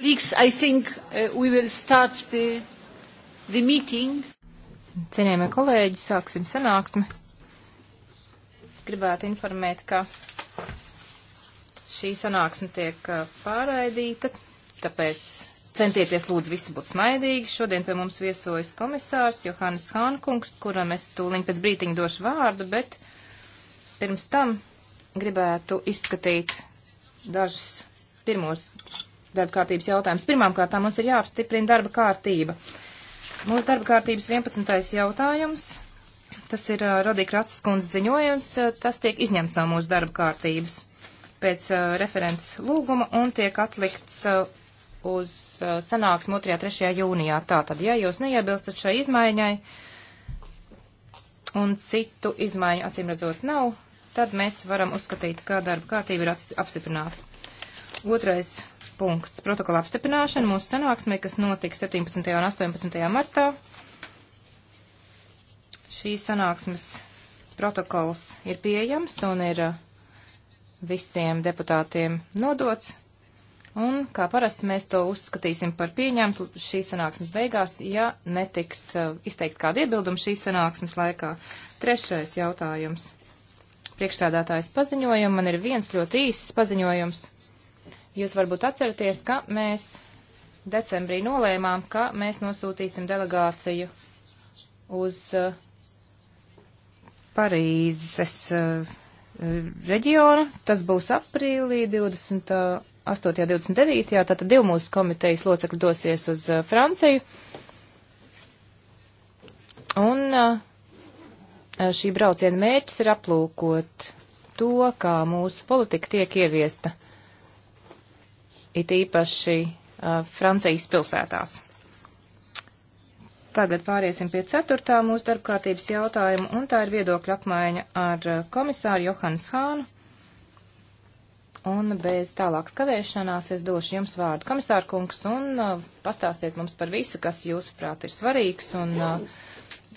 Colleagues, I think uh, we will start the, the meeting. Cienījamie kolēģi, sāksim sanāksmi. Gribētu informēt, ka šī sanāksme tiek uh, pārraidīta, tāpēc centieties lūdzu visi būt smaidīgi. Šodien pie mums viesojas komisārs Johannes Hankungs, kuram es tūliņ pēc brītiņa došu vārdu, bet pirms tam gribētu izskatīt dažus pirmos darba kārtības jautājums. Pirmkārt, mums ir jāapstiprina darba kārtība. Mūsu darba kārtības 11. jautājums. Tas ir uh, Rodīka Ratsas kundzes ziņojums. Uh, tas tiek izņemts no mūsu darba kārtības pēc uh, referents lūguma un tiek atlikts uz sanāksmu 2.3. jūnijā. Tātad, ja jūs neiebilstat šai izmaiņai un citu izmaiņu acīmredzot nav, tad mēs varam uzskatīt, ka darba kārtība ir apstiprināta. Otrais punkts - protokola apstiprināšana mūsu sanāksmē, kas notiks 17. un 18. martā. Šīs sanāksmes protokols ir pieejams un ir uh, visiem deputātiem nodots. Un, kā parasti, mēs to uzskatīsim par pieņemtu šīs sanāksmes beigās, ja netiks uh, izteikt kādu iebildumu šīs sanāksmes laikā. Trešais jautājums. Priekšsēdētājs paziņojumu. Man ir viens ļoti īsts paziņojums. Jūs varbūt atceraties, ka mēs decembrī nolēmām, ka mēs nosūtīsim delegāciju uz uh, Parīzes uh, reģionu. Tas būs aprīlī 28. 29. Eh, Tātad divi mūsu komitejas locekļi dosies uz uh, Franciju. Un šī brauciena mērķis ir aplūkot to, kā mūsu politika tiek ieviesta it īpaši uh, Francijas pilsētās. Tagad pāriesim pie ceturtā mūsu darbkārtības jautājuma, un tā ir viedokļa apmaiņa ar uh, komisāru Johannes Hānu. Un bez tālākas kavēšanās es došu jums vārdu, komisāra kungs, un uh, pastāstiet mums par visu, kas jūsuprāt ir svarīgs un uh,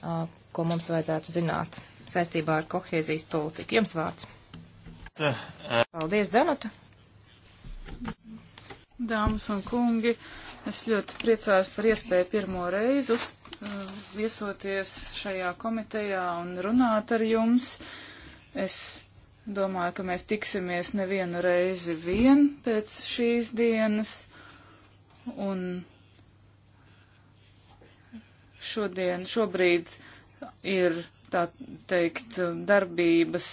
uh, ko mums vajadzētu zināt saistībā ar kohēzijas politiku. Jums vārds. Eh, eh. Paldies, Danuta. Dāmas un kungi, es ļoti priecājos par iespēju pirmo reizi uz, eh, viesoties šajā komitejā un runāt ar jums. Es domāju, ka mēs tiksimies nevienu reizi vien pēc šīs dienas. Un šodien, šobrīd ir, tā teikt, darbības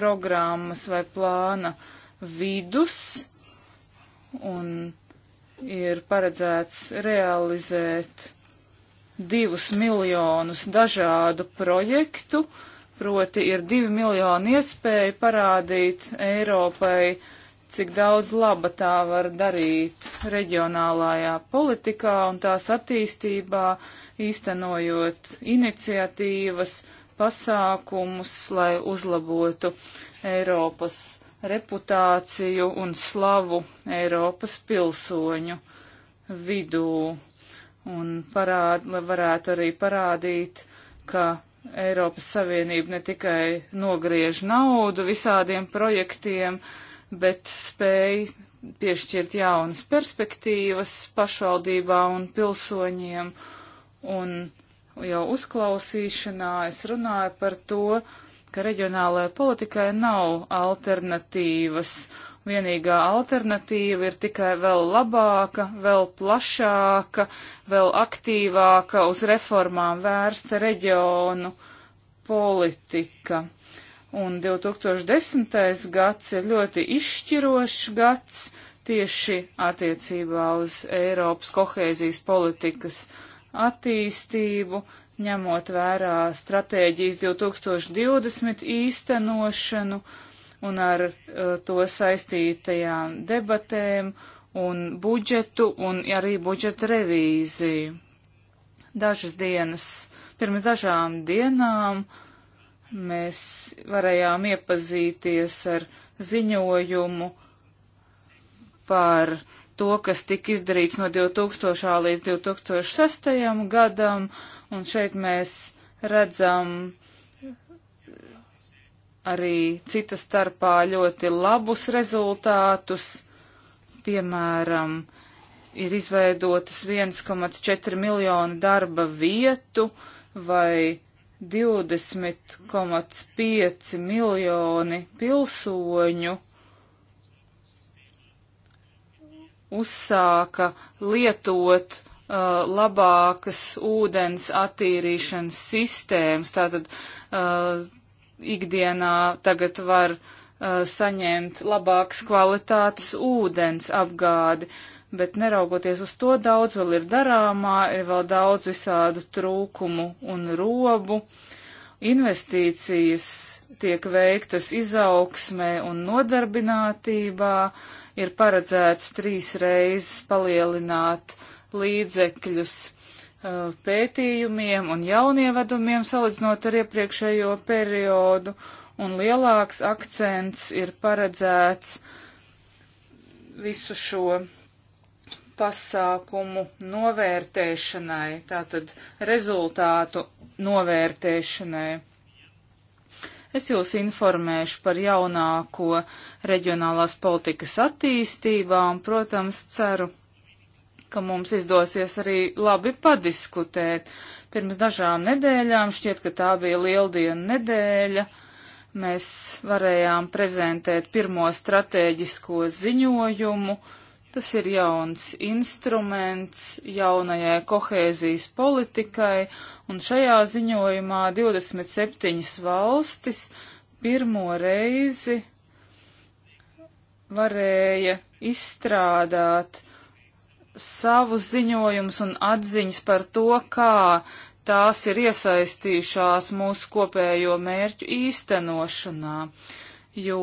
programmas vai plāna vidus un ir paredzēts realizēt divus miljonus dažādu projektu, proti ir divi miljoni iespēju parādīt Eiropai, cik daudz laba tā var darīt reģionālājā politikā un tās attīstībā, īstenojot iniciatīvas, pasākumus, lai uzlabotu Eiropas reputāciju un slavu Eiropas pilsoņu vidū un parād, lai varētu arī parādīt, ka Eiropas Savienība ne tikai nogriež naudu visādiem projektiem, bet spēj piešķirt jaunas perspektīvas pašvaldībā un pilsoņiem. Un jau uzklausīšanā es runāju par to, ka reģionālajai politikai nav alternatīvas. Vienīgā alternatīva ir tikai vēl labāka, vēl plašāka, vēl aktīvāka uz reformām vērsta reģionu politika. Un 2010. gads ir ļoti izšķirošs gads tieši attiecībā uz Eiropas kohēzijas politikas attīstību, ņemot vērā stratēģijas 2020 īstenošanu un ar uh, to saistītajām debatēm un budžetu un arī budžeta revīziju. Dažas dienas, pirms dažām dienām mēs varējām iepazīties ar ziņojumu par uh, to, kas tika izdarīts no 2000. līdz 2006. gadam, un šeit mēs redzam arī cita starpā ļoti labus rezultātus, piemēram, ir izveidotas 1,4 miljonu darba vietu vai 20,5 miljoni pilsoņu uzsāka lietot uh, labākas ūdens attīrīšanas sistēmas. Tātad uh, ikdienā tagad var uh, saņemt labākas kvalitātes ūdens apgādi. Bet neraugoties uz to, daudz vēl ir darāmā, ir vēl daudz visādu trūkumu un robu. Investīcijas tiek veiktas izaugsmē un nodarbinātībā, uh, ir paredzēts trīs reizes palielināt līdzekļus uh, pētījumiem un jaunievedumiem salīdzinot ar iepriekšējo periodu, un lielāks akcents ir paredzēts visu šo pasākumu novērtēšanai, tātad rezultātu novērtēšanai. Es jūs informēšu par jaunāko reģionālās politikas attīstībā un, protams, ceru, ka mums izdosies arī labi padiskutēt. Pirms dažām nedēļām šķiet, ka tā bija lieldienu nedēļa. Mēs varējām prezentēt pirmo stratēģisko ziņojumu Tas ir jauns instruments jaunajai kohēzijas politikai, un šajā ziņojumā 27 valstis pirmo reizi varēja izstrādāt savus ziņojumus un atziņas par to, kā tās ir iesaistījušās mūsu kopējo mērķu īstenošanā, jo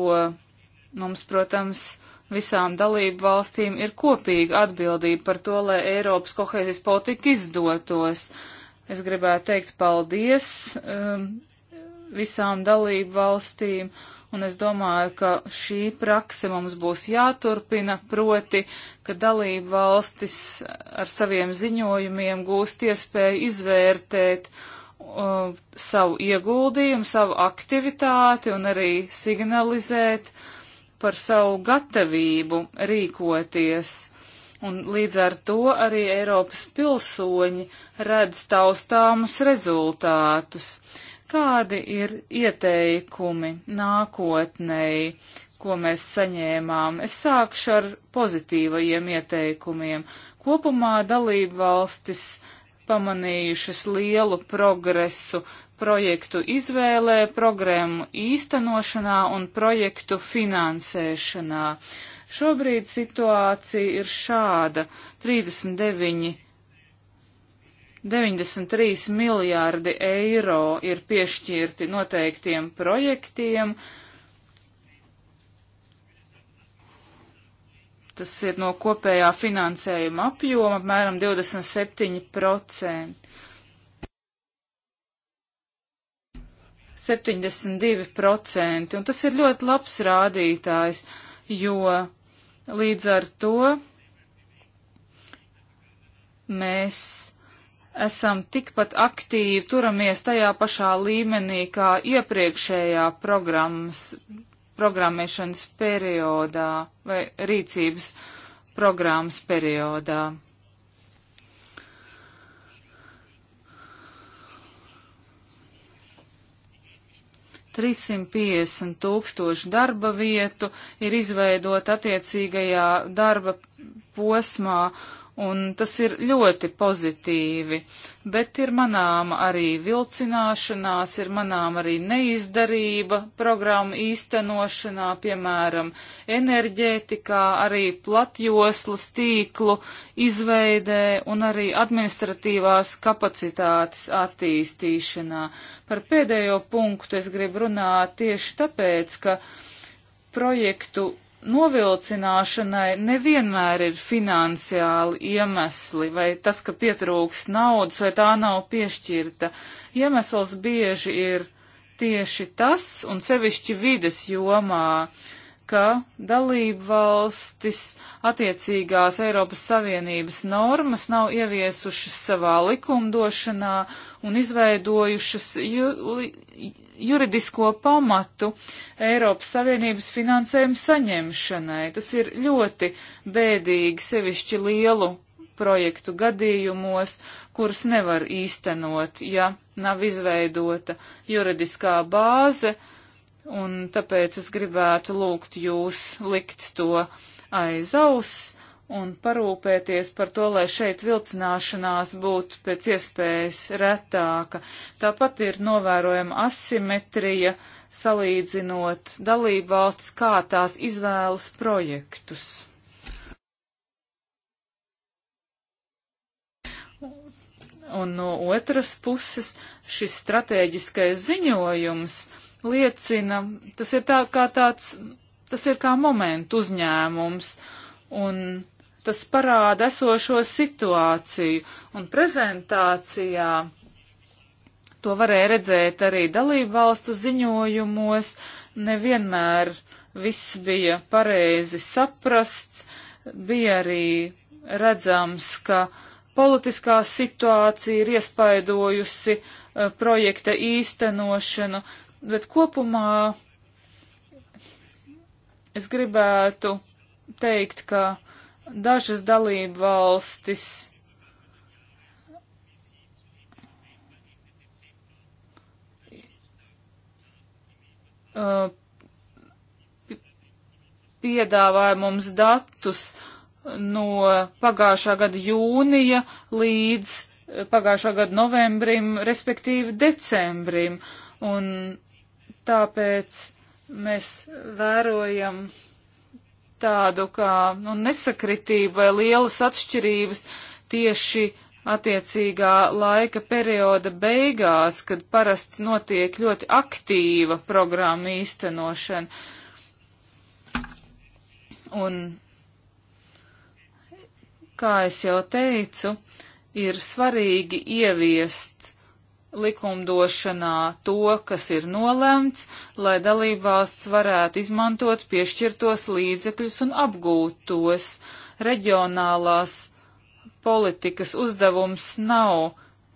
mums, protams, Visām dalību valstīm ir kopīga atbildība par to, lai Eiropas kohēzijas politika izdotos. Es gribētu teikt paldies um, visām dalību valstīm, un es domāju, ka šī prakse mums būs jāturpina, proti, ka dalību valstis ar saviem ziņojumiem gūst iespēju izvērtēt uh, savu ieguldījumu, savu aktivitāti un arī signalizēt, uh, par savu gatavību rīkoties. Un līdz ar to arī Eiropas pilsoņi redz taustāmus rezultātus. Kādi ir ieteikumi nākotnēji, ko mēs saņēmām? Es sākšu ar pozitīvajiem ieteikumiem. Kopumā dalību valstis pamanījušas lielu progresu projektu izvēlē, programmu īstenošanā un projektu finansēšanā. Šobrīd situācija ir šāda - 39, 93 miljārdi eiro ir piešķirti noteiktiem projektiem, uh, Tas ir no kopējā finansējuma apjoma apmēram 27%. 72%, un tas ir ļoti labs rādītājs, jo līdz ar to mēs esam tikpat aktīvi, turamies tajā pašā līmenī kā iepriekšējā programmas programmēšanas periodā vai rīcības programmas periodā. Trīsim piecdesmit tūkstoši darba vietu ir izveidot attiecīgajā darba posmā, un tas ir ļoti pozitīvi, bet ir manām arī vilcināšanās, ir manām arī neizdarība programmu īstenošanā, piemēram, enerģētikā, arī platjoslas tīklu izveidē un arī administratīvās kapacitātes attīstīšanā. Par pēdējo punktu es gribu runāt tieši tāpēc, ka projektu novilcināšanai nevienmēr ir finansiāli iemesli, vai tas, ka pietrūks naudas, vai tā nav piešķirta. Iemesls bieži ir tieši tas, un sevišķi vides jomā, uh, ka dalību valstis attiecīgās Eiropas Savienības normas nav ieviesušas savā likumdošanā un izveidojušas ju juridisko pamatu Eiropas Savienības finansējumu saņemšanai. Tas ir ļoti bēdīgi sevišķi lielu projektu gadījumos, kurus nevar īstenot, ja nav izveidota juridiskā bāze, uh, un tāpēc es gribētu lūgt jūs likt to aiz auss un parūpēties par to, lai šeit vilcināšanās būtu pēc iespējas retāka. Tāpat ir novērojama asimetrija, salīdzinot dalību valsts, kā tās izvēlas projektus. Un no otras puses šis strateģiskais ziņojums liecina, tas ir tā kā tāds, tas ir kā momentu uzņēmums, un tas parāda esošo situāciju, un prezentācijā to varēja redzēt arī dalību valstu ziņojumos, nevienmēr viss bija pareizi saprasts, bija arī redzams, ka politiskā situācija ir iespaidojusi uh, projekta īstenošanu, Bet kopumā es gribētu teikt, ka dažas dalība valstis uh, piedāvāja mums datus no pagājušā gada jūnija līdz pagājušā gada novembrim, respektīvi decembrim. Un Tāpēc mēs vērojam tādu kā nu, nesakritību vai lielas atšķirības tieši attiecīgā laika perioda beigās, kad parasti notiek ļoti aktīva programma īstenošana. Un, kā es jau teicu, ir svarīgi ieviest likumdošanā to, kas ir nolemts, lai dalībvalsts varētu izmantot piešķirtos līdzekļus un apgūt tos. Reģionālās politikas uzdevums nav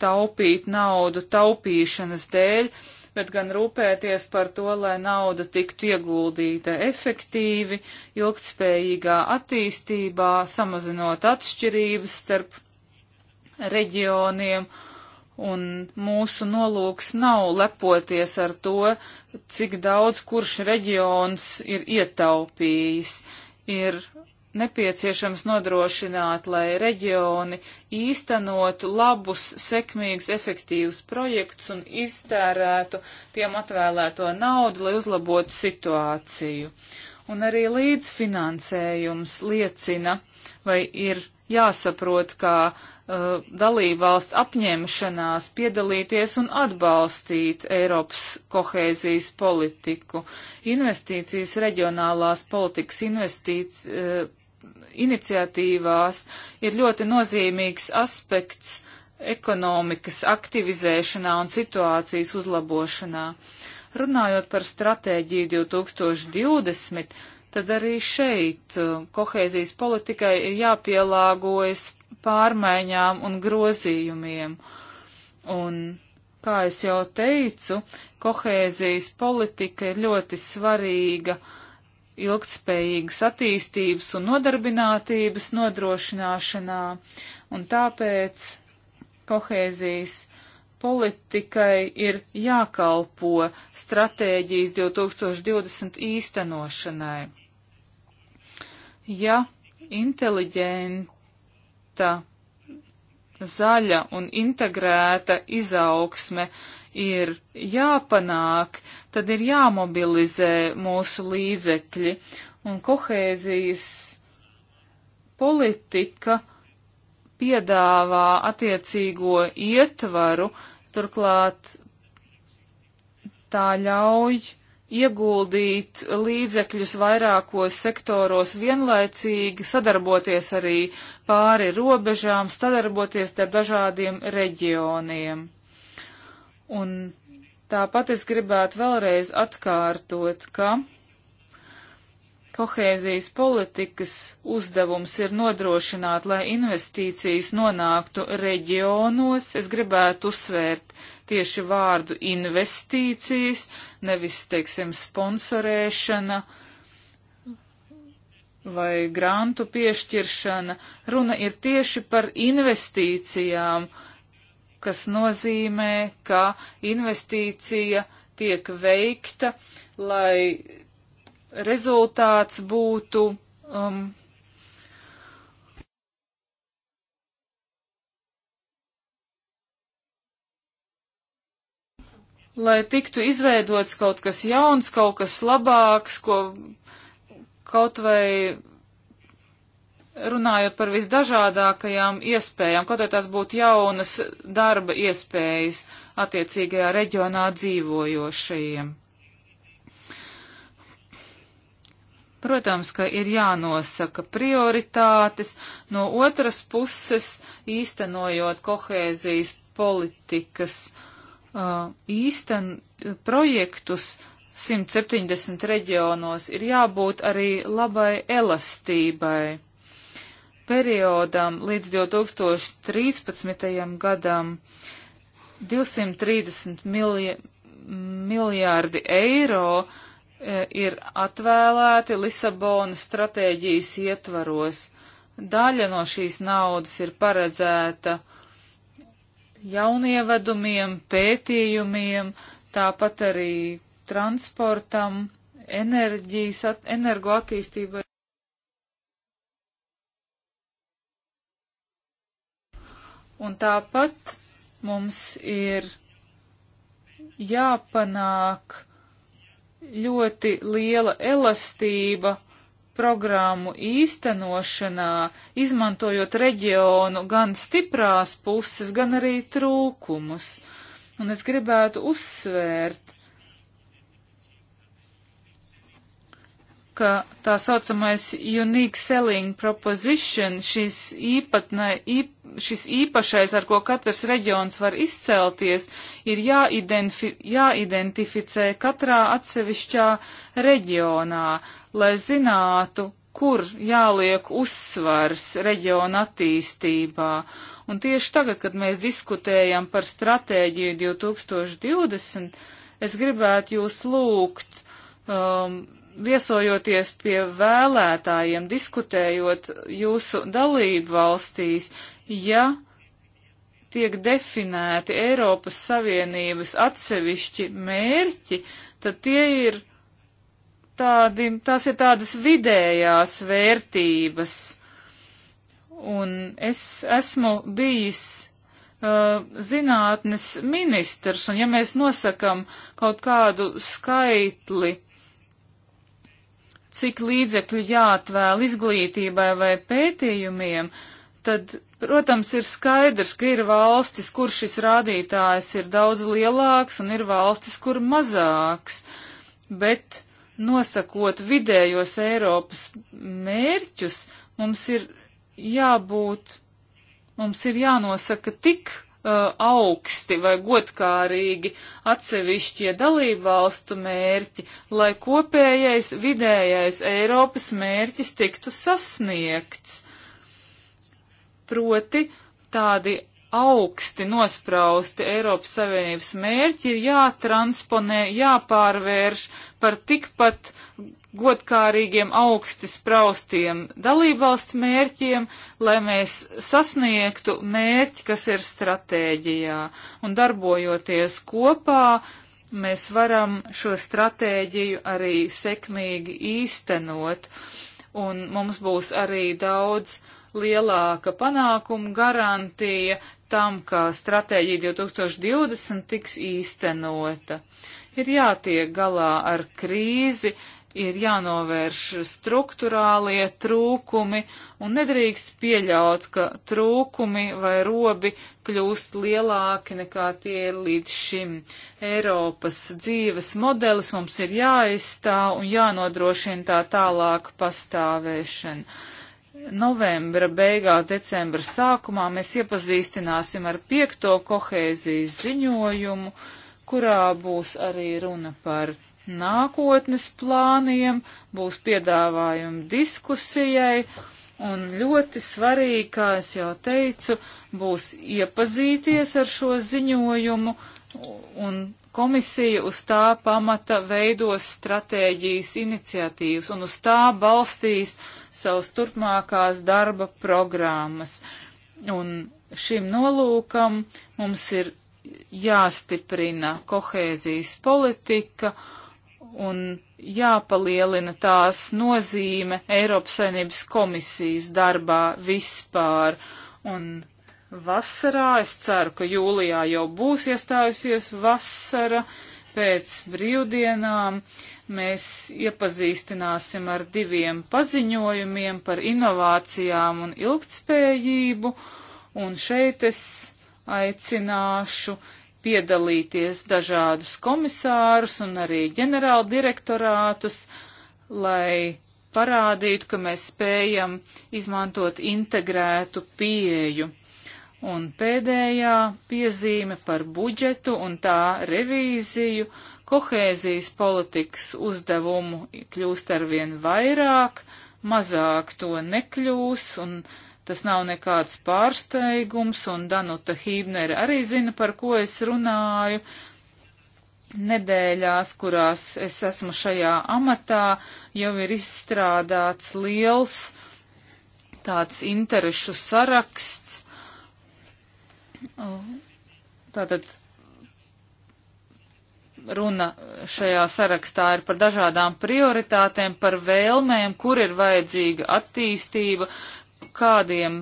taupīt naudu taupīšanas dēļ, bet gan rūpēties par to, lai nauda tiktu ieguldīta efektīvi, ilgtspējīgā attīstībā, samazinot atšķirības starp reģioniem, uh, Un mūsu nolūks nav lepoties ar to, cik daudz kurš reģions ir ietaupījis. Ir nepieciešams nodrošināt, lai reģioni īstenotu labus, sekmīgus, efektīvus projektus un iztērētu tiem atvēlēto naudu, lai uzlabotu situāciju. Un arī līdzfinansējums liecina, vai ir jāsaprot, kā uh, dalībvalsts apņemšanās piedalīties un atbalstīt Eiropas kohēzijas politiku. Investīcijas reģionālās politikas investīcijas. Uh, iniciatīvās ir ļoti nozīmīgs aspekts ekonomikas aktivizēšanā un situācijas uzlabošanā. Runājot par stratēģiju 2020, tad arī šeit uh, kohēzijas politikai ir jāpielāgojas pārmaiņām un grozījumiem. Un, kā es jau teicu, kohēzijas politika ir ļoti svarīga ilgtspējīgas attīstības un nodarbinātības nodrošināšanā, un tāpēc kohēzijas politikai ir jākalpo stratēģijas 2020 īstenošanai. Ja inteliģenti vieta, zaļa un integrēta izaugsme ir jāpanāk, tad ir jāmobilizē mūsu līdzekļi un kohēzijas politika piedāvā attiecīgo ietvaru, turklāt tā ļauj ieguldīt līdzekļus vairākos sektoros vienlaicīgi, sadarboties arī pāri robežām, sadarboties ar dažādiem reģioniem. Un tāpat es gribētu vēlreiz atkārtot, ka Kohēzijas politikas uzdevums ir nodrošināt, lai investīcijas nonāktu reģionos. Es gribētu uzsvērt tieši vārdu investīcijas, nevis, teiksim, sponsorēšana vai grantu piešķiršana. Runa ir tieši par investīcijām, kas nozīmē, ka investīcija tiek veikta, lai rezultāts būtu. Um, Lai tiktu izveidots kaut kas jauns, kaut kas labāks, ko kaut vai runājot par visdažādākajām iespējām, kaut vai tās būtu jaunas darba iespējas attiecīgajā reģionā dzīvojošajiem. Protams, ka ir jānosaka prioritātes, no otras puses īstenojot kohēzijas politikas uh, īsten projektus 170 reģionos ir jābūt arī labai elastībai. Periodam līdz 2013. gadam 230 milj miljārdi eiro uh, E, ir atvēlēti Lisabonas stratēģijas ietvaros. Daļa no šīs naudas ir paredzēta jaunievedumiem, pētījumiem, tāpat arī transportam, enerģijas, at, energoattīstībai. Un tāpat mums ir jāpanāk ļoti liela elastība programmu īstenošanā, izmantojot reģionu gan stiprās puses, gan arī trūkumus. Un es gribētu uzsvērt, ka tā saucamais unique selling proposition, šis, īpatnē, īp, šis īpašais, ar ko katrs reģions var izcelties, ir jāidentifi, jāidentificē katrā atsevišķā reģionā, lai zinātu, kur jāliek uzsvars reģiona attīstībā. Un tieši tagad, kad mēs diskutējam par stratēģiju 2020, es gribētu jūs lūgt um, viesojoties pie vēlētājiem, diskutējot jūsu dalību valstīs, ja tiek definēti Eiropas Savienības atsevišķi mērķi, tad tie ir tādi, tās ir tādas vidējās vērtības. Un es esmu bijis uh, zinātnes ministrs, un ja mēs nosakam kaut kādu skaitli, cik līdzekļu jāatvēl izglītībai vai pētījumiem, tad, protams, ir skaidrs, ka ir valstis, kur šis rādītājs ir daudz lielāks un ir valstis, kur mazāks. Bet nosakot vidējos Eiropas mērķus, mums ir jābūt, mums ir jānosaka tik Uh, augsti vai godkārīgi atsevišķie dalībvalstu mērķi, lai kopējais vidējais Eiropas mērķis tiktu sasniegts. Proti tādi augsti nosprausti Eiropas Savienības mērķi ir jātransponē, jāpārvērš par tikpat godkārīgiem augsti spraustiem dalībvalsts mērķiem, lai mēs sasniegtu mērķi, kas ir stratēģijā. Un darbojoties kopā, mēs varam šo stratēģiju arī sekmīgi īstenot. Un mums būs arī daudz lielāka panākuma garantija tam, ka stratēģija 2020 tiks īstenota. Ir jātiek galā ar krīzi, ir jānovērš struktūrālie trūkumi un nedrīkst pieļaut, ka trūkumi vai robi kļūst lielāki nekā tie ir līdz šim. Eiropas dzīves modelis mums ir jāizstāv un jānodrošina tā tālāk pastāvēšana. Novembra beigā, decembra sākumā mēs iepazīstināsim ar piekto kohēzijas ziņojumu, kurā būs arī runa par nākotnes plāniem, būs piedāvājumi diskusijai, un ļoti svarīgi, kā es jau teicu, būs iepazīties ar šo ziņojumu, un komisija uz tā pamata veidos stratēģijas iniciatīvas, un uz tā balstīs savus turpmākās darba programmas. Un šim nolūkam mums ir jāstiprina kohēzijas politika, uh, un jāpalielina tās nozīme Eiropas Savienības komisijas darbā vispār. Un vasarā, es ceru, ka jūlijā jau būs iestājusies vasara, pēc brīvdienām mēs iepazīstināsim ar diviem paziņojumiem par inovācijām un ilgtspējību, un šeit es aicināšu piedalīties dažādus komisārus un arī ģenerāldirektorātus, lai parādītu, ka mēs spējam izmantot integrētu pieju. Un pēdējā piezīme par budžetu un tā revīziju kohēzijas politikas uzdevumu kļūst arvien vairāk, mazāk to nekļūs, un Tas nav nekāds pārsteigums, un Danuta Hībnere arī zina, par ko es runāju. Nedēļās, kurās es esmu šajā amatā, jau ir izstrādāts liels tāds interešu saraksts. Tātad runa šajā sarakstā ir par dažādām prioritātēm, par vēlmēm, kur ir vajadzīga attīstība, kādiem,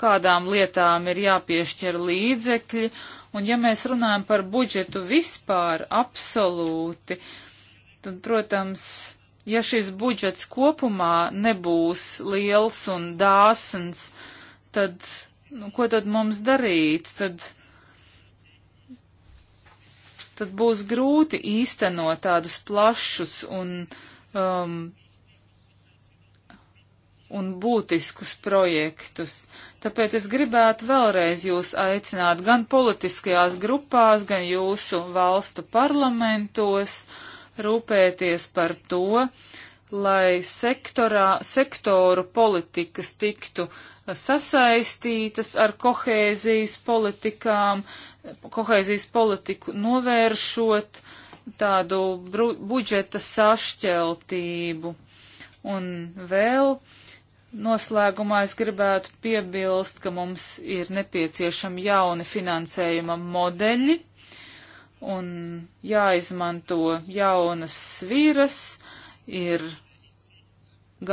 kādām lietām ir jāpiešķir līdzekļi, un ja mēs runājam par budžetu vispār absolūti, tad, protams, ja šis budžets kopumā nebūs liels un dāsns, tad, nu, ko tad mums darīt? Tad, tad būs grūti īstenot tādus plašus un um, un būtiskus projektus. Tāpēc es gribētu vēlreiz jūs aicināt gan politiskajās grupās, gan jūsu valstu parlamentos rūpēties par to, lai sektorā, sektoru politikas tiktu sasaistītas ar kohēzijas politikām, kohēzijas politiku novēršot tādu budžeta sašķeltību. Un vēl uh, Noslēgumā es gribētu piebilst, ka mums ir nepieciešami jauni finansējuma modeļi un jāizmanto jaunas sviras, ir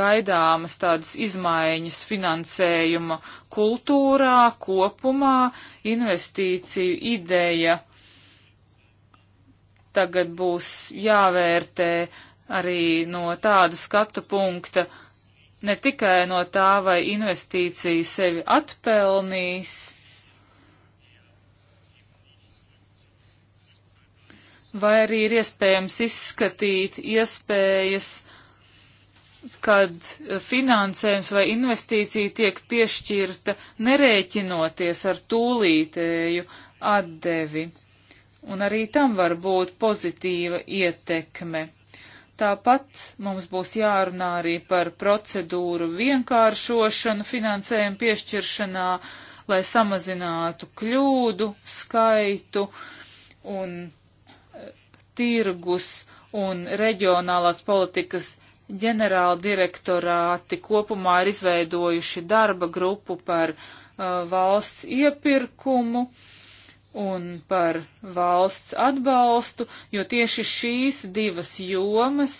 gaidāmas tādas izmaiņas finansējuma kultūrā, kopumā, investīciju ideja. Tagad būs jāvērtē arī no tāda skatu punkta, ne tikai no tā, vai investīcija sevi atpelnīs, vai arī ir iespējams izskatīt iespējas, kad finansējums vai investīcija tiek piešķirta nerēķinoties ar tūlītēju atdevi. Un arī tam var būt pozitīva ietekme. Tāpat mums būs jārunā arī par procedūru vienkāršošanu finansējumu piešķiršanā, lai samazinātu kļūdu skaitu un eh, tirgus un reģionālās politikas ģenerāla direktorāti kopumā ir izveidojuši darba grupu par uh, valsts iepirkumu. Uh, un par valsts atbalstu, jo tieši šīs divas jomas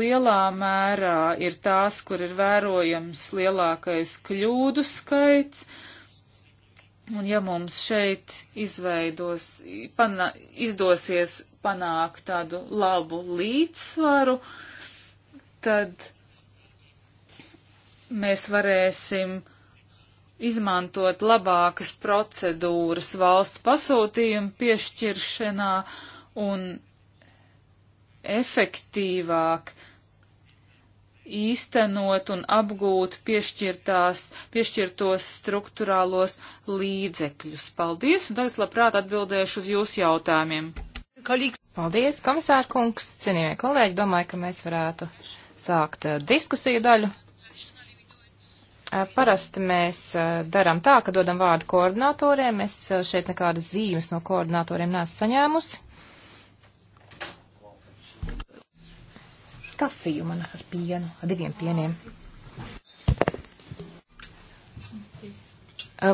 lielā mērā ir tās, kur ir vērojams lielākais kļūdu skaits. Un ja mums šeit izveidos, pana, izdosies panākt tādu labu līdzsvaru, tad mēs varēsim izmantot labākas procedūras valsts pasūtījumu piešķiršanā un efektīvāk īstenot un apgūt piešķirtās, piešķirtos struktūrālos līdzekļus. Paldies, un tagad labprāt atbildēšu uz jūsu jautājumiem. Kolīgs. Paldies, komisārkungs, cienījamie kolēģi, domāju, ka mēs varētu sākt eh, diskusiju daļu. Eh, parasti mēs eh, darām tā, ka dodam vārdu koordinatoriem. Es eh, šeit nekādas zīmes no koordinatoriem neesmu saņēmusi. Kafiju man ar pienu, ar diviem pieniem.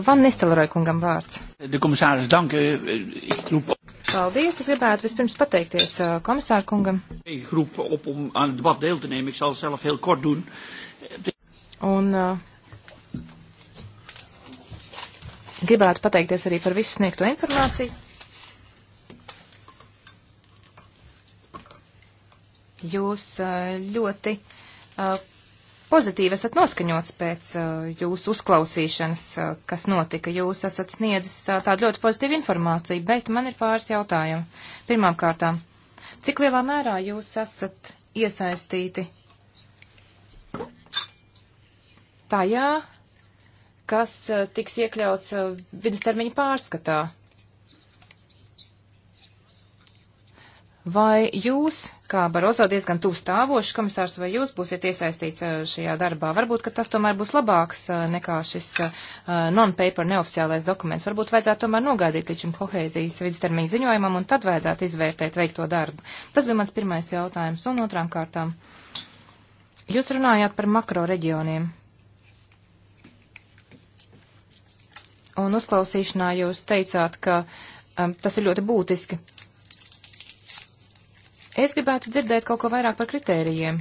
Van Nistelroja kungam vārds. Paldies, es gribētu vispirms pateikties komisāru kungam. Un uh, Gribētu pateikties arī par visu sniegto informāciju. Jūs eh, ļoti eh, pozitīvi esat noskaņots pēc eh, jūsu uzklausīšanas, kas notika. Jūs esat sniedzis tādu ļoti pozitīvu informāciju, bet man ir pāris jautājumu. Pirmām kārtām, cik lielā mērā jūs esat iesaistīti tajā, kas eh, tiks iekļauts eh, vidustermiņa pārskatā. Vai jūs, kā Barozo diezgan tuvu stāvošs komisārs, vai jūs būsiet iesaistīts eh, šajā darbā? Varbūt, ka tas tomēr būs labāks nekā šis non-paper neoficiālais dokuments. Varbūt vajadzētu tomēr nogaidīt līdz šim kohēzijas vidustermiņa ziņojumam un tad vajadzētu izvērtēt veikto darbu. Tas bija mans pirmais jautājums. Un otrām kārtām, jūs runājāt par makro reģioniem. un uzklausīšanā jūs teicāt, ka um, tas ir ļoti būtiski. Es gribētu dzirdēt kaut ko vairāk par kritērijiem.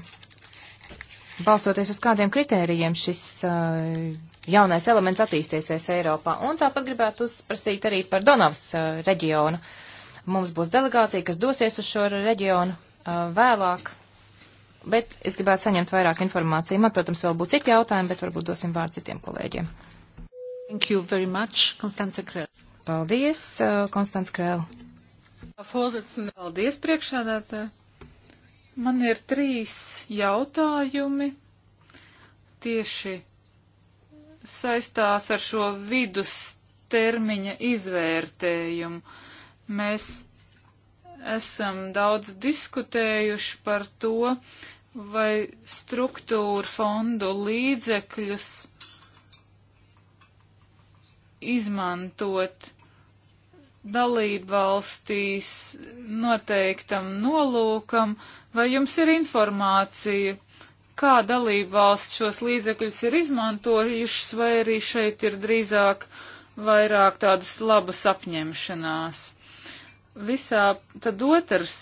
Balstoties uz kādiem kritērijiem šis uh, jaunais elements attīstīsies Eiropā. Un tāpat gribētu uzprasīt arī par Donavas uh, reģionu. Mums būs delegācija, kas dosies uz šo reģionu uh, vēlāk. Bet es gribētu saņemt vairāk informāciju. Man, protams, vēl būtu citi jautājumi, bet varbūt dosim vārdu citiem kolēģiem. Thank you very much, Konstance Krēl. Paldies, Konstance uh, Krēl. Paldies, priekšādātāji. Man ir trīs jautājumi tieši saistās ar šo vidustermiņa izvērtējumu. Mēs esam daudz diskutējuši par to, vai struktūra fondu līdzekļus izmantot dalību valstīs noteiktam nolūkam, vai jums ir informācija, kā dalību valsts šos līdzekļus ir izmantojušas, vai arī šeit ir drīzāk vairāk tādas labas apņemšanās. Visā tad otrs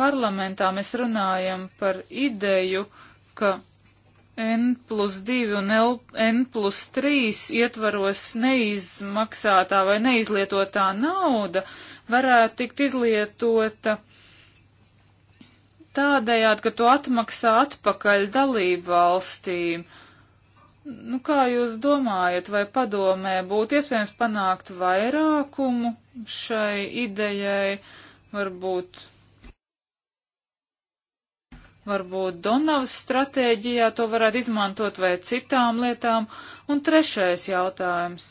parlamentā mēs runājam par ideju, ka N plus 2 un L, N plus 3 ietvaros neizmaksātā vai neizlietotā nauda varētu tikt izlietota tādējādi, ka to atmaksā atpakaļ dalību valstīm. Nu, kā jūs domājat, vai padomē būtu iespējams panākt vairākumu šai idejai, varbūt varbūt Donavas stratēģijā to varētu izmantot vai citām lietām. Un trešais jautājums.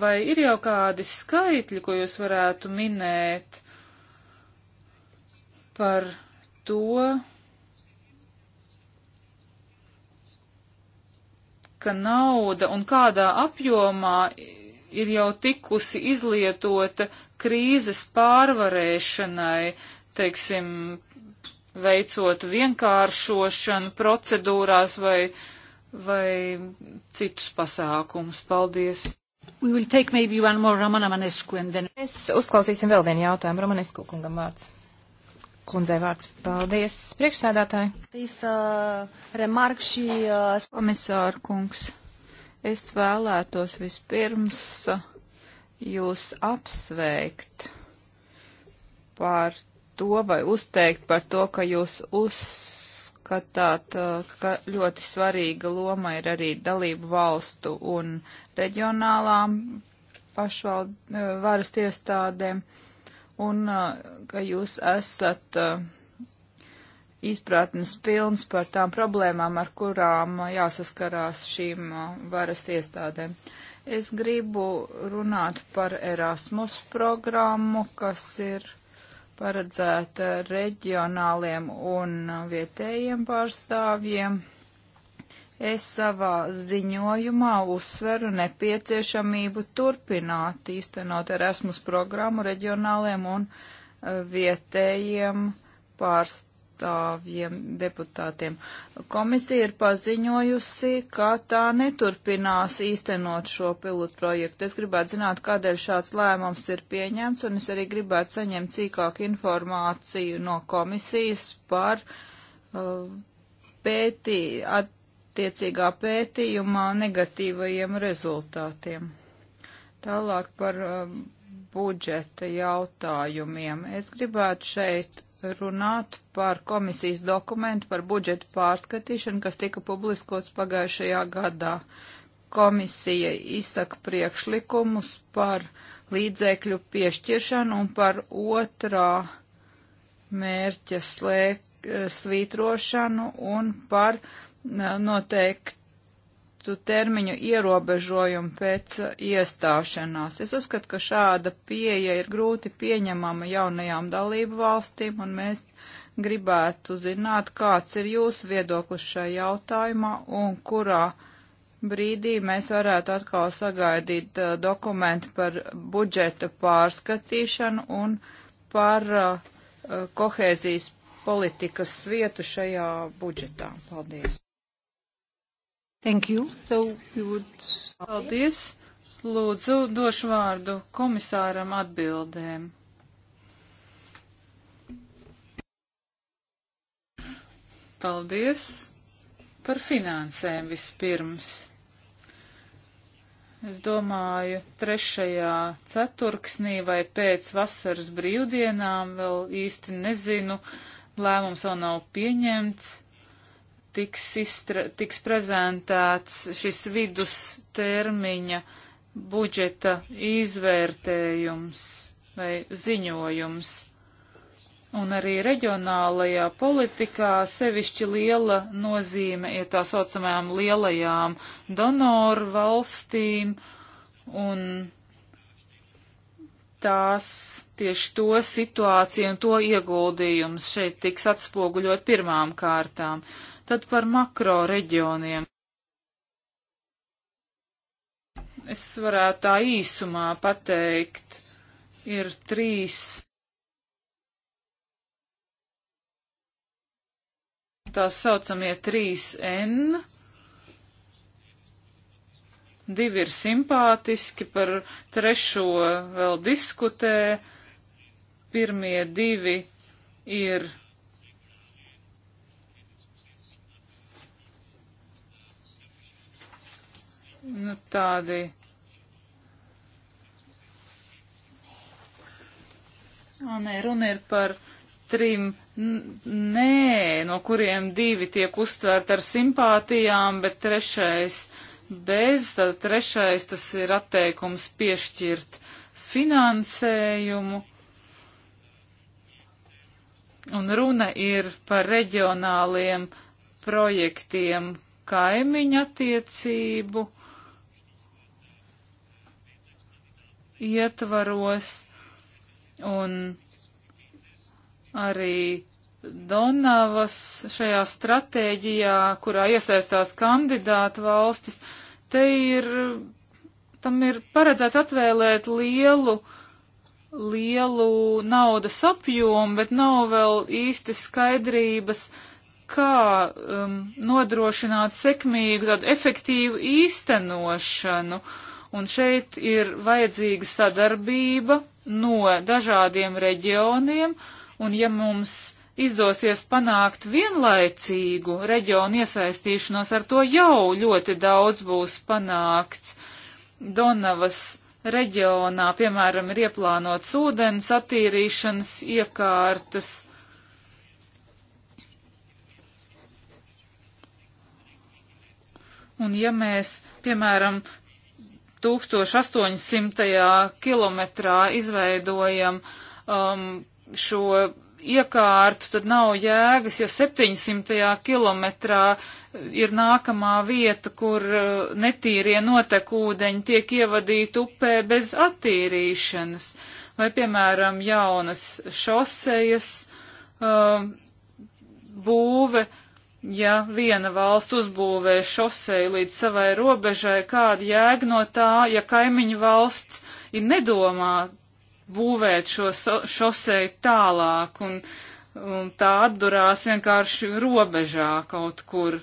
Vai ir jau kādi skaitļi, ko jūs varētu minēt par to, ka nauda un kādā apjomā ir jau tikusi izlietota krīzes pārvarēšanai, teiksim, veicot vienkāršošanu procedūrās vai, vai citus pasākumus. Paldies! Then... Mēs uzklausīsim vēl vienu jautājumu. Romanesku kungam vārds. Kundzei vārds. Paldies, priekšsēdētāji. Uh, uh, Komisāra kungs, es vēlētos vispirms uh, jūs apsveikt par to vai uzteikt par to, ka jūs uzskatāt, uh, ka ļoti svarīga loma ir arī dalību valstu un reģionālām pašvaldības uh, varas iestādēm un uh, ka jūs esat izpratnes pilns par tām problēmām, ar kurām jāsaskarās šīm varas iestādēm. Es gribu runāt par Erasmus programmu, kas ir paredzēta eh, reģionāliem un eh, vietējiem pārstāvjiem. Es savā ziņojumā uzsveru nepieciešamību turpināt īstenot Erasmus programmu reģionāliem un eh, vietējiem pārstāvjiem pārstāvjiem deputātiem. Komisija ir paziņojusi, ka tā neturpinās īstenot šo pilotu projektu. Es gribētu zināt, kādēļ šāds lēmums ir pieņemts, un es arī gribētu saņemt cīkāku informāciju no komisijas par uh, pētī, attiecīgā pētījumā negatīvajiem rezultātiem. Tālāk par uh, budžeta jautājumiem. Es gribētu šeit runāt par komisijas dokumentu par budžetu pārskatīšanu, kas tika publiskots pagājušajā gadā. Komisija izsaka priekšlikumus par līdzēkļu piešķiršanu un par otrā mērķa slēk, eh, svītrošanu un par eh, noteikt noteiktu termiņu ierobežojumu pēc uh, iestāšanās. Es uzskatu, ka šāda pieeja ir grūti pieņemama jaunajām dalību valstīm, un mēs gribētu zināt, kāds ir jūsu viedoklis šajā jautājumā un kurā brīdī mēs varētu atkal sagaidīt uh, dokumentu par budžeta pārskatīšanu un par uh, uh kohēzijas politikas vietu šajā budžetā. Paldies! Thank you. So we would... Paldies. Lūdzu, došu vārdu komisāram atbildēm. Paldies par finansēm vispirms. Es domāju, trešajā ceturksnī vai pēc vasaras brīvdienām vēl īsti nezinu, lēmums vēl nav pieņemts tiks, izstra, tiks prezentēts šis vidustermiņa budžeta izvērtējums vai ziņojums. Un arī reģionālajā politikā sevišķi liela nozīme ir tā saucamajām lielajām donoru valstīm un tās tieši to situāciju un to ieguldījums šeit tiks atspoguļot pirmām kārtām. Uh, Tad par makro reģioniem. Es varētu tā īsumā pateikt, ir trīs. Tā saucamie 3N. Divi ir simpātiski, par trešo vēl diskutē. Pirmie divi ir nu, tādi. O, nē, runa ir par trim nē, no kuriem divi tiek uztvert ar simpātijām, bet trešais bez, tad trešais tas ir atteikums piešķirt finansējumu. Un runa ir par reģionāliem projektiem kaimiņu attiecību ietvaros un arī Donavas šajā stratēģijā, kurā iesaistās kandidātu valstis, te ir, tam ir paredzēts atvēlēt lielu, lielu naudas apjomu, bet nav vēl īsti skaidrības, kā um, nodrošināt sekmīgu, tādu efektīvu īstenošanu. Uh, Un šeit ir vajadzīga sadarbība no dažādiem reģioniem, un ja mums izdosies panākt vienlaicīgu reģionu iesaistīšanos, ar to jau ļoti daudz būs panākts. Donavas reģionā, piemēram, ir ieplānots ūdens attīrīšanas iekārtas. Un ja mēs, piemēram, 1800. kilometrā izveidojam um, šo iekārtu, tad nav jēgas, ja 700. kilometrā ir nākamā vieta, kur uh, netīrie notekūdeņi tiek ievadīti upē bez attīrīšanas. Vai, piemēram, jaunas šosejas um, būve, uh, Ja viena valsts uzbūvē šoseju līdz savai robežai, kāda jēga no tā, ja kaimiņu valsts ir nedomā būvēt šo so šoseju tālāk un, un tā atdurās vienkārši robežā kaut kur.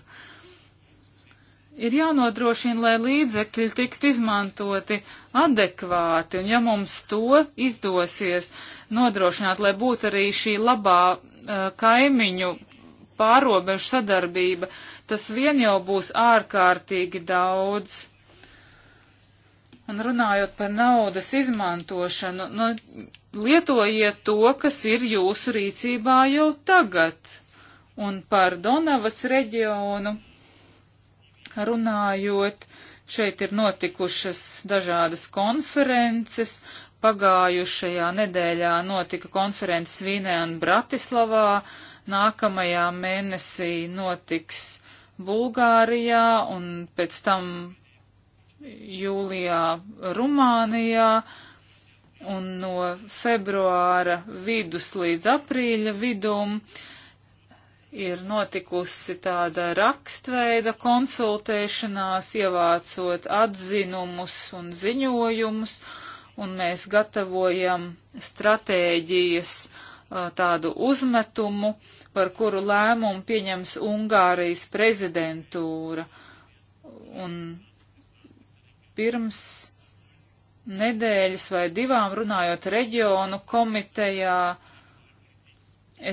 Ir jānodrošina, lai līdzekļi tiktu izmantoti adekvāti, un ja mums to izdosies nodrošināt, lai būtu arī šī labā uh, kaimiņu pārobežu sadarbība, tas vien jau būs ārkārtīgi daudz. Un runājot par naudas izmantošanu, nu, lietojiet to, kas ir jūsu rīcībā jau tagad. Un par Donavas reģionu runājot, šeit ir notikušas dažādas konferences, pagājušajā nedēļā notika konferences Vīnē un Bratislavā, Nākamajā mēnesī notiks Bulgārijā un pēc tam jūlijā Rumānijā un no februāra vidus līdz aprīļa vidum ir notikusi tāda rakstveida konsultēšanās, ievācot atzinumus un ziņojumus, un mēs gatavojam stratēģijas uh, tādu uzmetumu, par kuru lēmumu pieņems Ungārijas prezidentūra. Un pirms nedēļas vai divām runājot reģionu komitejā,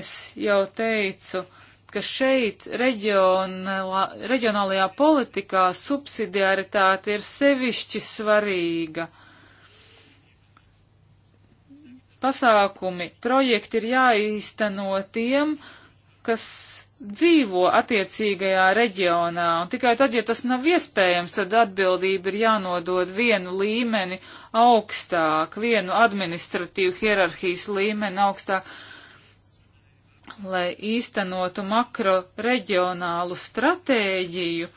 es jau teicu, ka šeit reģionālā, reģionālajā politikā subsidiaritāte ir sevišķi svarīga pasākumi, projekti ir jāīsteno tiem, kas dzīvo attiecīgajā reģionā, un tikai tad, ja tas nav iespējams, tad atbildība ir jānodod vienu līmeni augstāk, vienu administratīvu hierarhijas līmeni augstāk, lai īstenotu makro reģionālu stratēģiju.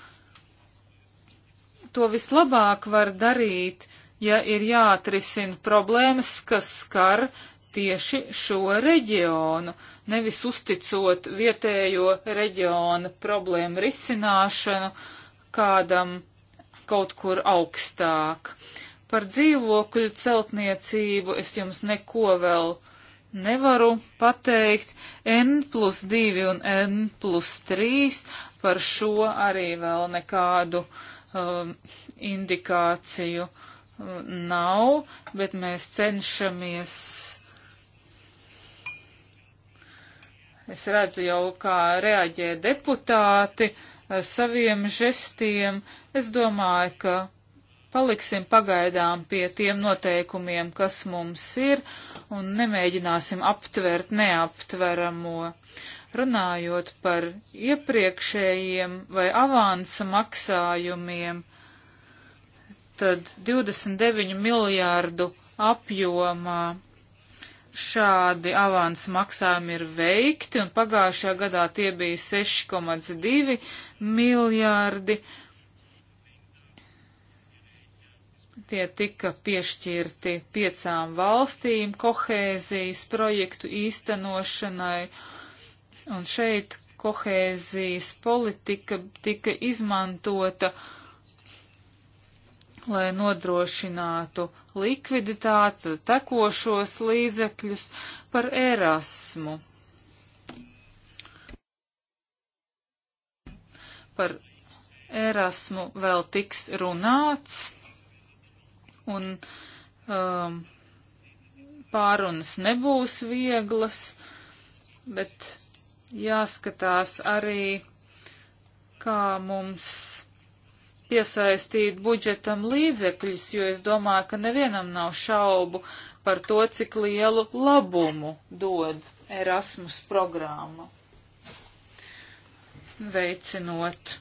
To vislabāk var darīt ja ir jāatrisina problēmas, kas skar tieši šo reģionu, nevis uzticot vietējo reģiona problēmu risināšanu kādam kaut kur augstāk. Par dzīvokļu celtniecību es jums neko vēl nevaru pateikt. N plus 2 un N plus 3 par šo arī vēl nekādu um, indikāciju nav, bet mēs cenšamies. Es redzu jau, kā reaģē deputāti eh, saviem žestiem. Es domāju, ka paliksim pagaidām pie tiem noteikumiem, kas mums ir, un nemēģināsim aptvert neaptveramo. Runājot par iepriekšējiem vai avansa maksājumiem, Tātad 29 miljārdu apjomā šādi avans maksājumi ir veikti, un pagājušajā gadā tie bija 6,2 miljārdi. Tie tika piešķirti piecām valstīm kohēzijas projektu īstenošanai, un šeit kohēzijas politika tika izmantota uh, lai nodrošinātu likviditāti, tekošos līdzekļus par Erasmu. Par Erasmu vēl tiks runāts, un um, pārunas nebūs vieglas, bet jāskatās arī, kā mums iesaistīt budžetam līdzekļus, jo es domāju, ka nevienam nav šaubu par to, cik lielu labumu dod Erasmus programma. Veicinot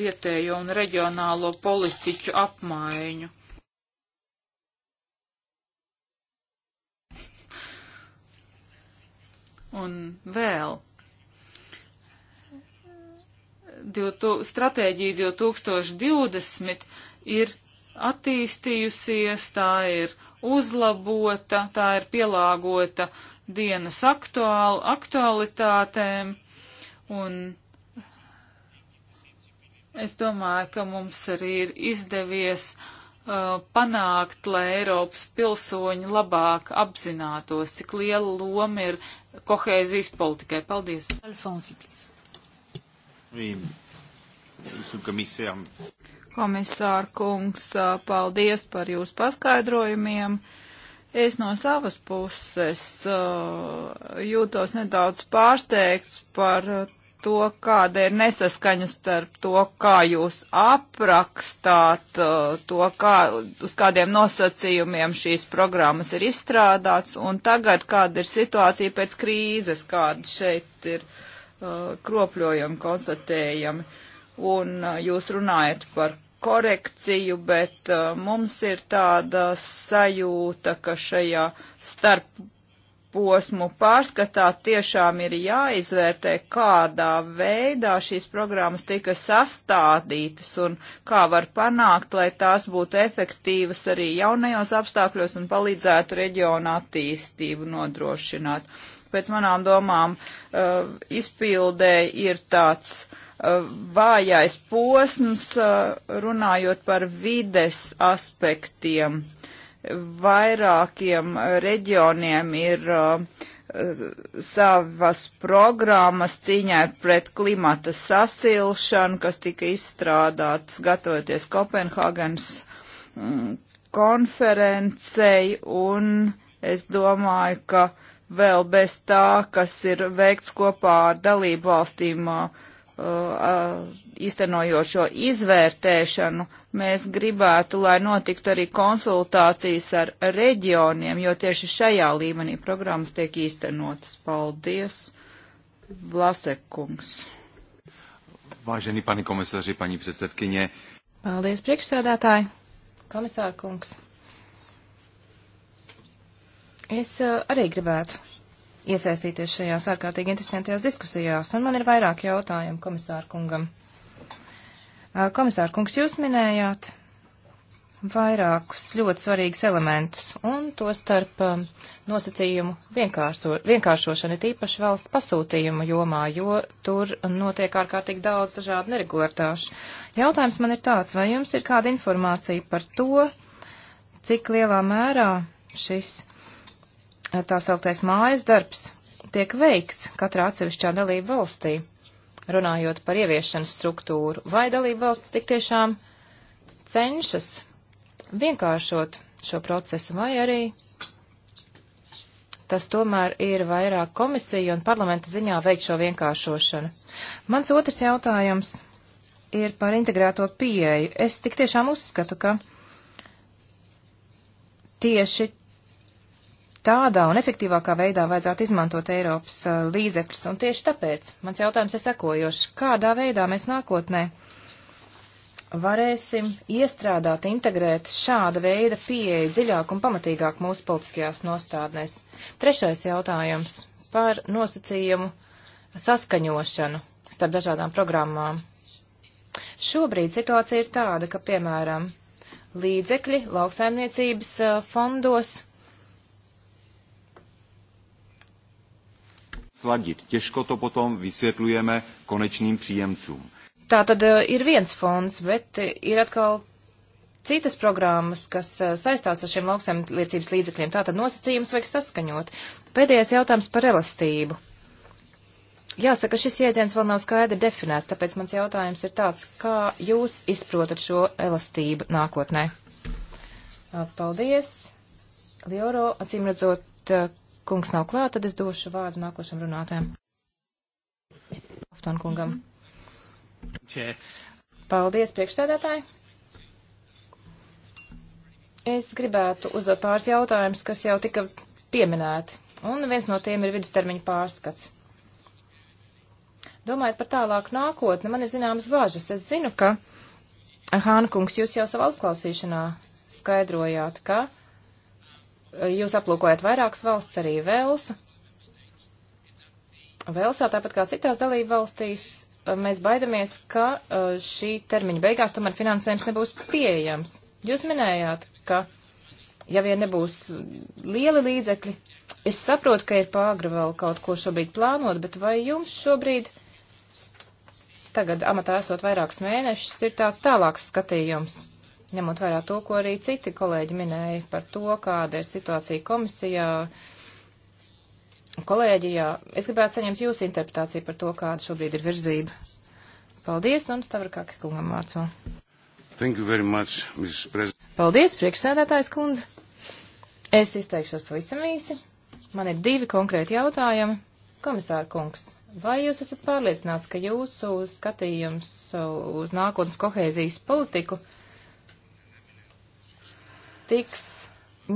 vietējo un reģionālo politiķu apmaiņu. Un vēl stratēģija 2020 ir attīstījusies, tā ir uzlabota, tā ir pielāgota dienas aktuāli, aktualitātēm. Un es domāju, ka mums arī ir izdevies uh, panākt, lai Eiropas pilsoņi labāk apzinātos, cik liela loma ir kohēzijas politikai. Paldies! Alfonsi, please. Komisāra kungs, paldies par jūsu paskaidrojumiem. Es no savas puses jūtos nedaudz pārsteigts par to, kāda ir nesaskaņa starp to, kā jūs aprakstāt to, kā, uz kādiem nosacījumiem šīs programmas ir izstrādāts, un tagad kāda ir situācija pēc krīzes, kāda šeit ir Uh, kropļojumi konstatējami. Un uh, jūs runājat par korekciju, bet uh, mums ir tāda sajūta, ka šajā starp posmu pārskatā tiešām ir jāizvērtē, kādā veidā šīs programmas tika sastādītas un kā var panākt, lai tās būtu efektīvas arī jaunajos apstākļos un palīdzētu reģionu attīstību nodrošināt pēc manām domām eh, izpildē ir tāds eh, vājais posms, eh, runājot par vides aspektiem. Vairākiem reģioniem ir savas programmas cīņai pret klimata sasilšanu, kas tika izstrādātas gatavoties Kopenhāgenes mm, konferencei, un es domāju, ka uh, vēl bez tā, kas ir veikts kopā ar dalību valstīm uh, uh īstenojošo izvērtēšanu, mēs gribētu, lai notiktu arī konsultācijas ar reģioniem, jo tieši šajā līmenī programmas tiek īstenotas. Paldies, Vlasekungs. Vážený pani komisaři, paní předsedkyně. Paldies, priekšsēdētāji. Komisārkungs. Es eh, arī gribētu iesaistīties šajās ārkārtīgi interesantajās diskusijās, un man ir vairāk jautājumu komisāru kungam. Eh, komisāru kungs, jūs minējāt vairākus ļoti svarīgus elementus, un to starp um, nosacījumu vienkāršo, vienkāršošana ir tīpaši valsts pasūtījumu jomā, jo tur notiek ārkārtīgi daudz dažādu neregulatāšu. Jautājums man ir tāds, vai jums ir kāda informācija par to, cik lielā mērā šis tā sauktais mājas darbs tiek veikts katrā atsevišķā dalība valstī, runājot par ieviešanas struktūru, vai dalība valsts tik tiešām cenšas vienkāršot šo procesu, vai arī tas tomēr ir vairāk komisija un parlamenta ziņā veikt šo vienkāršošanu. Mans otrs jautājums ir par integrēto pieeju. Es tik tiešām uzskatu, ka tieši tādā un efektīvākā veidā vajadzētu izmantot Eiropas uh, līdzekļus. Un tieši tāpēc mans jautājums ir sekojošs. Kādā veidā mēs nākotnē varēsim iestrādāt, integrēt šāda veida pieeja dziļāk un pamatīgāk mūsu politiskajās nostādnēs? Trešais jautājums par nosacījumu saskaņošanu starp dažādām programmām. Šobrīd situācija ir tāda, ka, piemēram, līdzekļi lauksaimniecības uh, fondos sladit. Těžko to potom vysvětlujeme konečným příjemcům. Tā tad e, ir viens fonds, bet e, ir atkal citas programmas, kas e, saistās ar šiem lauksaimniecības līdzekļiem. Tātad nosacījums vajag saskaņot. Pēdējais jautājums par elastību. Jāsaka, šis jēdziens vēl nav skaidri definēts, tāpēc mans jautājums ir tāds, kā jūs izprotat šo elastību nākotnē? Paldies. Lioro, acīm redzot, kungs nav klāt, tad es došu vārdu nākošam runātājam. Afton kungam. Paldies, priekšsēdētāji. Es gribētu uzdot pāris jautājumus, kas jau tika pieminēti, un viens no tiem ir vidustermiņa pārskats. Domājot par tālāku nākotni, man ir zināmas bažas. Es zinu, ka Hānkungs jūs jau savā uzklausīšanā skaidrojāt, ka Jūs aplūkojat vairākas valsts, arī Velsu. Velsā, tāpat kā citās dalību valstīs, mēs baidamies, ka uh, šī termiņa beigās tomēr finansējums nebūs pieejams. Jūs minējāt, ka ja vien nebūs lieli līdzekļi, es saprotu, ka ir pāri vēl kaut ko šobrīd plānot, bet vai jums šobrīd, tagad amatā esot vairākus mēnešus, ir tāds tālāks skatījums? ņemot vērā to, ko arī citi kolēģi minēja par to, kāda ir situācija komisijā, kolēģijā. Es gribētu saņemt jūsu interpretāciju par to, kāda šobrīd ir virzība. Paldies, un Stavrakakis kungam vārds vēl. Thank you very much, Mrs. President. Paldies, priekšsēdētājs kundze. Es izteikšos pavisam īsi. Man ir divi konkrēti jautājumi. Komisāra kungs, vai jūs esat pārliecināts, ka jūsu skatījums uz nākotnes kohēzijas politiku uh, tiks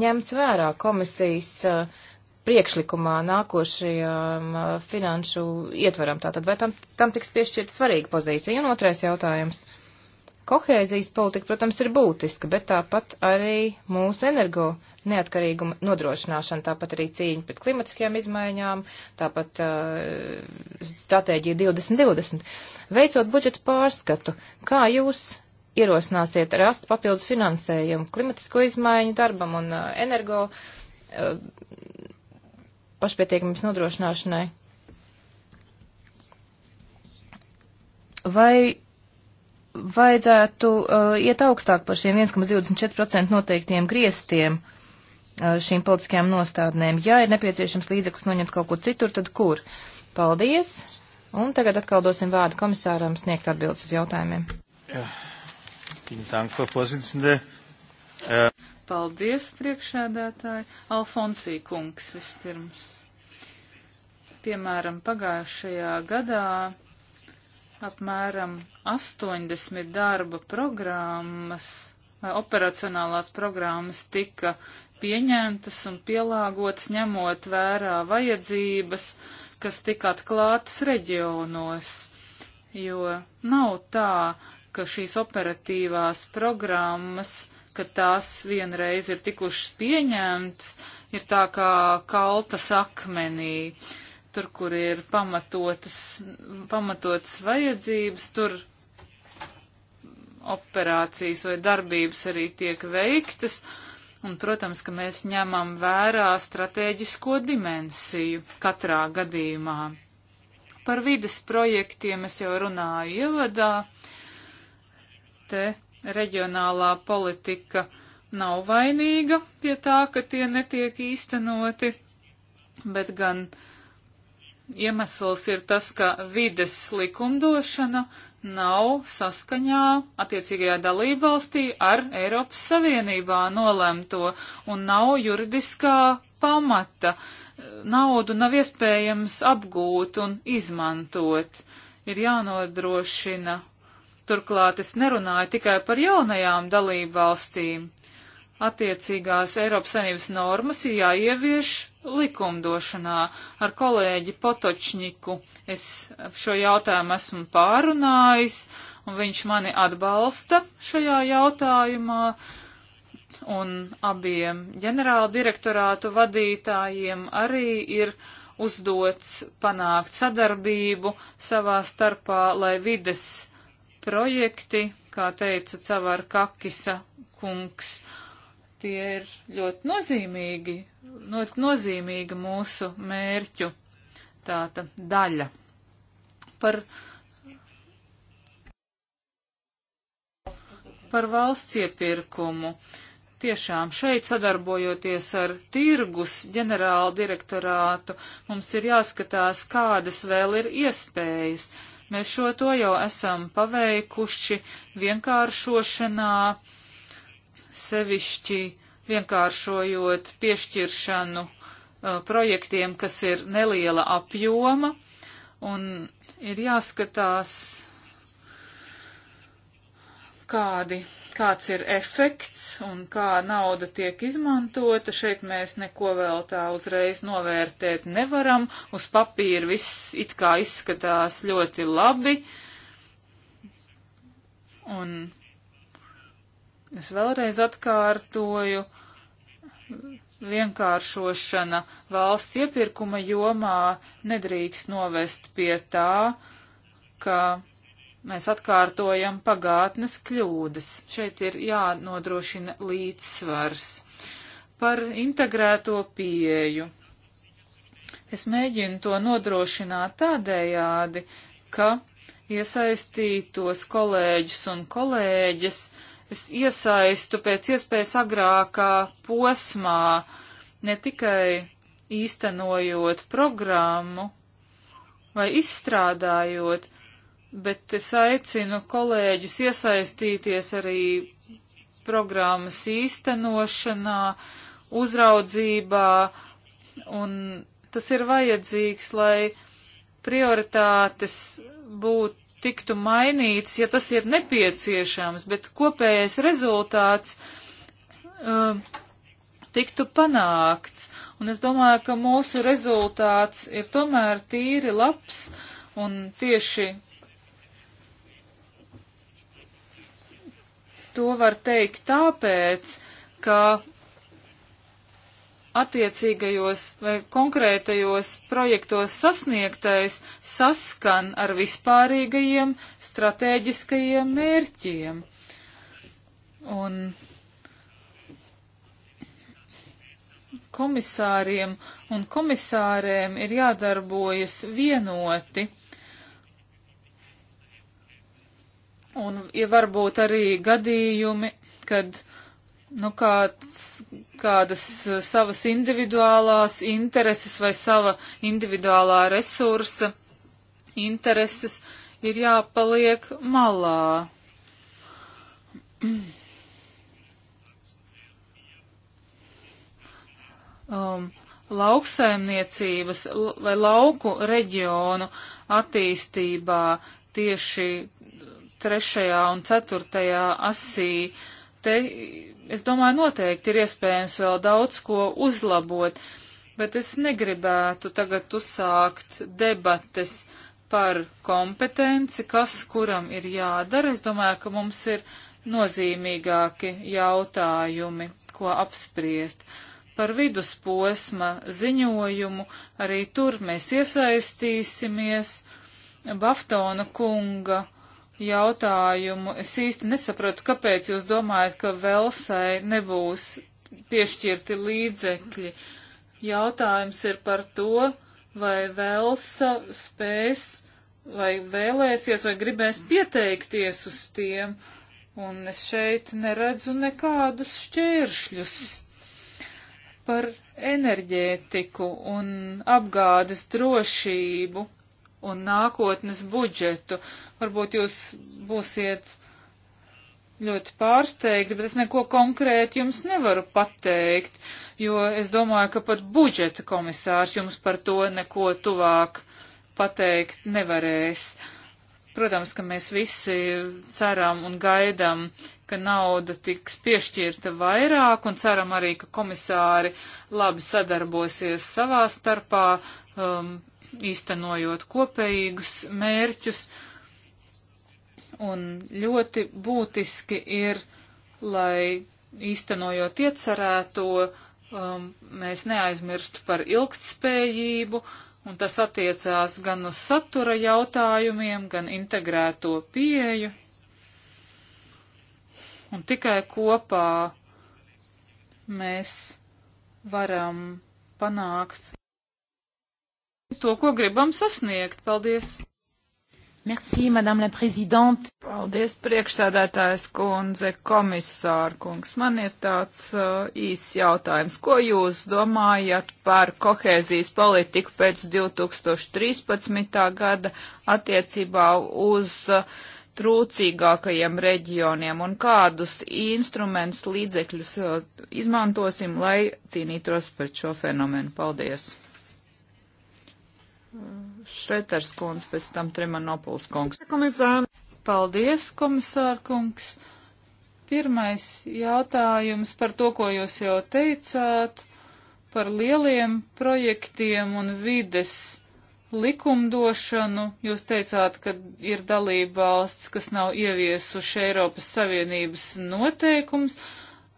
ņemts vērā komisijas uh, priekšlikumā nākošajam uh, finanšu ietvaram? Tātad vai tam, tam tiks piešķirta svarīga pozīcija? Un otrais jautājums. Kohēzijas politika, protams, ir būtiska, bet tāpat arī mūsu energo neatkarīguma nodrošināšana, tāpat arī cīņa pret klimatiskajām izmaiņām, tāpat uh, stratēģija 2020. Veicot budžeta pārskatu, kā jūs ierosināsiet rast papildus finansējumu klimatisko izmaiņu darbam un uh, energo uh, pašpietiekamības nodrošināšanai? Vai vajadzētu uh, iet augstāk par šiem 1,24% noteiktiem griestiem uh, šīm politiskajām nostādnēm? Ja ir nepieciešams līdzeklis noņemt kaut kur citur, tad kur? Paldies! Un tagad atkal dosim vārdu komisāram sniegt atbildes uz jautājumiem. Yeah. Vielen Dank, Frau Vorsitzende. Äh, Paldies, priekšēdētāji. Alfonsī kungs vispirms. Piemēram, pagājušajā gadā apmēram 80 darba programmas vai operacionālās programmas tika pieņemtas un pielāgotas ņemot vērā vajadzības, kas tika atklātas reģionos, jo nav tā, ka šīs operatīvās programmas, ka tās vienreiz ir tikušas pieņemtas, ir tā kā kaltas akmenī. Tur, kur ir pamatotas, pamatotas vajadzības, tur operācijas vai darbības arī tiek veiktas. Un, protams, ka mēs ņemam vērā strateģisko dimensiju katrā gadījumā. Par vides projektiem es jau runāju ievadā. Ja te reģionālā politika nav vainīga pie tā, ka tie netiek īstenoti, bet gan iemesls ir tas, ka vides likumdošana nav saskaņā attiecīgajā dalībvalstī ar Eiropas Savienībā nolemto un nav juridiskā pamata. Naudu nav iespējams apgūt un izmantot. Ir jānodrošina Turklāt es nerunāju tikai par jaunajām dalību valstīm. Attiecīgās Eiropas Savienības normas ir jāievieš likumdošanā. Ar kolēģi Potočņiku es šo jautājumu esmu pārunājis, un viņš mani atbalsta šajā jautājumā un abiem ģenerāla direktorātu vadītājiem arī ir uzdots panākt sadarbību savā starpā, lai vides projekti, kā teica Cavar Kakisa kungs, tie ir ļoti nozīmīgi, ļoti nozīmīga mūsu mērķu tāda daļa. Par, par valsts iepirkumu. Tiešām šeit sadarbojoties ar tirgus ģenerālu direktorātu, mums ir jāskatās, kādas vēl ir iespējas Mēs šo to jau esam paveikuši vienkāršošanā, sevišķi vienkāršojot piešķiršanu uh, projektiem, kas ir neliela apjoma, un ir jāskatās, kādi kāds ir efekts un kā nauda tiek izmantota. Šeit mēs neko vēl tā uzreiz novērtēt nevaram. Uz papīra viss it kā izskatās ļoti labi. Un es vēlreiz atkārtoju, vienkāršošana valsts iepirkuma jomā nedrīkst novest pie tā, ka mēs atkārtojam pagātnes kļūdas. Šeit ir jānodrošina līdzsvars par integrēto pieeju. Es mēģinu to nodrošināt tādējādi, ka iesaistītos kolēģus un kolēģis es iesaistu pēc iespējas agrākā posmā, ne tikai īstenojot programmu vai izstrādājot, bet es aicinu kolēģus iesaistīties arī programmas īstenošanā, uzraudzībā, un tas ir vajadzīgs, lai prioritātes būtu tiktu mainītas, ja tas ir nepieciešams, bet kopējais rezultāts um, tiktu panākts. Un es domāju, ka mūsu rezultāts ir tomēr tīri labs, un tieši To var teikt tāpēc, ka attiecīgajos vai konkrētajos projektos sasniegtais saskan ar vispārīgajiem stratēģiskajiem mērķiem. Un komisāriem un komisārēm ir jādarbojas vienoti Un ja varbūt arī gadījumi, kad nu, kāds, kādas eh, savas individuālās intereses vai sava individuālā resursa intereses ir jāpaliek malā. Um, lauksaimniecības vai lauku reģionu attīstībā tieši trešajā un ceturtajā asī. Te, es domāju, noteikti ir iespējams vēl daudz ko uzlabot, bet es negribētu tagad uzsākt debates par kompetenci, kas kuram ir jādara. Es domāju, ka mums ir nozīmīgāki jautājumi, ko apspriest. Par vidusposma ziņojumu arī tur mēs iesaistīsimies. Baftona kunga jautājumu. Es īsti nesaprotu, kāpēc jūs domājat, ka Velsai nebūs piešķirti līdzekļi. Jautājums ir par to, vai Velsa spēs, vai vēlēsies, vai gribēs pieteikties uz tiem. Un es šeit neredzu nekādus šķēršļus par enerģētiku un apgādes drošību un nākotnes budžetu. Varbūt jūs būsiet ļoti pārsteigti, bet es neko konkrēti jums nevaru pateikt, jo es domāju, ka pat budžeta komisārs jums par to neko tuvāk pateikt nevarēs. Protams, ka mēs visi ceram un gaidam, ka nauda tiks piešķirta vairāk un ceram arī, ka komisāri labi sadarbosies savā starpā, um, īstenojot kopējīgus mērķus. Un ļoti būtiski ir, lai īstenojot iecerēto, um, mēs neaizmirstu par ilgtspējību, un tas attiecās gan uz satura jautājumiem, gan integrēto pieeju. Un tikai kopā mēs varam panākt to, ko gribam sasniegt. Paldies! Merci, Madame la Présidente. Paldies, priekšsēdētājs kundze, komisārkungs. Man ir tāds uh, īsts jautājums. Ko jūs domājat par kohēzijas politiku pēc 2013. gada attiecībā uz uh, trūcīgākajiem reģioniem un kādus instrumentus līdzekļus uh, izmantosim, lai cīnītos pret šo fenomenu? Paldies! Šreters kundze, pēc tam Tremanopuls kungs. Komisār. Paldies, komisār kungs. Pirmais jautājums par to, ko jūs jau teicāt, par lieliem projektiem un vides likumdošanu. Jūs teicāt, ka ir dalība valsts, kas nav ieviesuši Eiropas Savienības noteikums.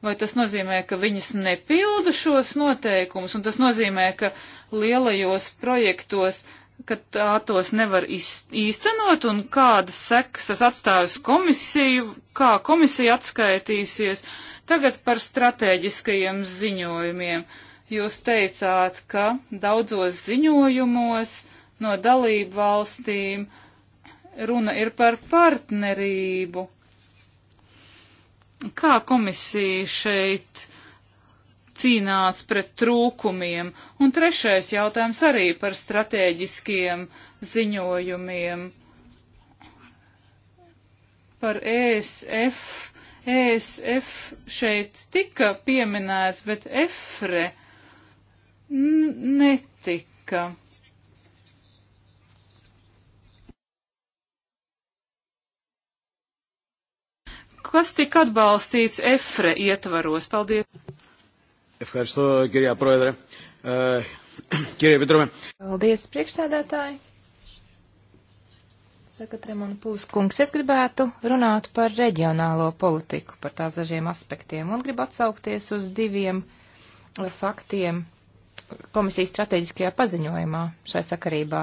Vai tas nozīmē, ka viņas nepilda šos noteikumus, un tas nozīmē, ka lielajos projektos, ka tā tos nevar īstenot un kādas sekas tas atstājas komisiju, kā komisija atskaitīsies. Tagad par strateģiskajiem ziņojumiem. Jūs teicāt, ka daudzos ziņojumos no dalību valstīm runa ir par partnerību. Kā komisija šeit cīnās pret trūkumiem. Un trešais jautājums arī par strateģiskiem ziņojumiem. Par ESF. ESF šeit tika pieminēts, bet EFRE netika. Kas tika atbalstīts EFRE ietvaros? Paldies! Ευχαριστώ, κυρία Πρόεδρε. Ε, κύριε Επίτροπε. Paldies, priekšsēdētāji. Saka Tremona Pūskungs, es gribētu runāt par reģionālo politiku, par tās dažiem aspektiem, un gribu atsaukties uz diviem eh, faktiem komisijas strateģiskajā paziņojumā šai sakarībā.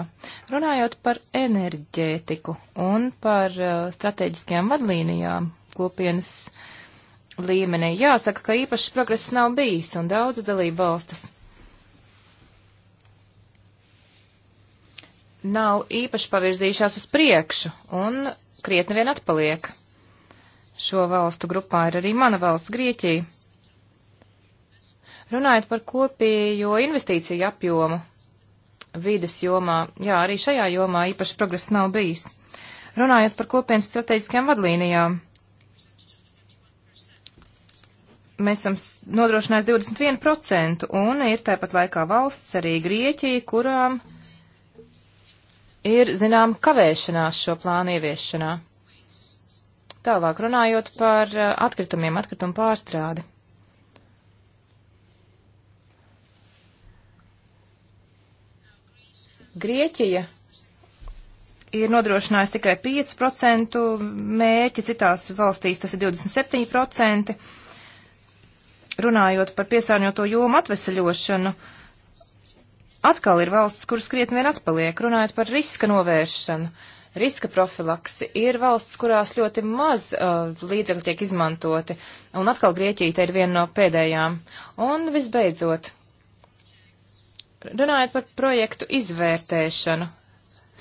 Runājot par enerģētiku un par uh, strateģiskajām vadlīnijām kopienas līmenī. Jāsaka, ka īpašs progress nav bijis un daudz dalību valstis. Nav īpaši pavirzījušās uz priekšu un krietni vien atpaliek. Šo valstu grupā ir arī mana valsts Grieķija. Runājot par kopējo investīciju apjomu vides jomā, jā, arī šajā jomā īpaši progress nav bijis. Runājot par kopienas strateģiskajām vadlīnijām, mēs esam nodrošinājuši 21%, un ir tāpat laikā valsts, arī Grieķija, kurām ir, zinām, kavēšanās šo plānu ieviešanā. Tālāk runājot par atkritumiem, atkritumu pārstrādi. Grieķija ir nodrošinājusi tikai 5% mērķi, citās valstīs tas ir 27% runājot par piesārņoto jomu atveseļošanu, atkal ir valsts, kuras krietni vien atpaliek, runājot par riska novēršanu. Riska profilaksi ir valsts, kurās ļoti maz uh, līdzekļi tiek izmantoti, un atkal Grieķīte ir viena no pēdējām. Un visbeidzot, runājot par projektu izvērtēšanu,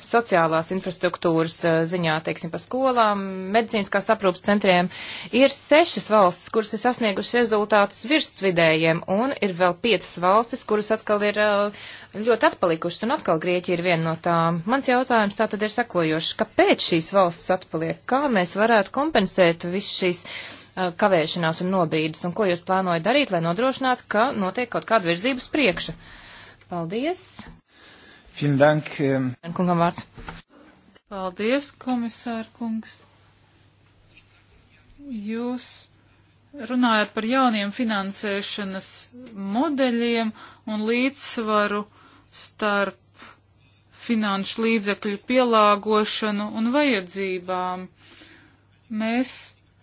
sociālās infrastruktūras eh, ziņā, teiksim, par skolām, medicīniskās aprūpas centriem, ir sešas valstis, kuras ir sasniegušas rezultātus virsvidējiem, un ir vēl piecas valstis, kuras atkal ir eh, ļoti atpalikušas, un atkal Grieķija ir viena no tām. Mans jautājums tā tad ir sekojošs, kāpēc šīs valstis atpaliek, kā mēs varētu kompensēt visu šīs eh, kavēšanās un nobrīdus, un ko jūs plānojat darīt, lai nodrošinātu, ka notiek kaut kāda virzības priekša. Paldies! Dank, um... Kungam vārds. Paldies, komisārkungs. Jūs runājat par jauniem finansēšanas modeļiem un līdzsvaru starp finanšu līdzekļu pielāgošanu un vajadzībām. Mēs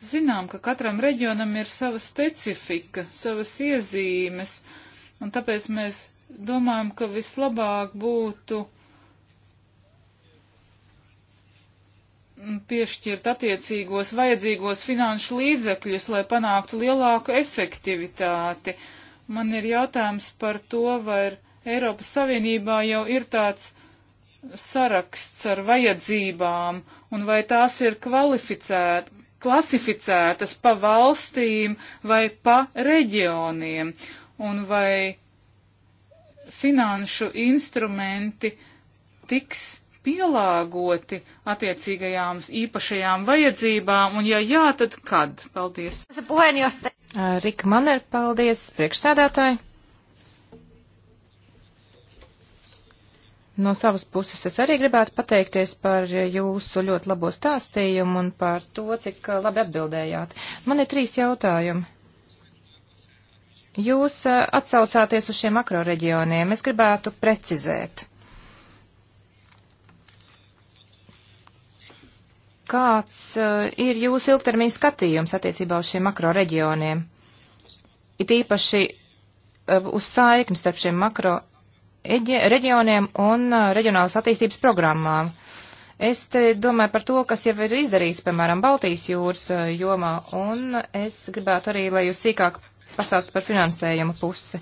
zinām, ka katram reģionam ir sava specifika, savas iezīmes, un tāpēc mēs domājam, ka vislabāk būtu piešķirt attiecīgos vajadzīgos finanšu līdzekļus, lai panāktu lielāku efektivitāti. Man ir jautājums par to, vai Eiropas Savienībā jau ir tāds saraksts ar vajadzībām, un vai tās ir kvalificēt, klasificētas pa valstīm vai pa reģioniem, un vai finanšu instrumenti tiks pielāgoti attiecīgajām īpašajām vajadzībām, un ja jā, tad kad? Paldies. Rika Maner, paldies, priekšsēdētāji. No savas puses es arī gribētu pateikties par jūsu ļoti labo stāstījumu un par to, cik labi atbildējāt. Man ir trīs jautājumi. Jūs atsaucāties uz šiem makroreģioniem. Es gribētu precizēt. Kāds ir jūsu ilgtermiņa skatījums attiecībā uz šiem makroreģioniem? It īpaši uz saikni starp šiem makro reģioniem un reģionālas attīstības programmām. Es te domāju par to, kas jau ir izdarīts, piemēram, Baltijas jūras jomā, un es gribētu arī, lai jūs sīkāk pastāst par finansējuma pusi.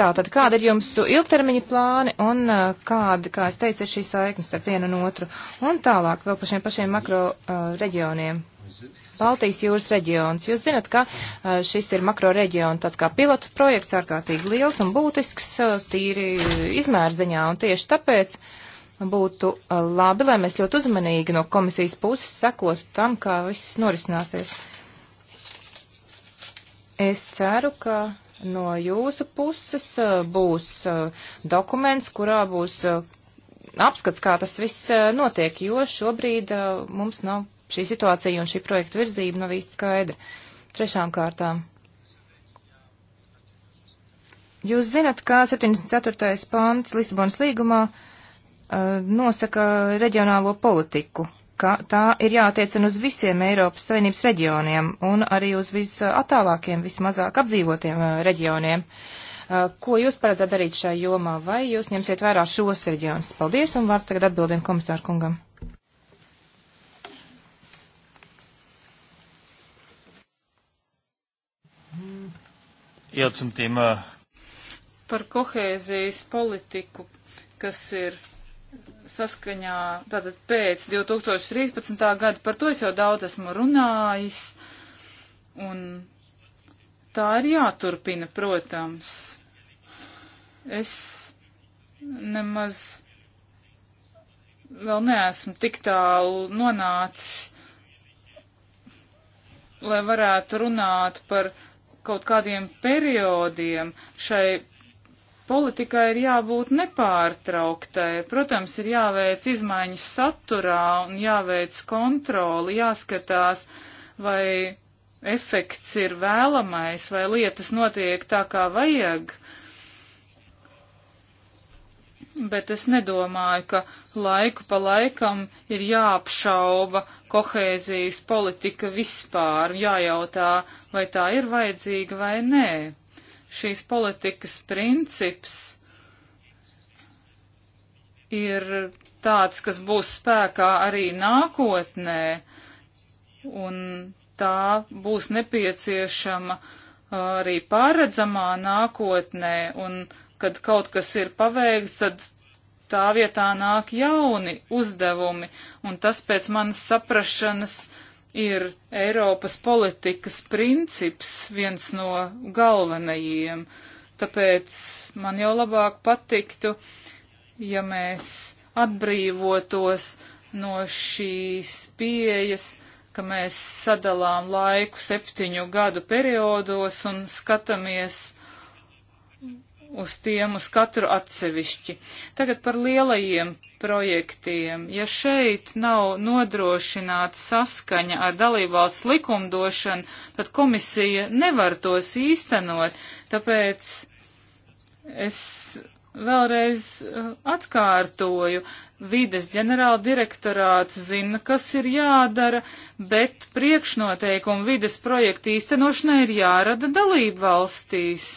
Tātad, kāda ir jūsu ilgtermiņa plāni un uh, kāda, kā es teicu, ir šī saiknes starp vienu un otru? Un tālāk vēl par šiem pašiem makro uh, reģioniem. Baltijas jūras reģions. Jūs zinat, ka uh, šis ir makro reģiona tāds kā pilotu projekts, ārkārtīgi liels un būtisks, uh, tīri izmērziņā, un tieši tāpēc būtu uh, labi, lai mēs ļoti uzmanīgi no komisijas puses sekotu tam, kā viss norisināsies. Uh, Es ceru, ka no jūsu puses uh, būs uh, dokuments, kurā būs uh, apskats, kā tas viss notiek, jo šobrīd mums nav šī situācija un šī projekta virzība nav īsti skaidra. Trešām kārtām. Jūs zinat, kā 74. pants Lisabonas līgumā nosaka reģionālo politiku ka tā ir jātiecina uz visiem Eiropas Savienības reģioniem un arī uz visatālākiem, vismazāk apdzīvotiem uh, reģioniem. Uh, ko jūs paredzat darīt šai jomā, vai jūs ņemsiet vērā šos reģionus? Paldies, un vārds tagad atbildiem komisāru kungam. Ja zum Thema par kohēzijas politiku, kas ir saskaņā, tātad pēc 2013. gada, par to es jau daudz esmu runājis, un tā ir jāturpina, protams. Es nemaz vēl neesmu tik tālu nonācis, lai varētu runāt par kaut kādiem periodiem šai politikai ir jābūt nepārtrauktai. Protams, ir jāveic izmaiņas saturā un jāveic kontroli, jāskatās, vai efekts ir vēlamais, vai lietas notiek tā, kā vajag. Bet es nedomāju, ka laiku pa laikam ir jāapšauba kohēzijas politika vispār, jājautā, vai tā ir vajadzīga vai nē šīs politikas princips ir tāds, kas būs spēkā arī nākotnē, un tā būs nepieciešama uh, arī pārredzamā nākotnē, un kad kaut kas ir paveikts, tad tā vietā nāk jauni uzdevumi, un tas pēc manas saprašanas uh, ir Eiropas politikas princips viens no galvenajiem, tāpēc man jau labāk patiktu, ja mēs atbrīvotos no šīs pieejas, ka mēs sadalām laiku septiņu gadu periodos un skatāmies, uz tiem, uz katru atsevišķi. Tagad par lielajiem projektiem. Ja šeit nav nodrošināta saskaņa ar dalībvalsts likumdošanu, tad komisija nevar tos īstenot. Tāpēc es vēlreiz uh, atkārtoju, vides ģenerāla direktorāts zina, kas ir jādara, bet priekšnoteikumi vides projektu īstenošanai ir jārada dalību valstīs.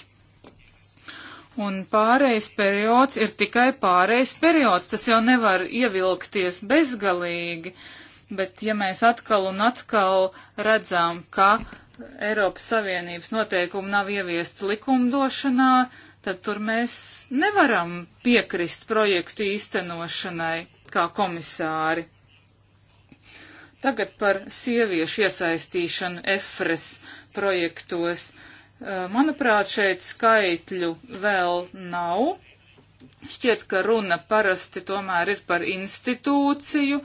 Un pārējais periods ir tikai pārējais periods, tas jau nevar ievilkties bezgalīgi, bet ja mēs atkal un atkal redzam, ka Eiropas Savienības noteikumi nav ieviesti likumdošanā, tad tur mēs nevaram piekrist projektu īstenošanai kā komisāri. Tagad par sieviešu iesaistīšanu EFRES projektos. Uh, Eh, manuprāt, šeit skaitļu vēl nav. Šķiet, ka runa parasti tomēr ir par institūciju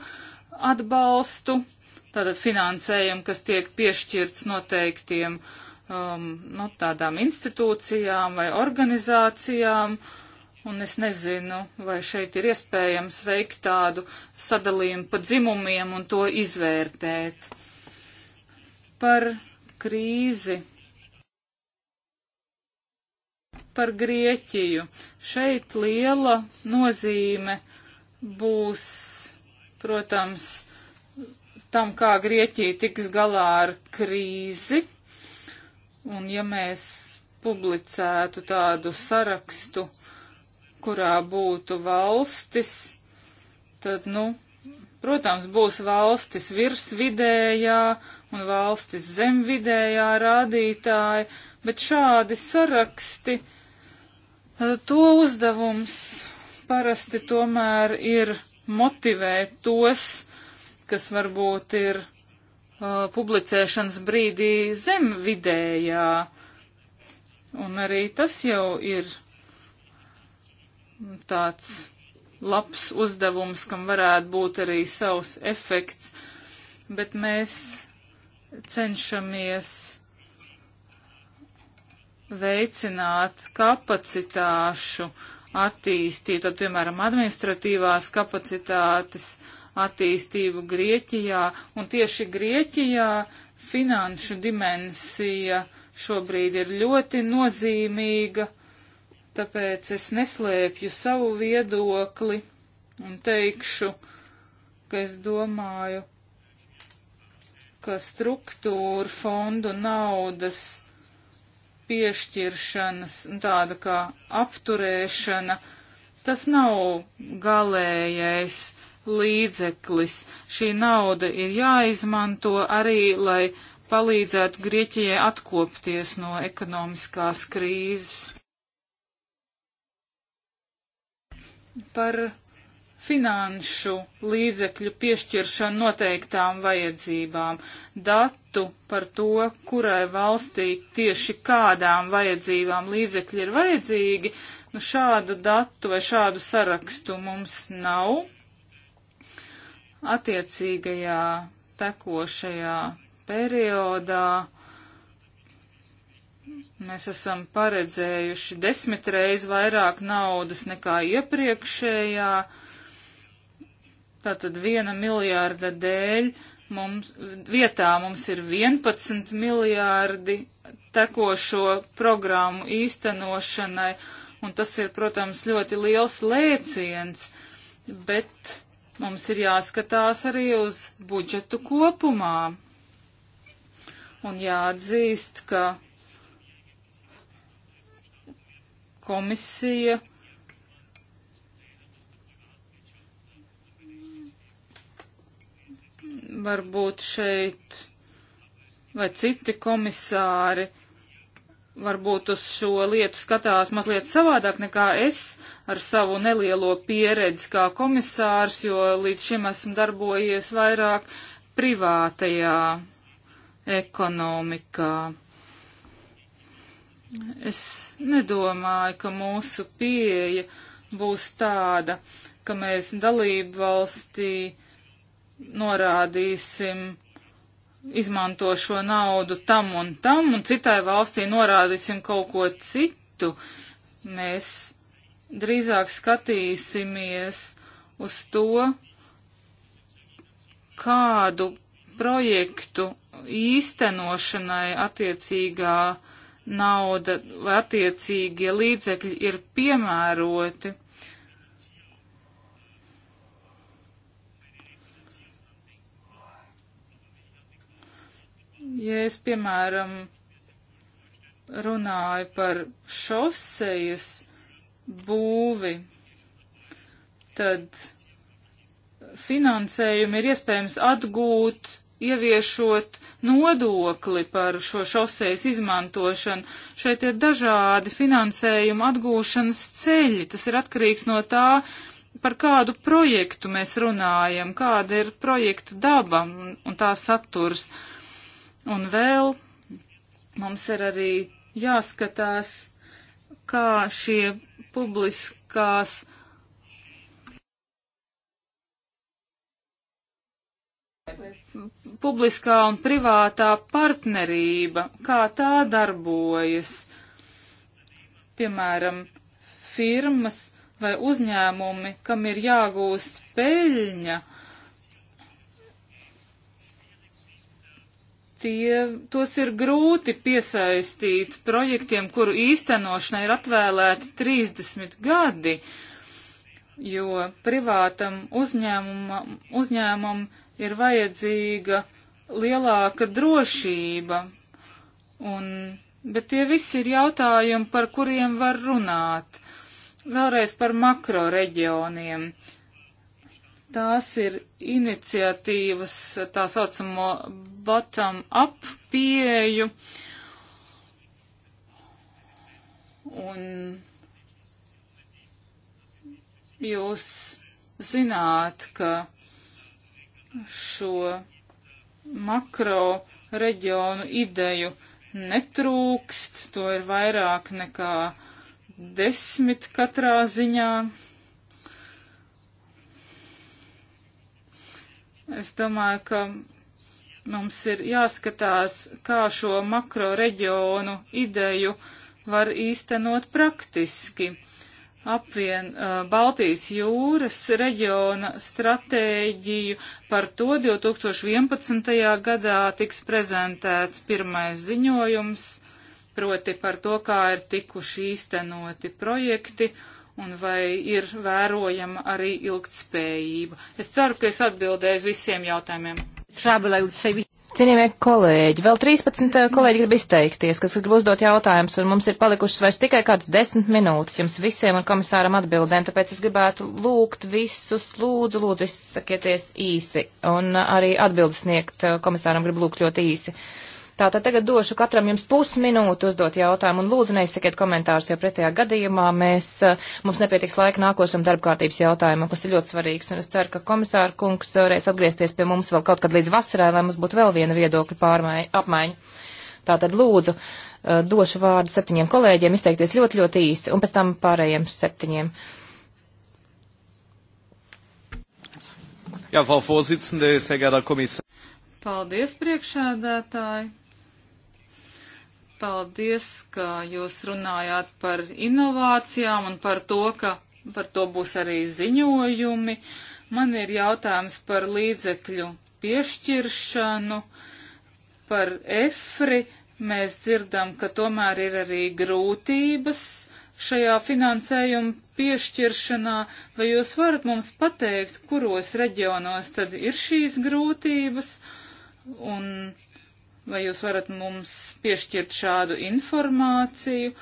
atbalstu, tātad finansējumu, kas tiek piešķirts noteiktiem um, no nu, tādām institūcijām vai organizācijām. Un es nezinu, vai šeit ir iespējams veikt tādu sadalījumu pa dzimumiem un to izvērtēt. Par krīzi par Grieķiju. Šeit liela nozīme būs, protams, tam, kā Grieķija tiks galā ar krīzi. Un ja mēs publicētu tādu sarakstu, kurā būtu valstis, tad, nu, protams, būs valstis virsvidējā un valstis zemvidējā rādītāji, bet šādi saraksti, eh, to uzdevums parasti tomēr ir motivēt tos, kas varbūt ir uh, publicēšanas brīdī zem vidējā. Un arī tas jau ir tāds labs uzdevums, kam varētu būt arī savs efekts, bet mēs cenšamies veicināt kapacitāšu attīstību, tad, piemēram, administratīvās kapacitātes attīstību Grieķijā, un tieši Grieķijā finanšu dimensija šobrīd ir ļoti nozīmīga, tāpēc es neslēpju savu viedokli un teikšu, ka es domāju, ka struktūra fondu naudas piešķiršanas, nu, tāda kā apturēšana, tas nav galējais līdzeklis. Šī nauda ir jāizmanto arī, lai palīdzētu Grieķijai atkopties no ekonomiskās krīzes. Par finanšu līdzekļu piešķiršanu noteiktām vajadzībām, datu par to, kurai valstī tieši kādām vajadzībām līdzekļi ir vajadzīgi, nu šādu datu vai šādu sarakstu mums nav attiecīgajā tekošajā periodā. Mēs esam paredzējuši desmit reiz vairāk naudas nekā iepriekšējā periodā Tātad viena miljārda dēļ mums vietā mums ir 11 miljārdi tekošo programmu īstenošanai, un tas ir, protams, ļoti liels lēciens, bet mums ir jāskatās arī uz budžetu kopumā. Un jāatzīst, ka komisija varbūt šeit vai citi komisāri varbūt uz šo lietu skatās mazliet savādāk nekā es ar savu nelielo pieredzi kā komisārs, jo līdz šim esmu darbojies vairāk privātajā ekonomikā. Es nedomāju, ka mūsu pieeja būs tāda, ka mēs dalību valstī uh, norādīsim, izmanto šo naudu tam un tam, un citai valstī norādīsim kaut ko citu. Mēs drīzāk skatīsimies uz to, kādu projektu īstenošanai attiecīgā nauda vai attiecīgie līdzekļi ir piemēroti. Ja es, piemēram, runāju par šosejas būvi, tad finansējumu ir iespējams atgūt, ieviešot nodokli par šo šosejas izmantošanu. Šeit ir dažādi finansējuma atgūšanas ceļi. Tas ir atkarīgs no tā, par kādu projektu mēs runājam, kāda ir projekta daba un tā saturs. Uh, Un vēl mums ir arī jāskatās, kā šie publiskās. Publiskā un privātā partnerība, kā tā darbojas, piemēram, firmas vai uzņēmumi, kam ir jāgūst peļņa, uh, tie, tos ir grūti piesaistīt projektiem, kuru īstenošanai ir atvēlēti 30 gadi, jo privātam uzņēmumam, uzņēmumam ir vajadzīga lielāka drošība. Un, bet tie visi ir jautājumi, par kuriem var runāt. Vēlreiz par makro reģioniem. Uh, Tās ir iniciatīvas tā saucamo bottom-up pieeju. Un jūs zināt, ka šo makro reģionu ideju netrūkst, to ir vairāk nekā desmit katrā ziņā. Es domāju, ka mums ir jāskatās, kā šo makro reģionu ideju var īstenot praktiski. Apvien uh, Baltijas jūras reģiona stratēģiju par to 2011. gadā tiks prezentēts pirmais ziņojums, proti par to, kā ir tikuši īstenoti projekti un vai ir vērojama arī ilgtspējība. Es ceru, ka es atbildēju uz visiem jautājumiem. Cienījamie kolēģi, vēl 13 eh, kolēģi grib izteikties, kas grib uzdot jautājumus, un mums ir palikušas vairs tikai kāds 10 minūtes jums visiem un komisāram atbildēm, tāpēc es gribētu lūgt visus, lūdzu, lūdzu, izsakieties īsi, un eh, arī atbildes sniegt eh, komisāram grib lūgt ļoti īsi. Uh, Tātad tagad došu katram jums pusminūti uzdot jautājumu un lūdzu neizsakiet komentārus, jo pretējā gadījumā mēs, eh, mums nepietiks laika nākošam darbkārtības jautājumam, kas ir ļoti svarīgs. Un es ceru, ka komisāra kungs varēs atgriezties pie mums vēl kaut kad līdz vasarai, lai mums būtu vēl viena viedokļa pārmaiņa, apmaiņa. Tātad lūdzu, eh, došu vārdu septiņiem kolēģiem, izteikties ļoti, ļoti īsi un pēc tam pārējiem septiņiem. Jā, Frau Vorsitzende, sehr geehrter Kommissar. Paldies, priekšēdētāji! Paldies, ka jūs runājāt par inovācijām un par to, ka par to būs arī ziņojumi. Man ir jautājums par līdzekļu piešķiršanu, par efri. Mēs dzirdam, ka tomēr ir arī grūtības šajā finansējuma piešķiršanā, vai jūs varat mums pateikt, kuros reģionos tad ir šīs grūtības un vai jūs varat mums piešķirt šādu informāciju?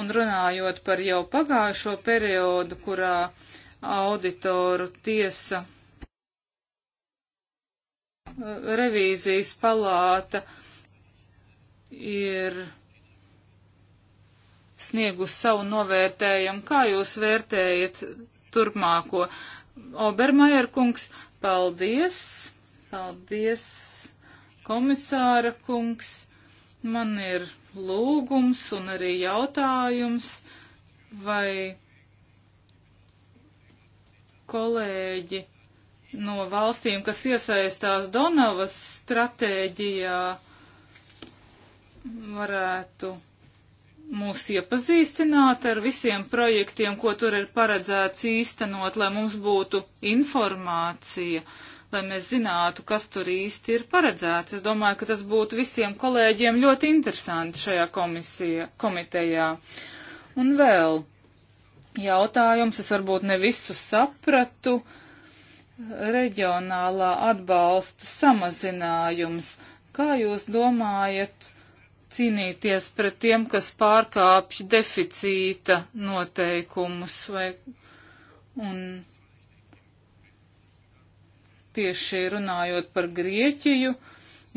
Un runājot par jau pagājušo periodu, kurā auditoru tiesa eh, revīzijas palāta ir sniegus savu novērtējumu. Kā jūs vērtējat turpmāko? Obermajer kungs, paldies! Paldies! komisāra kungs, man ir lūgums un arī jautājums, vai kolēģi no valstīm, kas iesaistās Donavas stratēģijā, varētu mūs iepazīstināt ar visiem projektiem, ko tur ir paredzēts īstenot, lai mums būtu informācija lai mēs zinātu, kas tur īsti ir paredzēts. Es domāju, ka tas būtu visiem kolēģiem ļoti interesanti šajā komisija, komitejā. Un vēl jautājums, es varbūt ne visu sapratu, reģionālā atbalsta samazinājums. Kā jūs domājat? cīnīties pret tiem, kas pārkāpj deficīta noteikumus vai, un tieši runājot par Grieķiju,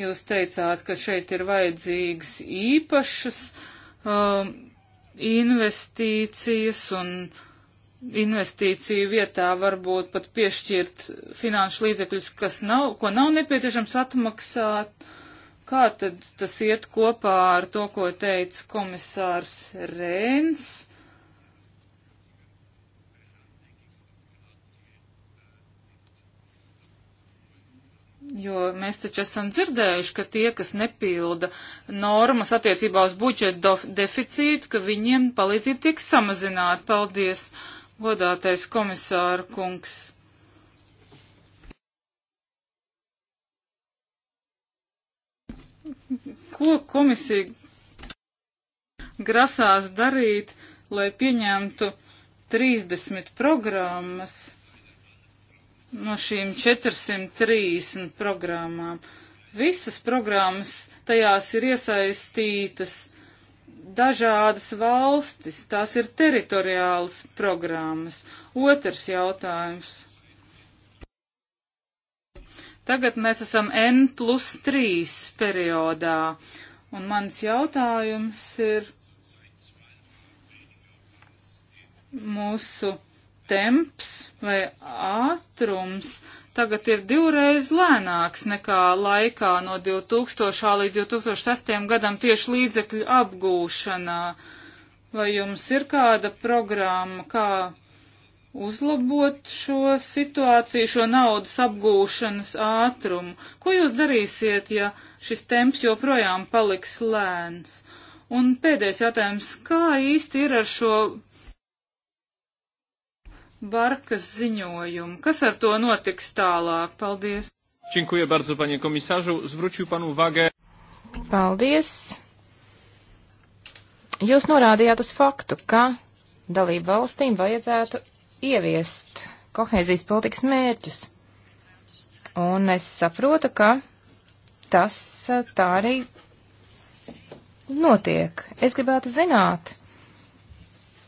jūs teicāt, ka šeit ir vajadzīgas īpašas um, investīcijas un investīciju vietā varbūt pat piešķirt finanšu līdzekļus, kas nav, ko nav nepieciešams atmaksāt. Kā tad tas iet kopā ar to, ko teica komisārs Rēns? Jo mēs taču esam dzirdējuši, ka tie, kas nepilda normas attiecībā uz budžeta deficītu, ka viņiem palīdzība tiek samazināta. Paldies, godātais komisāra kungs. Ko komisija grasās darīt, lai pieņemtu 30 programmas? no šīm 430 programmām. Visas programmas tajās ir iesaistītas dažādas valstis, tās ir teritoriālas programmas. Otrs jautājums. Tagad mēs esam N plus 3 periodā, un mans jautājums ir mūsu temps vai ātrums tagad ir divreiz lēnāks nekā laikā no 2000 līdz 2006 gadam tieši līdzekļu apgūšanā. Vai jums ir kāda programma, kā uzlabot šo situāciju, šo naudas apgūšanas ātrumu? Ko jūs darīsiet, ja šis temps joprojām paliks lēns? Un pēdējais jautājums, kā īsti ir ar šo Barkas ziņojumu. Kas ar to notiks tālāk? Paldies! Dziękuję bardzo, panie komisarzu. Zwrócił pan uwagę. Paldies! Jūs norādījāt uz faktu, ka dalību valstīm vajadzētu ieviest kohēzijas politikas mērķus. Un es saprotu, ka tas tā arī notiek. Es gribētu zināt,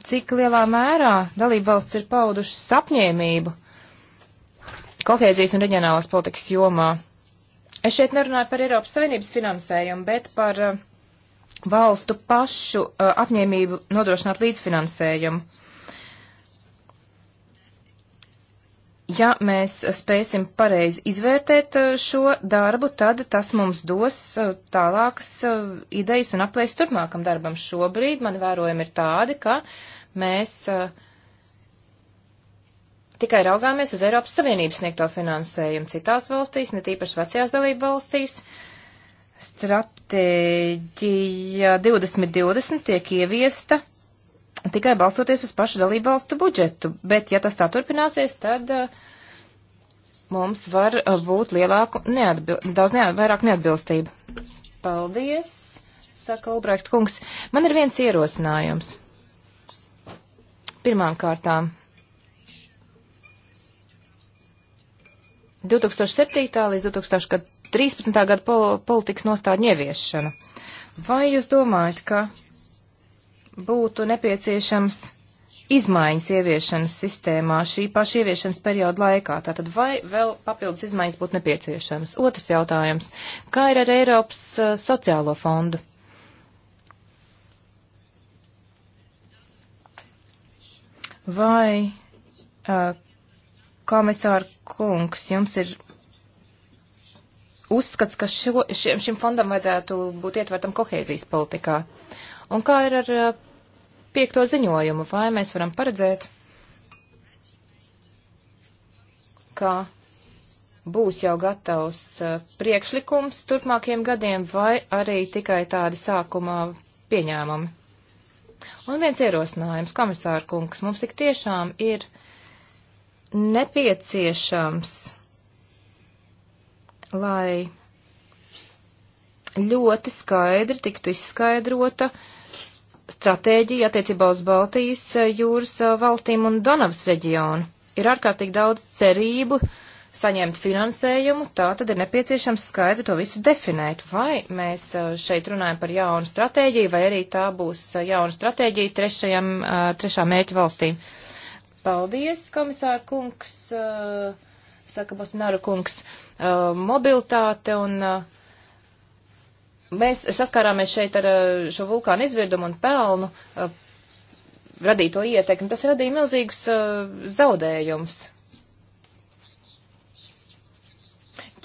cik lielā mērā dalībvalsts ir paudušas apņēmību kohēzijas un reģionālās politikas jomā. Es šeit nerunāju par Eiropas Savienības finansējumu, bet par uh, valstu pašu uh, apņēmību nodrošināt līdzfinansējumu. Ja mēs eh, spēsim pareizi izvērtēt šo darbu, tad tas mums dos tālākas idejas un aplēs turpmākam darbam. Šobrīd man vērojumi ir tādi, ka mēs uh, tikai raugāmies uz Eiropas Savienības sniegto finansējumu citās valstīs, ne tīpaši vecajās dalību valstīs. Stratēģija 2020 tiek ieviesta tikai balstoties uz pašu dalību valstu budžetu, bet ja tas tā turpināsies, tad uh, mums var uh, būt lielāku, neatbil, daudz neat, vairāk neatbilstību. Paldies, saka Ulbrecht kungs. Man ir viens ierosinājums. Pirmām kārtām 2007. līdz 2013. gada pol politikas nostāļu ieviešana. Vai jūs domājat, ka būtu nepieciešams izmaiņas ieviešanas sistēmā šī paša ieviešanas perioda laikā? Tātad vai vēl papildus izmaiņas būtu nepieciešams? Otrs jautājums. Kā ir ar Eiropas uh, sociālo fondu? Vai uh, komisāra kungs, jums ir uzskats, ka šo, šim, šim fondam vajadzētu būt ietvertam kohēzijas politikā? Un kā ir ar uh, piekto ziņojumu? Vai mēs varam paredzēt, ka būs jau gatavs uh, priekšlikums turpmākiem gadiem vai arī tikai tādi sākumā pieņēmumi? Un viens ierosinājums, komisāra kungs, mums tik tiešām ir nepieciešams, lai ļoti skaidri tiktu izskaidrota stratēģija attiecībā uz Baltijas eh, jūras eh, valstīm un Donavas reģionu. Ir ārkārtīgi daudz cerību uh, saņemt finansējumu, tā tad ir nepieciešams skaidri to visu definēt. Vai mēs šeit runājam par jaunu stratēģiju, vai arī tā būs jauna stratēģija trešajam, trešā mērķa valstīm. Paldies, komisāra kungs, saka Bosnāra kungs, mobilitāte un. Mēs saskārāmies šeit ar šo vulkānu izvirdumu un pelnu radīto ietekmi. Tas radīja milzīgus zaudējumus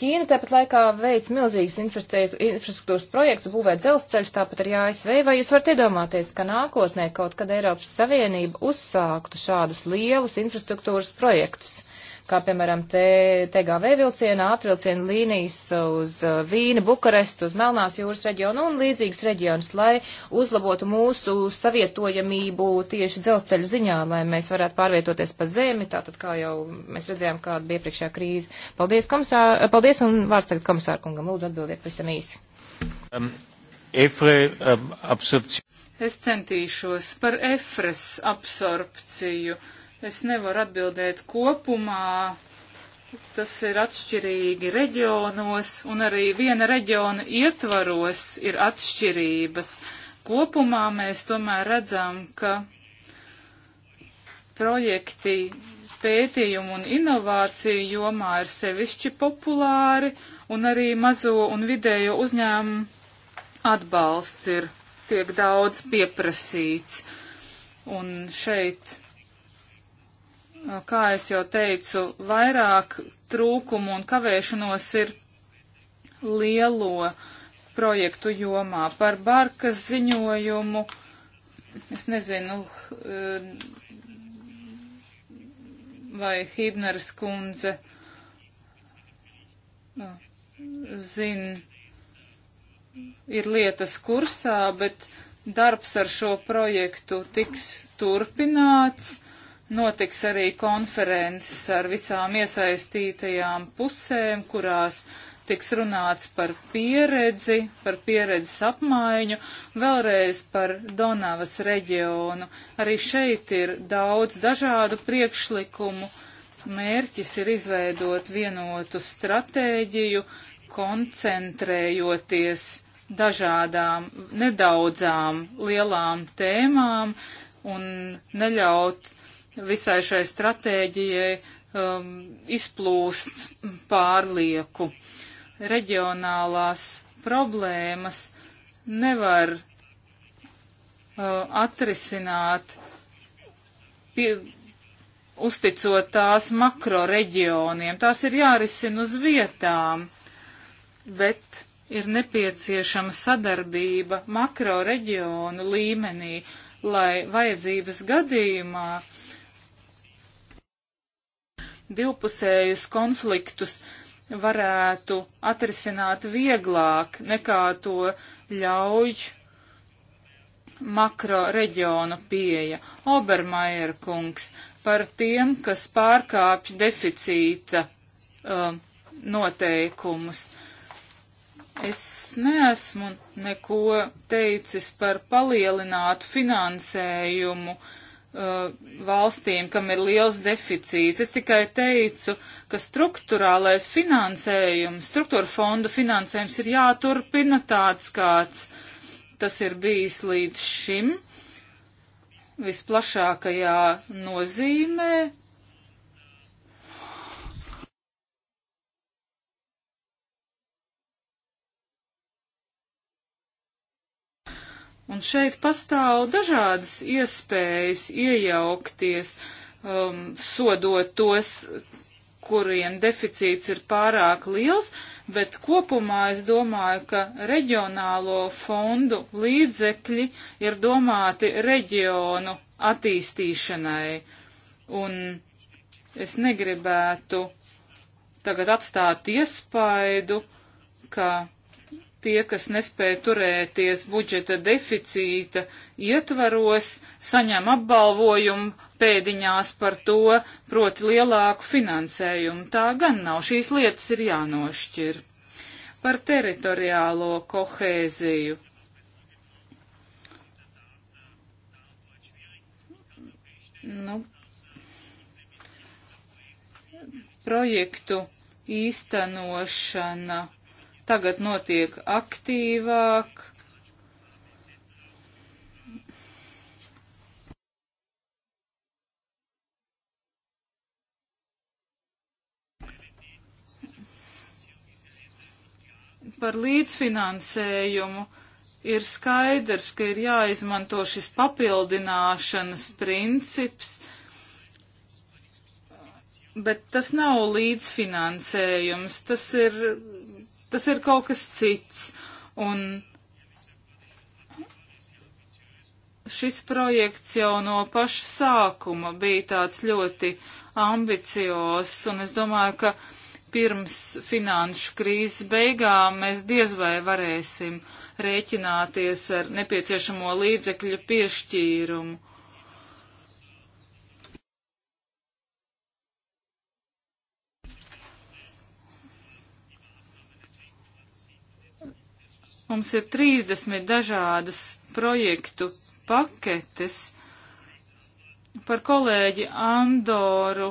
Ķīna tāpat laikā veic milzīgas infrastruktūras projekts, būvē dzelzceļus, tāpat arī ASV. Vai jūs varat iedomāties, ka nākotnē kaut kad Eiropas Savienība uzsāktu šādus lielus infrastruktūras projektus? kā piemēram TGV vilciena, ātrvilciena līnijas uz uh, Vīnu, Bukarestu, uz Melnās jūras reģionu un līdzīgas reģionus, lai uzlabotu mūsu savietojamību tieši dzelzceļu ziņā, lai mēs varētu pārvietoties pa zemi, tātad kā jau mēs redzējām, kāda bija priekšējā krīze. Paldies, komisār, paldies un vārds tagad komisārkungam, lūdzu atbildiet pavisam īsi. Um, efre, um, absorpcija. Es centīšos par efres absorpciju. Uh, Es nevaru atbildēt kopumā. Tas ir atšķirīgi reģionos un arī viena reģiona ietvaros ir atšķirības. Kopumā mēs tomēr redzam, ka projekti pētījumu un inovāciju jomā ir sevišķi populāri un arī mazo un vidējo uzņēmumu atbalsts ir tiek daudz pieprasīts. Un šeit kā es jau teicu, vairāk trūkumu un kavēšanos ir lielo projektu jomā. Par Barkas ziņojumu, es nezinu, vai Hībneres kundze zina, ir lietas kursā, bet darbs ar šo projektu tiks turpināts Notiks arī konferences ar visām iesaistītajām pusēm, kurās tiks runāts par pieredzi, par pieredzes apmaiņu, vēlreiz par Donavas reģionu. Arī šeit ir daudz dažādu priekšlikumu. Mērķis ir izveidot vienotu stratēģiju, koncentrējoties dažādām, nedaudzām lielām tēmām un neļaut visai šai stratēģijai um, izplūst pārlieku. Reģionālās problēmas nevar uh, atrisināt, pie, uzticot tās makro reģioniem. Tās ir jārisina uz vietām, bet ir nepieciešama sadarbība makro reģionu līmenī, lai vajadzības gadījumā uh, divpusējus konfliktus varētu atrisināt vieglāk nekā to ļauj makro reģionu pieeja. Obermaier kungs par tiem, kas pārkāpj deficīta um, noteikumus. Es neesmu neko teicis par palielinātu finansējumu uh, Uh, valstīm, kam ir liels deficīts. Es tikai teicu, ka struktūrālais finansējums, struktūra fondu finansējums ir jāturpina tāds, kāds tas ir bijis līdz šim visplašākajā nozīmē, Un šeit pastāv dažādas iespējas iejaukties, um, sodot tos, kuriem deficīts ir pārāk liels, bet kopumā es domāju, ka reģionālo fondu līdzekļi ir domāti reģionu attīstīšanai. Un es negribētu tagad atstāt iespaidu, ka tie, kas nespēja turēties budžeta deficīta ietvaros, saņem apbalvojumu pēdiņās par to, proti lielāku finansējumu. Tā gan nav, šīs lietas ir jānošķir. Par teritoriālo kohēziju. Nu, projektu īstenošana tagad notiek aktīvāk. Par līdzfinansējumu ir skaidrs, ka ir jāizmanto šis papildināšanas princips, bet tas nav līdzfinansējums, tas ir Tas ir kaut kas cits. Un šis projekts jau no paša sākuma bija tāds ļoti ambiciozs, un es domāju, ka pirms finanšu krīzes beigām mēs diez vai varēsim rēķināties ar nepieciešamo līdzekļu piešķīrumu. Mums ir 30 dažādas projektu paketes par kolēģi Andoru.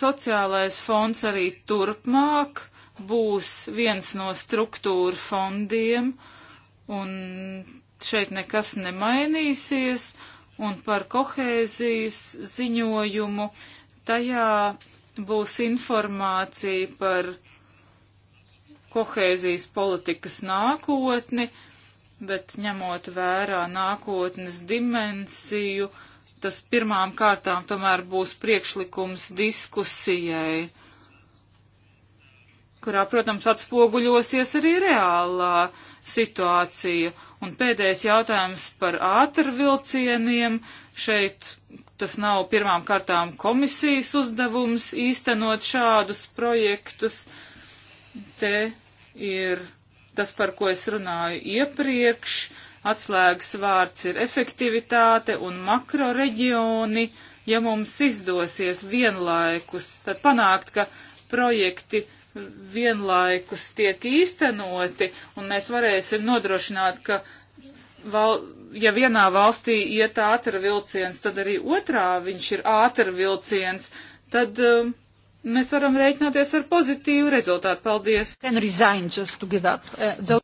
Sociālais fonds arī turpmāk būs viens no struktūra fondiem, un šeit nekas nemainīsies, un par kohēzijas ziņojumu tajā būs informācija par kohēzijas politikas nākotni, bet ņemot vērā nākotnes dimensiju, tas pirmām kārtām tomēr būs priekšlikums diskusijai, kurā, protams, atspoguļosies arī reālā situācija. Un pēdējais jautājums par ātrvilcieniem. Šeit tas nav pirmām kārtām komisijas uzdevums īstenot šādus projektus. Uh, Te ir tas, par ko es runāju iepriekš. Atslēgas vārds ir efektivitāte un makro reģioni. Ja mums izdosies vienlaikus, tad panākt, ka projekti vienlaikus tiek īstenoti, un mēs varēsim nodrošināt, ka val, ja vienā valstī iet ātra vilciens, tad arī otrā viņš ir ātra vilciens, tad uh, um, mēs varam rēķināties ar pozitīvu rezultātu. Paldies! Uh,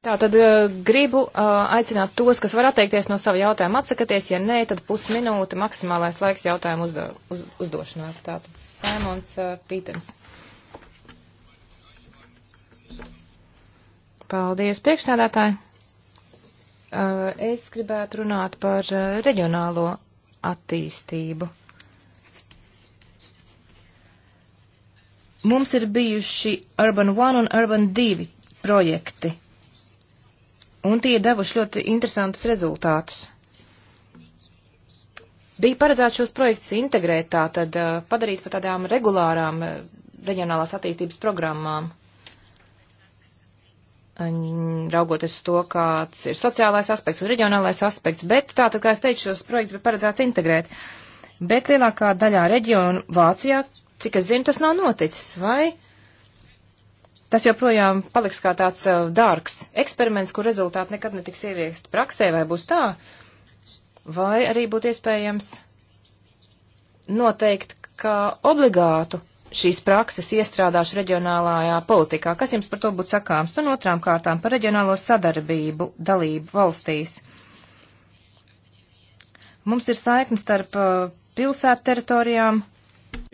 Tā tad uh, gribu uh, aicināt tos, kas var atteikties no sava jautājuma, atsakaties, ja nē, tad pusminūte maksimālais laiks jautājumu uzdo, uz, uzdošanā. Tātad Sēmons Pīters. Paldies, priekšstādātāji! Es gribētu runāt par reģionālo attīstību. Mums ir bijuši Urban One un Urban 2 projekti, un tie devuši ļoti interesantus rezultātus. Bija paredzēts šos projektus integrēt, tātad eh, padarīt par tādām regulārām eh, reģionālās attīstības programmām raugoties uz to, kāds ir sociālais aspekts un reģionālais aspekts, bet tā, tā kā es teicu, šos projektus bija paredzēts integrēt. Bet lielākā daļā reģionu Vācijā Cik es zinu, tas nav noticis, vai? Tas joprojām paliks kā tāds uh, dārgs eksperiments, kur rezultāti nekad netiks ieviest praksē, vai būs tā? Vai arī būtu iespējams noteikt, ka obligātu šīs prakses iestrādāšu reģionālajā politikā. Kas jums par to būtu sakāms? Un otrām kārtām par reģionālo sadarbību dalību valstīs. Mums ir saikni starp uh, pilsētu teritorijām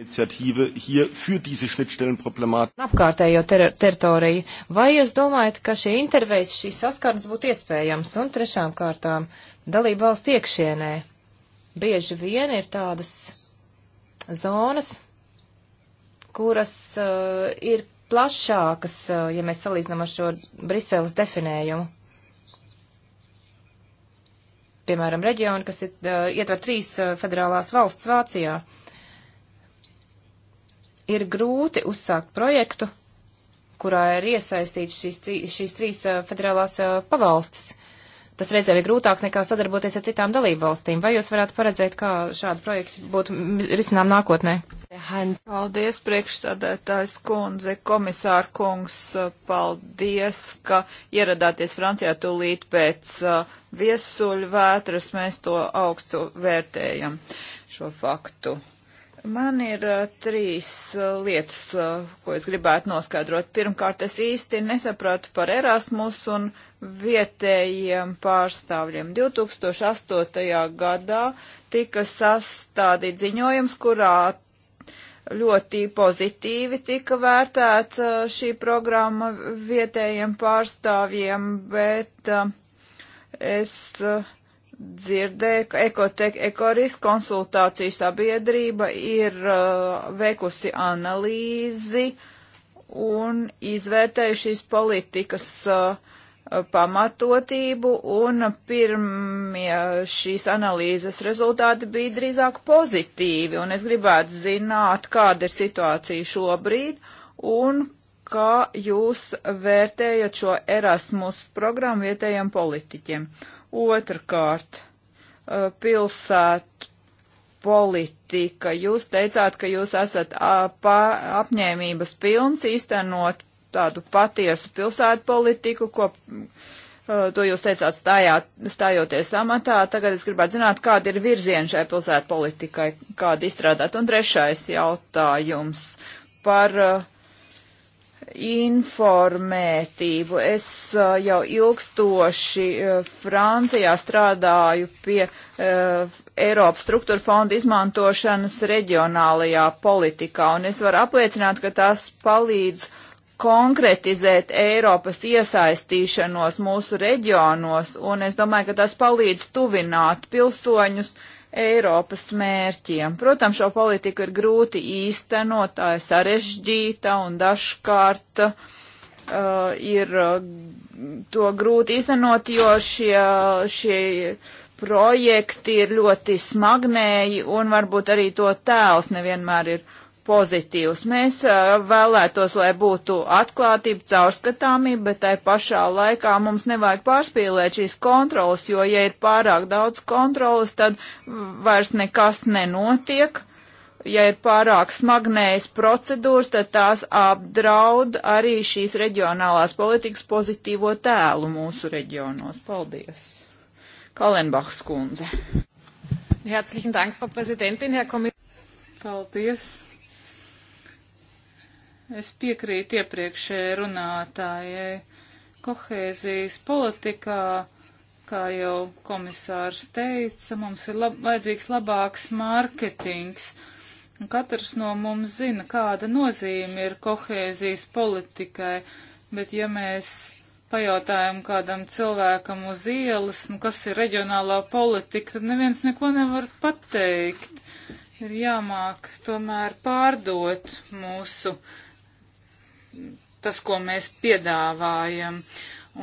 Iniciatīva hier für diese Schnittstellenproblematik. Apkārtējo ter teritoriju. Vai jūs domājat, ka šī intervejs, šī saskarnes būtu iespējams? Un trešām kārtām dalība valsts iekšienē. Bieži vien ir tādas zonas, kuras uh, ir plašākas, uh, ja mēs salīdzinām ar šo Briseles definējumu piemēram, reģioni, kas ir, uh, ietver trīs uh, federālās valsts Vācijā ir grūti uzsākt projektu, kurā ir iesaistīts šīs, šīs trīs federālās pavalstis. Tas reizēm ir grūtāk nekā sadarboties ar citām dalību valstīm. Vai jūs varētu paredzēt, kā šādu projektu būtu risinām nākotnē? Paldies, priekšsādētājs kundze, komisāra kungs, paldies, ka ieradāties Francijā tūlīt pēc uh, viesuļu vētras. Mēs to augstu vērtējam, šo faktu. Man ir uh, trīs uh, lietas, uh, ko es gribētu noskaidrot. Pirmkārt, es īsti nesapratu par Erasmus un vietējiem pārstāvjiem. 2008. gadā tika sastādīt ziņojums, kurā ļoti pozitīvi tika vērtēta šī programma vietējiem pārstāvjiem, bet es. Uh, dzirdēju, ka Ekotek, Ekoris konsultācijas sabiedrība ir uh, veikusi analīzi un izvērtēju šīs politikas uh, pamatotību, un pirmie šīs analīzes rezultāti bija drīzāk pozitīvi, un es gribētu zināt, kāda ir situācija šobrīd, un kā jūs vērtējat šo Erasmus programmu vietējiem politiķiem. Uh, Otrakārt, uh, pilsētu politika. Jūs teicāt, ka jūs esat apņēmības pilns īstenot tādu patiesu pilsētu politiku, ko, uh, to jūs teicāt stājāt, stājoties amatā. Tagad es gribētu zināt, kāda ir virziena šai pilsētu politikai, kāda izstrādāt. Un trešais jautājums par uh, informētību. Es uh, jau ilgstoši uh, Francijā strādāju pie uh, Eiropas struktūra fonda izmantošanas reģionālajā politikā, un es varu apliecināt, ka tas palīdz konkretizēt Eiropas iesaistīšanos mūsu reģionos, un es domāju, ka tas palīdz tuvināt pilsoņus uh, Eiropas mērķiem. Protams, šo politiku ir grūti īstenot, tā ir sarežģīta un dažkārt uh, ir uh, to grūti īstenot, jo šie, šie projekti ir ļoti smagnēji un varbūt arī to tēls nevienmēr ir pozitīvs. Mēs uh, vēlētos, lai būtu atklātība, caurskatāmība, bet tai pašā laikā mums nevajag pārspīlēt šīs kontrolas, jo, ja ir pārāk daudz kontrolas, tad vairs nekas nenotiek. Ja ir pārāk smagnējas procedūras, tad tās apdraud arī šīs reģionālās politikas pozitīvo tēlu mūsu reģionos. Paldies! Kalenbachs kundze. Herzlichen Dank, Frau Präsidentin, Herr Kommissar. Paldies, Es piekrītu iepriekšējai runātājai. Kohēzijas politikā, kā jau komisārs teica, mums ir lab vajadzīgs labāks mārketings. Un katrs no mums zina, kāda nozīme ir kohēzijas politikai, bet ja mēs pajautājam kādam cilvēkam uz ielas, nu, kas ir reģionālā politika, tad neviens neko nevar pateikt. Ir jāmāk tomēr pārdot mūsu tas, ko mēs piedāvājam.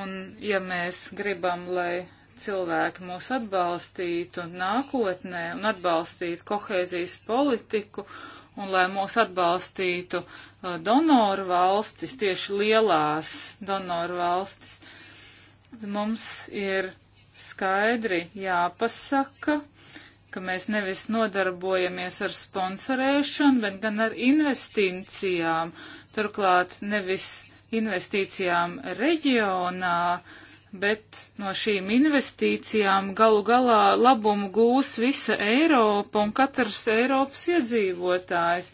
Un ja mēs gribam, lai cilvēki mūs atbalstītu nākotnē un atbalstītu kohēzijas politiku un lai mūs atbalstītu uh, donoru valstis, tieši lielās donoru valstis, mums ir skaidri jāpasaka, ka mēs nevis nodarbojamies ar sponsorēšanu, bet gan ar investīcijām. Turklāt nevis investīcijām reģionā, bet no šīm investīcijām galu galā labumu gūs visa Eiropa un katrs Eiropas iedzīvotājs.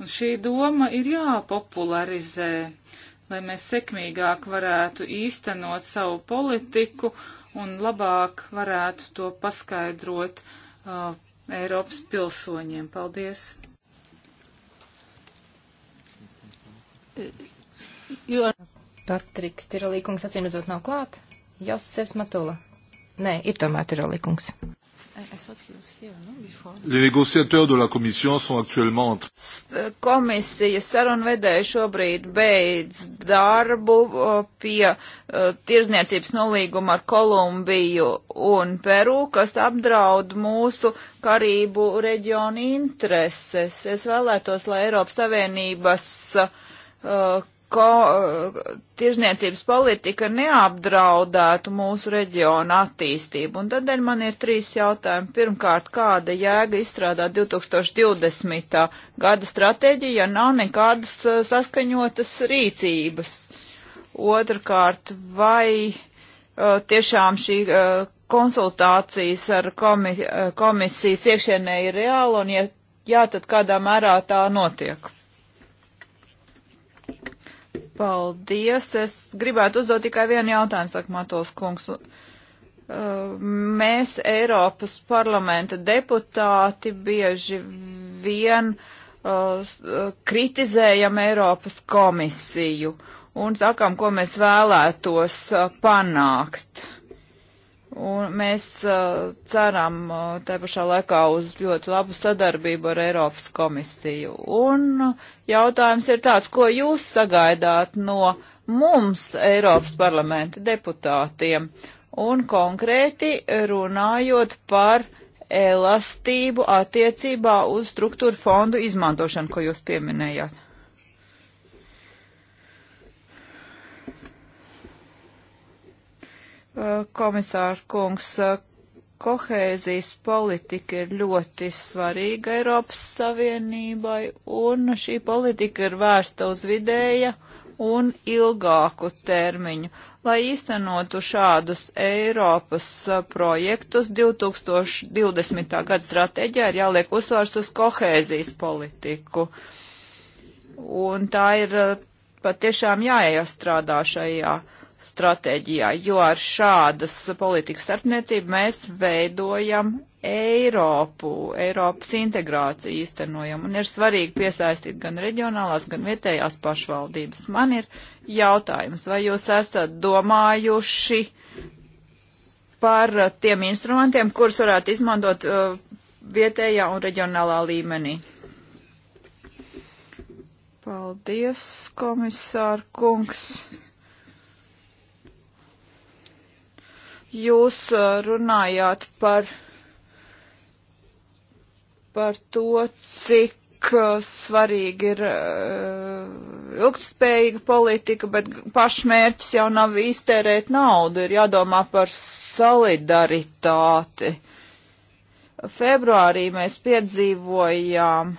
Un šī doma ir jāpopularizē, lai mēs sekmīgāk varētu īstenot savu politiku un labāk varētu to paskaidrot uh, Eiropas pilsoņiem. Paldies! Jo... Patriks Tirolīkungs atsimredzot nav klāt. Josefs Matula. Nē, ir tomēr Tirolīkungs. Les négociateurs de la Commission sont actuellement en train. Eh, Komisija sarunvedēja šobrīd beidz darbu pie uh, tirzniecības nolīguma ar Kolumbiju un Peru, kas apdraud mūsu Karību reģionu intereses. Es vēlētos, lai Eiropas Savienības uh, Uh, ko, uh, tirzniecības politika neapdraudētu mūsu reģionu attīstību. Un tādēļ man ir trīs jautājumi. Pirmkārt, kāda jēga izstrādāt 2020. gada stratēģiju, ja nav nekādas uh, saskaņotas rīcības? Otrakārt, vai uh, tiešām šī uh, konsultācijas ar komis, komisijas iekšienē ir reāla un, ja jā, tad kādā mērā tā notiek? Paldies. Es gribētu uzdot tikai vienu jautājumu, saka Matos kungs. Uh, mēs, Eiropas parlamenta deputāti, bieži vien uh, uh, kritizējam Eiropas komisiju un sakam, ko mēs vēlētos panākt. Un mēs uh, ceram uh, tā pašā laikā uz ļoti labu sadarbību ar Eiropas komisiju. Un uh, jautājums ir tāds, ko jūs sagaidāt no mums, Eiropas parlamenta deputātiem, un konkrēti runājot par elastību attiecībā uz struktūra fondu izmantošanu, ko jūs pieminējāt. Uh, komisāra kungs, uh, kohēzijas politika ir ļoti svarīga Eiropas Savienībai, un šī politika ir vērsta uz vidēja un ilgāku termiņu. Lai īstenotu šādus Eiropas uh, projektus, 2020. gada stratēģijā ir jāliek uzsvars uz kohēzijas politiku. Un tā ir patiešām jāiestrādā šajā stratēģijā, jo ar šādas politikas starpniecību mēs veidojam Eiropu, Eiropas integrāciju īstenojam, un ir svarīgi piesaistīt gan reģionālās, gan vietējās pašvaldības. Man ir jautājums, vai jūs esat domājuši par tiem instrumentiem, kurus varētu izmantot uh, vietējā un reģionālā līmenī? Paldies, komisār kungs. Jūs uh, runājāt par, par to, cik uh, svarīgi ir uh, ilgtspējīga politika, bet pašmērķis jau nav iztērēt naudu, ir jādomā par solidaritāti. Februārī mēs piedzīvojām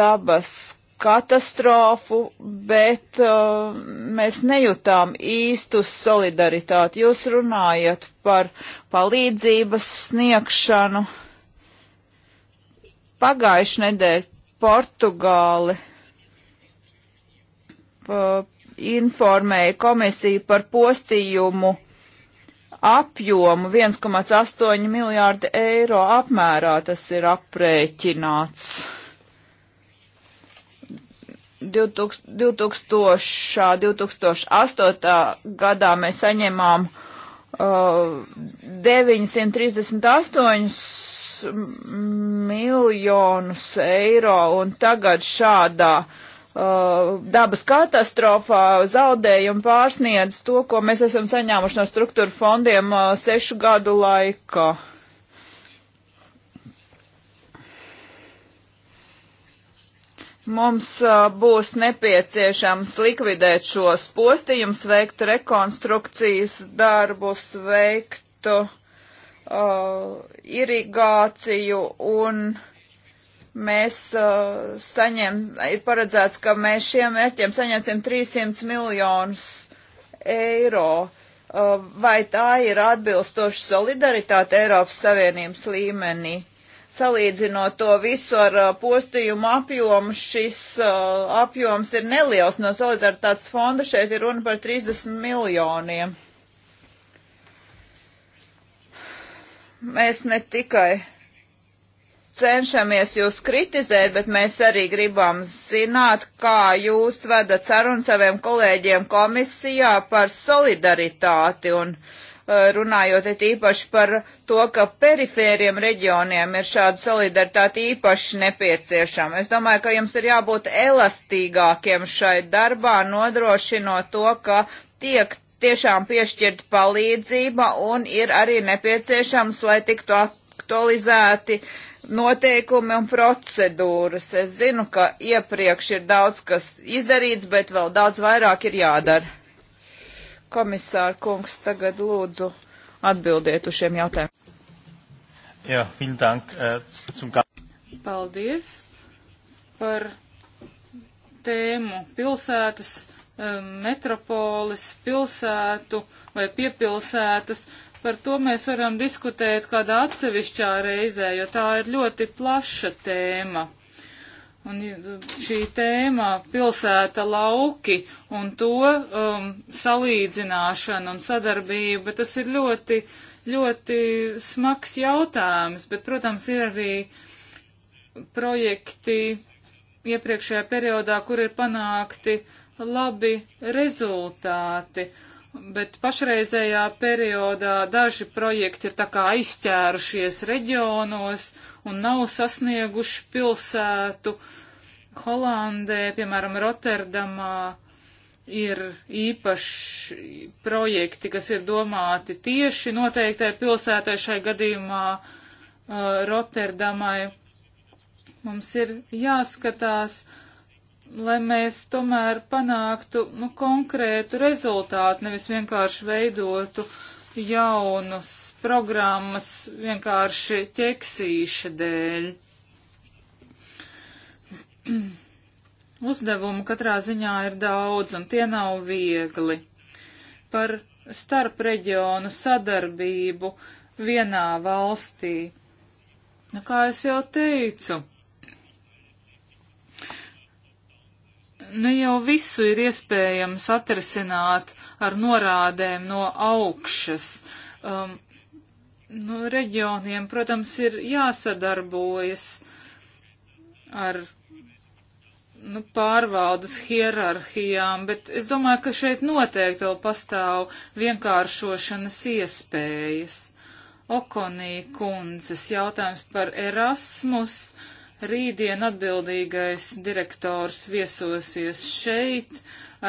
dabas katastrofu, bet uh, mēs nejūtām īstu solidaritāti. Jūs runājat par palīdzības sniegšanu. Pagājuši nedēļ Portugāli pa, informēja komisiju par postījumu apjomu 1,8 miljārdi eiro apmērā tas ir aprēķināts. 2000. 2008. gadā mēs saņēmām uh, 938 miljonus eiro, un tagad šādā uh, dabas katastrofā zaudējumi pārsniedz to, ko mēs esam saņēmuši no struktūra fondiem uh, sešu gadu laikā. Uh, Mums uh, būs nepieciešams likvidēt šos postījumus, veikt rekonstrukcijas darbus, veikt uh, irigāciju un mēs uh, saņem, ir paredzēts, ka mēs šiem mērķiem saņemsim 300 miljonus eiro. Uh, vai tā ir atbilstoša solidaritāte Eiropas Savienības līmenī? Salīdzinot to visu ar uh, postījumu apjomu, šis uh, apjoms ir neliels. No solidaritātes fonda šeit ir runa par 30 miljoniem. Mēs ne tikai cenšamies jūs kritizēt, bet mēs arī gribam zināt, kā jūs vedat sarunu saviem kolēģiem komisijā par solidaritāti un uh, Eh, runājot īpaši par to, ka perifēriem reģioniem ir šāda solidaritāte īpaši nepieciešama. Es domāju, ka jums ir jābūt elastīgākiem šai darbā, nodrošinot to, ka tiek tiešām piešķirt palīdzība un ir arī nepieciešams, lai tiktu aktualizēti noteikumi un procedūras. Es zinu, ka iepriekš ir daudz kas izdarīts, bet vēl daudz vairāk ir jādara. Komisāra kungs, tagad lūdzu atbildiet uz šiem jautājumiem. Jā, vielen dank. Eh, Paldies par tēmu pilsētas, eh, metropolis, pilsētu vai piepilsētas. Par to mēs varam diskutēt kādā atsevišķā reizē, jo tā ir ļoti plaša tēma. Un šī tēma pilsēta lauki un to um, salīdzināšana un sadarbība, tas ir ļoti, ļoti smags jautājums, bet, protams, ir arī projekti iepriekšējā periodā, kur ir panākti labi rezultāti, bet pašreizējā periodā daži projekti ir tā kā aizķērušies reģionos un nav sasnieguši pilsētu. Holandē, piemēram, Rotterdamā ir īpaši projekti, kas ir domāti tieši noteiktai pilsētai šai gadījumā uh, Rotterdamai. Mums ir jāskatās, lai mēs tomēr panāktu nu, konkrētu rezultātu, nevis vienkārši veidotu uh, jaunas programmas vienkārši ķeksīša dēļ. Uzdevumu katrā ziņā ir daudz un tie nav viegli. Par starp reģionu sadarbību vienā valstī. Nu, kā es jau teicu, nu jau visu ir iespējams atrisināt ar norādēm no augšas. Um, nu, reģioniem, protams, ir jāsadarbojas ar nu, pārvaldes hierarhijām, bet es domāju, ka šeit noteikti vēl pastāv vienkāršošanas iespējas. Okonī kundzes jautājums par Erasmus. Uh, Rītdien atbildīgais direktors viesosies šeit,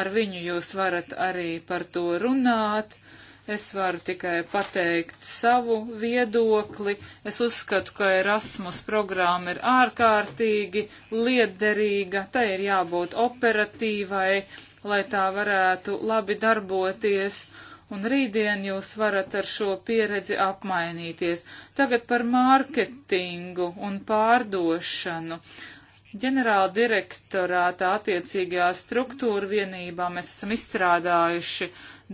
ar viņu jūs varat arī par to runāt. Es varu tikai pateikt savu viedokli. Es uzskatu, ka Erasmus programma ir ārkārtīgi liederīga, tai ir jābūt operatīvai, lai tā varētu labi darboties un rītdien jūs varat ar šo pieredzi apmainīties. Tagad par mārketingu un pārdošanu. Ģenerāla direktorāta attiecīgajā struktūra vienībā mēs esam izstrādājuši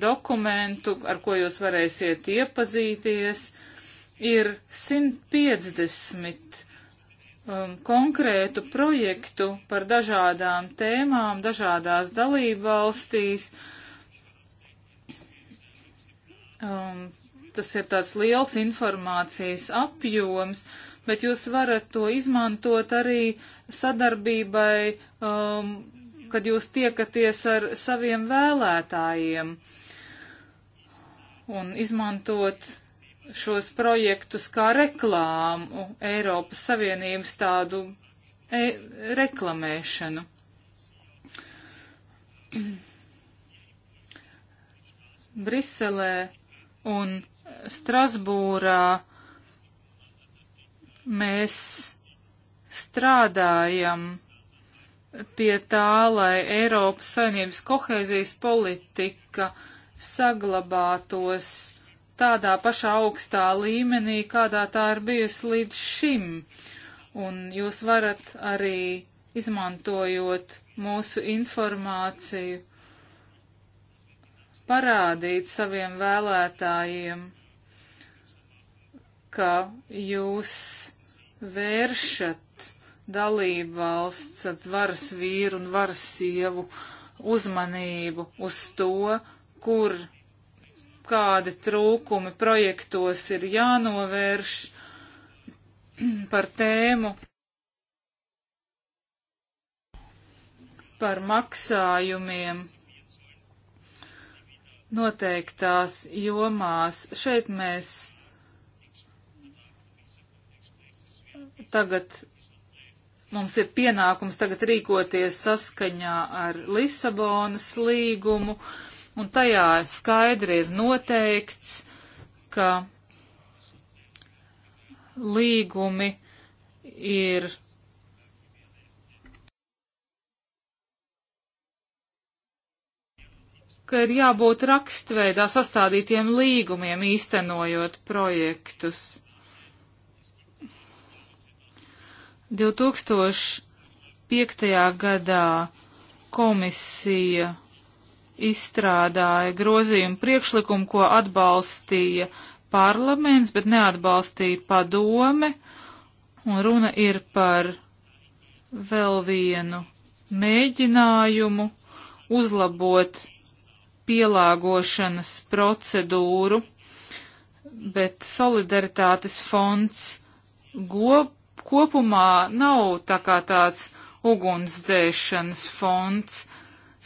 dokumentu, ar ko jūs varēsiet iepazīties. Ir 150 um, konkrētu projektu par dažādām tēmām dažādās dalībvalstīs. valstīs um, tas ir tāds liels informācijas apjoms, bet jūs varat to izmantot arī sadarbībai, um, kad jūs tiekaties ar saviem vēlētājiem un izmantot šos projektus kā reklāmu, Eiropas Savienības tādu e reklamēšanu. Briselē un Strasbūrā mēs strādājam pie tā, lai Eiropas Savienības kohēzijas politika saglabātos tādā pašā augstā līmenī, kādā tā ir bijusi līdz šim. Un jūs varat arī izmantojot mūsu informāciju parādīt saviem vēlētājiem, ka jūs vēršat dalību valsts varas vīru un varas sievu uzmanību uz to, kur kādi trūkumi projektos ir jānovērš par tēmu, par maksājumiem noteiktās jomās. Šeit mēs tagad, mums ir pienākums tagad rīkoties saskaņā ar Lisabonas līgumu, un tajā skaidri ir noteikts, ka līgumi ir ka ir jābūt rakstveidā sastādītiem līgumiem īstenojot projektus. 2005. gadā komisija izstrādāja grozījumu priekšlikumu, ko atbalstīja parlaments, bet neatbalstīja padome, un runa ir par vēl vienu mēģinājumu uzlabot pielāgošanas procedūru, bet solidaritātes fonds gop, kopumā nav tā kā tāds ugunsdzēšanas fonds.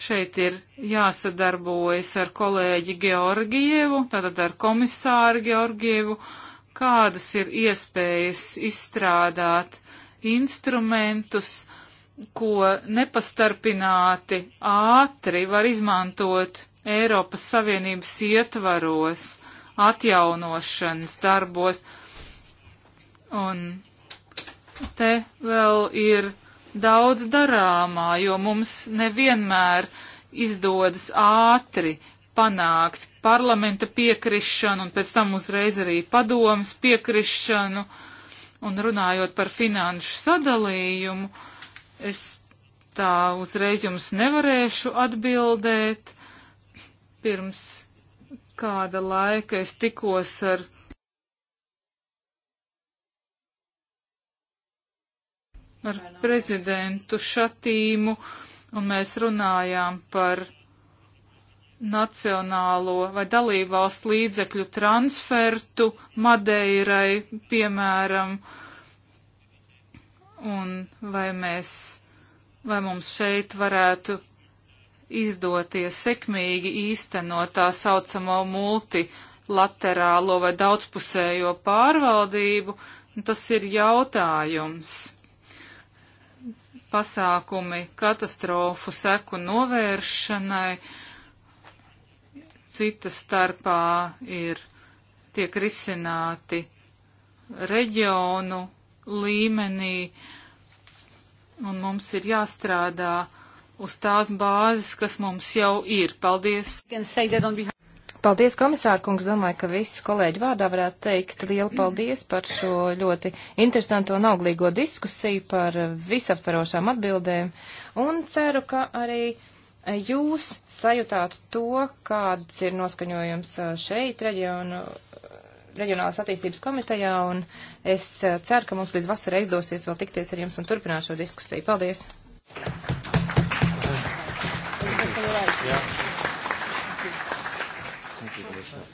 Šeit ir jāsadarbojas ar kolēģi Georgievu, tātad ar komisāru Georgievu, kādas ir iespējas izstrādāt instrumentus, ko nepastarpināti ātri var izmantot Eiropas Savienības ietvaros, atjaunošanas darbos. Un te vēl ir daudz darāmā, jo mums nevienmēr izdodas ātri panākt parlamenta piekrišanu un pēc tam uzreiz arī padomas piekrišanu. Un runājot par finanšu sadalījumu, es tā uzreiz jums nevarēšu atbildēt, Pirms kāda laika es tikos ar ar prezidentu Šatīmu, un mēs runājām par nacionālo vai dalībvalstu līdzekļu transfertu Madeirai, piemēram, un vai mēs, vai mums šeit varētu izdoties sekmīgi īstenot tā saucamo multilaterālo vai daudzpusējo pārvaldību, tas ir jautājums. Pasākumi katastrofu seku novēršanai, citas starpā ir tiek risināti reģionu līmenī, un mums ir jāstrādā uz tās bāzes, kas mums jau ir. Paldies! Paldies, komisārkungs! Domāju, ka visu kolēģu vārdā varētu teikt lielu paldies par šo ļoti interesanto un auglīgo diskusiju, par visaptverošām atbildēm. Un ceru, ka arī jūs sajūtāt to, kāds ir noskaņojums uh, šeit reģionu, reģionālās attīstības komitejā, un es uh, ceru, ka mums līdz vasarai izdosies vēl tikties ar jums un turpināt šo diskusiju. Paldies! right. Yeah. Thank you, Commissioner.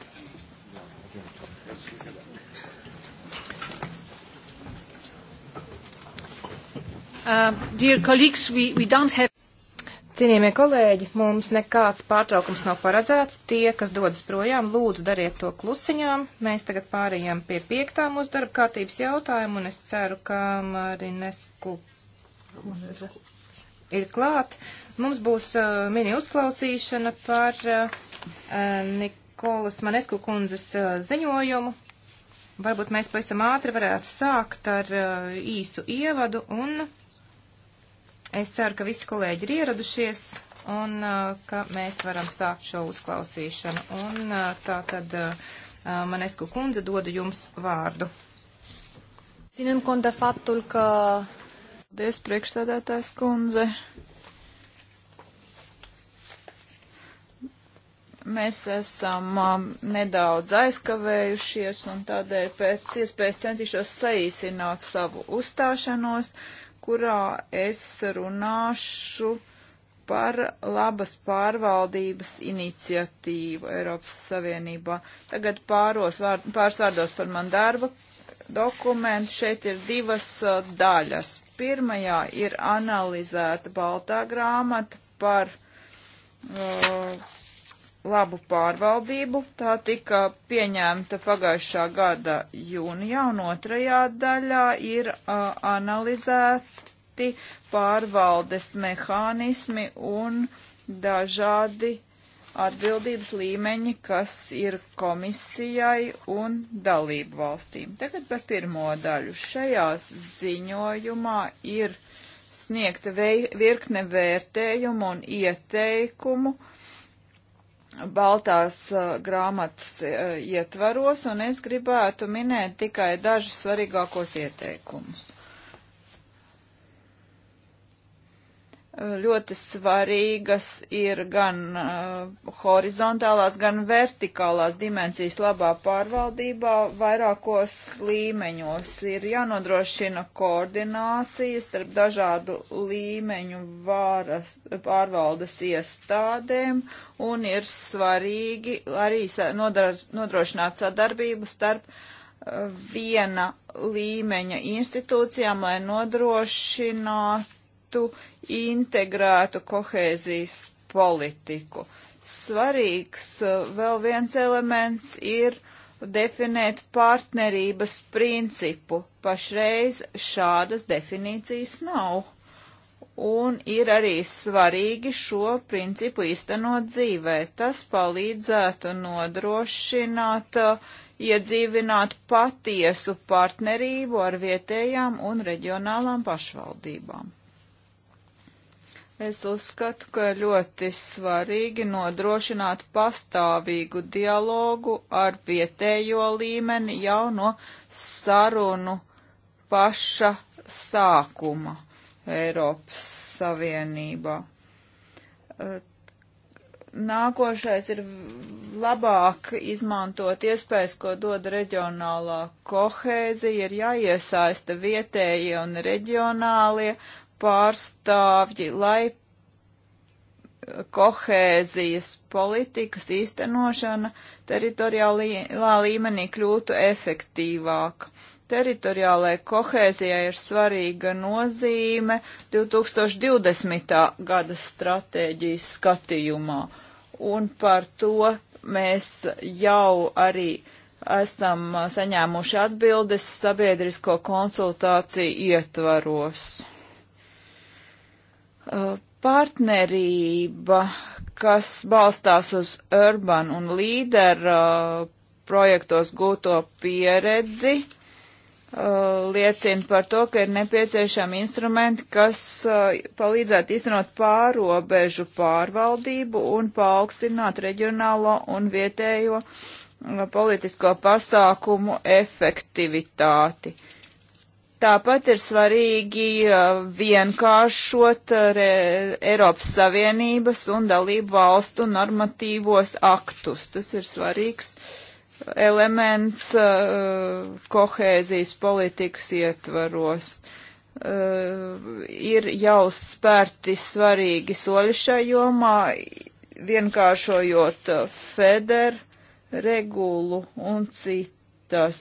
Um, uh, dear colleagues, we, we don't have. Cienījamie kolēģi, mums nekāds pārtraukums nav paredzēts. Tie, kas dodas projām, lūdzu dariet to klusiņām. Mēs tagad pārējām pie piektā mūsu darba kārtības jautājumu, un es ceru, ka Marinesku kundze ir klāt. Mums būs uh, mini uzklausīšana par uh, uh, Nikolas Manesku kundzes uh, ziņojumu. Varbūt mēs pavisam ātri varētu sākt ar uh, īsu ievadu, un es ceru, ka visi kolēģi ir ieradušies un uh, ka mēs varam sākt šo uzklausīšanu. Un uh, tā tad uh, uh Manesku kundze dodu jums vārdu. Ținând cont de faptul că Paldies, priekšstādātājs kundze. Mēs esam um, nedaudz aizkavējušies un tādēļ pēc iespējas centīšos saīsināt savu uzstāšanos, kurā es runāšu par labas pārvaldības iniciatīvu Eiropas Savienībā. Tagad pāros vārd, pāris vārdos par man darba dokumentu. Šeit ir divas uh, daļas. Pirmajā ir analizēta baltā grāmata par uh, labu pārvaldību. Tā tika pieņemta pagājušā gada jūnijā, un otrajā daļā ir uh, analizēti pārvaldes mehānismi un dažādi uh, atbildības līmeņi, kas ir komisijai un dalību valstīm. Tagad par pirmo daļu. Šajā ziņojumā ir sniegta vei, virkne vērtējumu un ieteikumu Baltās uh, grāmatas uh, ietvaros, un es gribētu minēt tikai dažus svarīgākos ieteikumus. ļoti svarīgas ir gan uh, horizontālās, gan vertikālās dimensijas labā pārvaldībā vairākos līmeņos. Ir jānodrošina koordinācija starp dažādu līmeņu varas, pārvaldes iestādēm un ir svarīgi arī nodrošināt sadarbību starp uh, viena līmeņa institūcijām, lai nodrošinātu veiktu integrētu kohēzijas politiku. Svarīgs eh, vēl viens elements ir definēt partnerības principu. Pašreiz šādas definīcijas nav. Un ir arī svarīgi šo principu īstenot dzīvē. Tas palīdzētu nodrošināt, eh, iedzīvināt patiesu partnerību ar vietējām un reģionālām pašvaldībām. Es uzskatu, ka ļoti svarīgi nodrošināt pastāvīgu dialogu ar vietējo līmeni jau no sarunu paša sākuma Eiropas Savienībā. Nākošais ir labāk izmantot iespējas, ko dod reģionālā kohēzija, ir jāiesaista vietējie un reģionālie pārstāvji, lai kohēzijas politikas īstenošana teritoriālā līmenī kļūtu efektīvāka. Teritoriālai kohēzijai ir svarīga nozīme 2020. gada stratēģijas skatījumā, un par to mēs jau arī esam saņēmuši atbildes sabiedrisko konsultāciju ietvaros. Uh, partnerība, kas balstās uz Urban un līderu uh, projektos gūto pieredzi, uh, liecina par to, ka ir nepieciešami instrumenti, kas palīdzētu iznot pārobežu pārvaldību un paaugstināt reģionālo un vietējo politisko pasākumu efektivitāti. Uh, Tāpat ir svarīgi uh, vienkāršot uh, Eiropas Savienības un dalību valstu normatīvos aktus. Tas ir svarīgs elements uh, kohēzijas politikas ietvaros. Ir jau spērti svarīgi soļi šajā jomā, vienkāršojot feder regulu un citu vietas,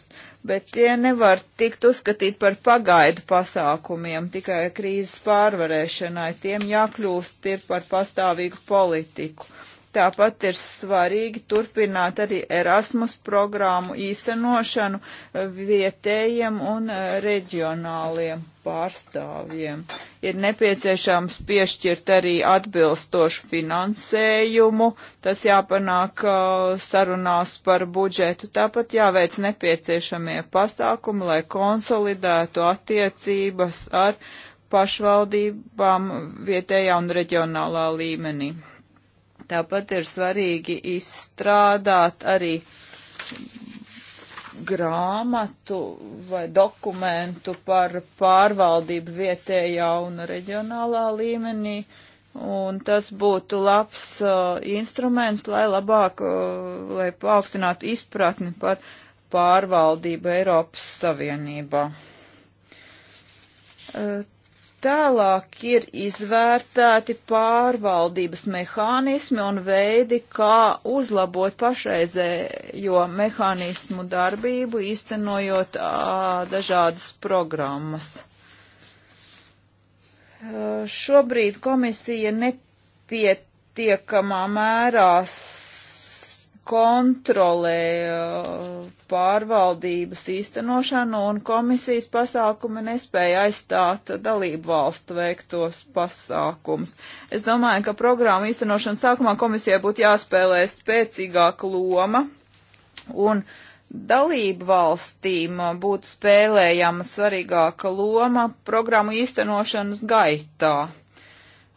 bet tie nevar tikt uzskatīt par pagaidu pasākumiem tikai krīzes pārvarēšanai. Tiem jākļūst ir par pastāvīgu politiku. Tāpat ir svarīgi turpināt arī Erasmus programmu īstenošanu vietējiem un reģionāliem pārstāvjiem. Ir nepieciešams piešķirt arī atbilstošu finansējumu, tas jāpanāk uh, sarunās par budžetu. Tāpat jāveic nepieciešamie pasākumi, lai konsolidētu attiecības ar pašvaldībām vietējā un reģionālā līmenī. Tāpat ir svarīgi izstrādāt arī grāmatu vai dokumentu par pārvaldību vietējā un reģionālā līmenī, un tas būtu labs uh, instruments, lai labāk, uh, lai paaugstinātu izpratni par pārvaldību Eiropas Savienībā. Uh, Tālāk ir izvērtēti pārvaldības mehānismi un veidi, kā uzlabot pašreizējo mehānismu darbību, īstenojot ā, dažādas programmas. Šobrīd komisija nepietiekamā mērās kontrolē uh, pārvaldības īstenošanu un komisijas pasākumi nespēja aizstāt dalību valstu veiktos pasākums. Es domāju, ka programmu īstenošanu sākumā komisijai būtu jāspēlē spēcīgāka loma un dalību valstīm būtu spēlējama svarīgāka loma programmu īstenošanas gaitā.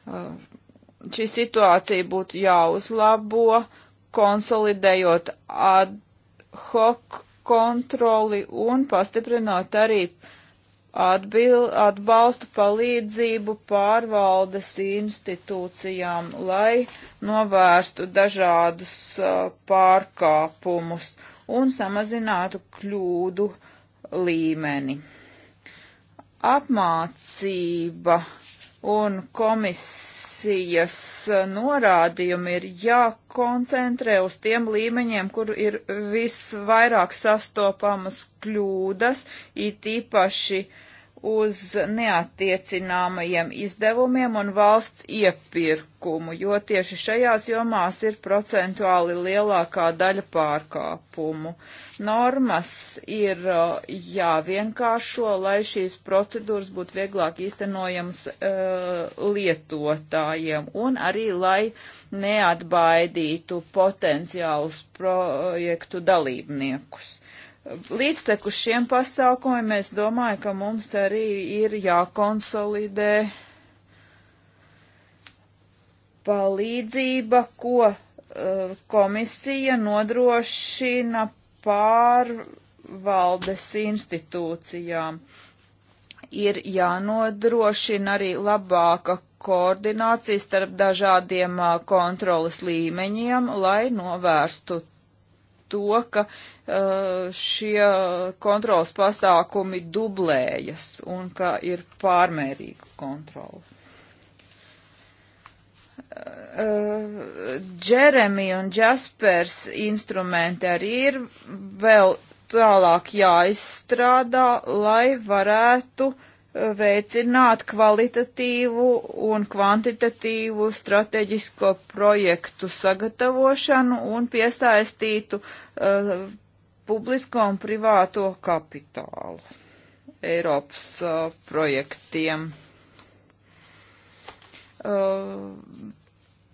Uh, šī situācija būtu jāuzlabo konsolidējot ad hoc kontroli un pastiprinot arī atbil, atbalstu palīdzību pārvaldes institūcijām, lai novērstu dažādus uh, pārkāpumus un samazinātu kļūdu līmeni. Apmācība un komisijas Eh, norādījumi ir jākoncentrē uz tiem līmeņiem, kur ir visvairāk sastopamas kļūdas, it īpaši uh, uz neatiecināmajiem izdevumiem un valsts iepirkumu, jo tieši šajās jomās ir procentuāli lielākā daļa pārkāpumu. Normas ir uh, jāvienkāršo, lai šīs procedūras būtu vieglāk īstenojams uh, lietotājiem un arī, lai neatbaidītu potenciālus projektu dalībniekus Līdzteku šiem pasākumiem es domāju, ka mums arī ir jākonsolidē palīdzība, ko uh, komisija nodrošina pārvaldes institūcijām. Ir jānodrošina arī labāka koordinācija starp dažādiem uh, kontrolas līmeņiem, lai novērstu to, ka uh, šie kontrols pasākumi dublējas un ka ir pārmērīga kontrola. Uh, Džeremi un Jaspers instrumenti arī ir vēl tālāk jāizstrādā, lai varētu uh, veicināt kvalitatīvu un kvantitatīvu strateģisko projektu sagatavošanu un piesaistītu uh, publisko un privāto kapitālu Eiropas uh, projektiem. Uh,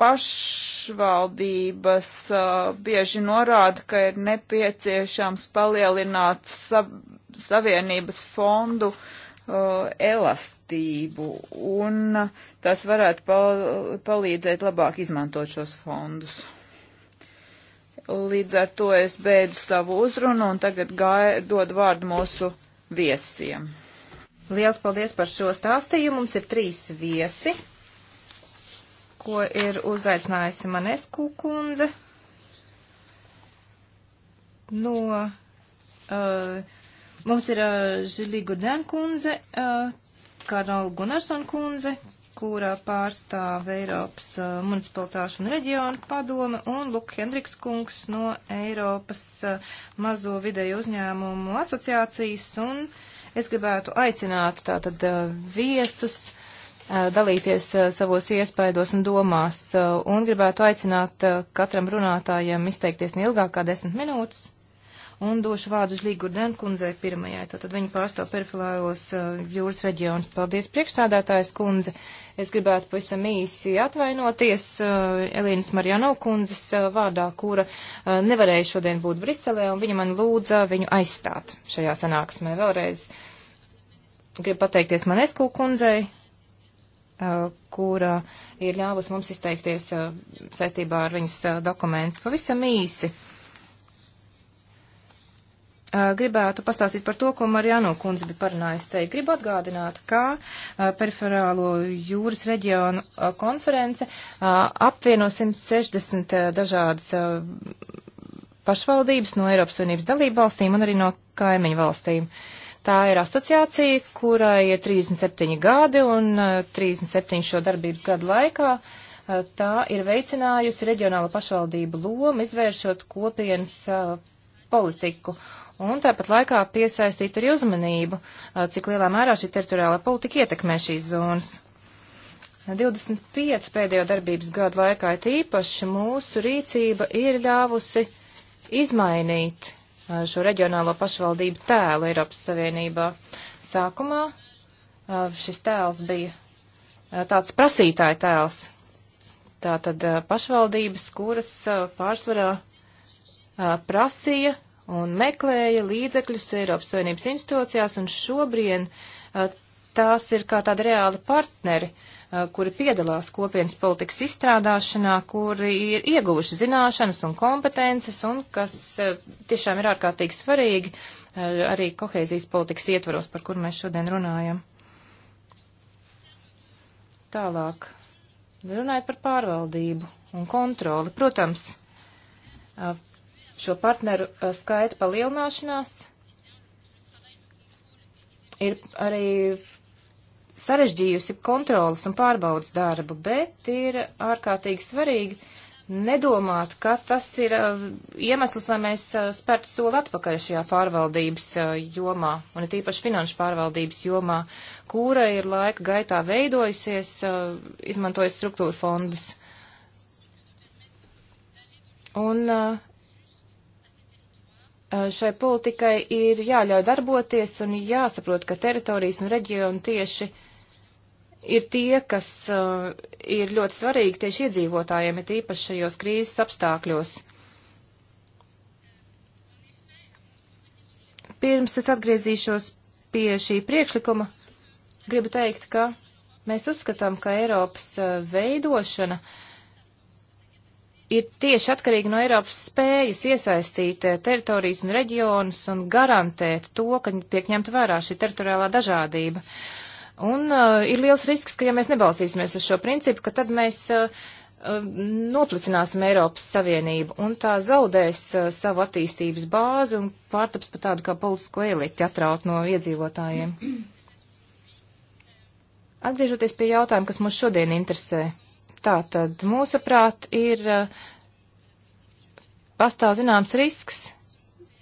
pašvaldības uh, bieži norāda, ka ir nepieciešams palielināt sa savienības fondu uh, Uh, elastību, un tas varētu pal palīdzēt labāk izmantot šos fondus. Līdz ar to es beidzu savu uzrunu un tagad gai, dod vārdu mūsu viesiem. Liels paldies par šo stāstījumu. Mums ir trīs viesi, ko ir uzaicinājusi Manesku kundze no uh, Mums ir uh, Žilī Gurden kundze, uh, Karola Gunarson kundze, kurā pārstāv Eiropas uh, municipalitāšu un reģionu padome, un Luk Hendriks kungs no Eiropas uh, mazo vidēju uzņēmumu asociācijas, un es gribētu aicināt tātad uh, viesus dalīties savos iespaidos un domās, un gribētu aicināt katram runātājam izteikties neilgāk kā desmit minūtes un došu vārdu uz Līgu Dēn kundzei pirmajai. Tātad viņa pārstāv perfilāros uh, jūras reģionus. Paldies, priekšsādātājs kundze. Es gribētu pavisam īsi atvainoties uh, Elīnas Marjano kundzes uh, vārdā, kura nevarēja šodien būt Briselē, un viņa man lūdza viņu aizstāt šajā sanāksmē. Vēlreiz gribu pateikties Manesku kundzei, kura ir ļāvusi mums izteikties saistībā ar viņas dokumentu. Pavisam īsi gribētu pastāstīt par to, ko Marjano kundze bija parunājis te. Gribu atgādināt, ka periferālo jūras reģionu konference apvieno 160 dažādas pašvaldības no Eiropas Savienības dalību valstīm un arī no kaimiņu valstīm. Tā ir asociācija, kurai ir 37 gadi un 37 šo darbības gadu laikā tā ir veicinājusi reģionāla pašvaldību lomu, izvēršot kopienas politiku. Uh, un tāpat laikā piesaistīt arī uzmanību, cik lielā mērā šī teritoriālā politika ietekmē šīs zonas. 25 pēdējo darbības gadu laikā it īpaši mūsu rīcība ir ļāvusi izmainīt šo reģionālo pašvaldību tēlu Eiropas Savienībā. Sākumā šis tēls bija tāds prasītāja tēls. Tātad pašvaldības, kuras pārsvarā prasīja un meklēja līdzekļus Eiropas Savienības institūcijās, un šobrien uh, tās ir kā tādi reāli partneri, uh, kuri piedalās kopienas politikas izstrādāšanā, kuri ir ieguvuši zināšanas un kompetences, un kas uh, tiešām ir ārkārtīgi svarīgi arī kohēzijas politikas ietvaros, par kur mēs šodien runājam. Tālāk, runājot par pārvaldību un kontroli, protams, šo partneru uh, skaita palielināšanās ir arī sarežģījusi kontrolas un pārbaudas darbu, bet ir ārkārtīgi svarīgi nedomāt, ka tas ir uh, iemesls, lai mēs uh, spērtu soli atpakaļ šajā pārvaldības jomā, un ir tīpaši finanšu pārvaldības jomā, kura ir laika gaitā veidojusies, izmantojot struktūra fondus. Un uh, Eh, šai politikai ir jāļauj darboties un jāsaprot, ka teritorijas un reģioni tieši ir tie, kas uh, ir ļoti svarīgi tieši iedzīvotājiem, ir īpaši šajos krīzes apstākļos. Pirms es atgriezīšos pie šī priekšlikuma, gribu teikt, ka mēs uzskatām, ka Eiropas uh, veidošana uh, ir tieši atkarīgi no Eiropas spējas iesaistīt eh, teritorijas un reģionus un garantēt to, ka tiek ņemta vērā šī teritoriālā dažādība. Un uh, ir liels risks, ka ja mēs nebalsīsimies uz šo principu, ka tad mēs uh, noplicināsim Eiropas Savienību un tā zaudēs uh, savu attīstības bāzi un pārtaps par tādu kā politisko eliti atraut no iedzīvotājiem. Atgriežoties pie jautājuma, kas mūs šodien interesē. Uh, Tātad, mūsuprāt, ir eh, pastāv zināms risks,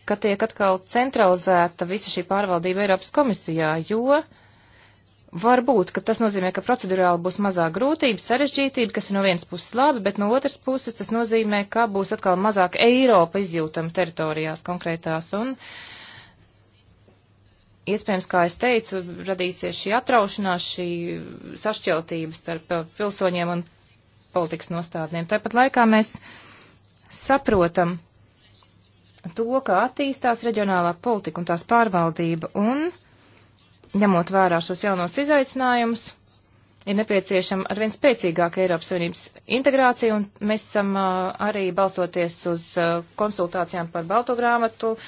ka tiek atkal centralizēta visa šī pārvaldība Eiropas komisijā, jo varbūt, ka tas nozīmē, ka procedurāli būs mazāk grūtības, sarežģītība, kas ir no vienas puses labi, bet no otras puses tas nozīmē, ka būs atkal mazāk Eiropa izjūtama teritorijās konkrētās un iespējams, kā es teicu, radīsies šī atraušanās, šī sašķeltība starp pilsoņiem un politikas nostādnēm. Tāpat laikā mēs saprotam to, kā attīstās reģionālā politika un tās pārvaldība, un, ņemot vērā šos jaunos izaicinājumus, ir nepieciešama arvien spēcīgāka Eiropas Savienības integrācija, un mēs esam uh, arī balstoties uz uh, konsultācijām par balto grāmatu uh,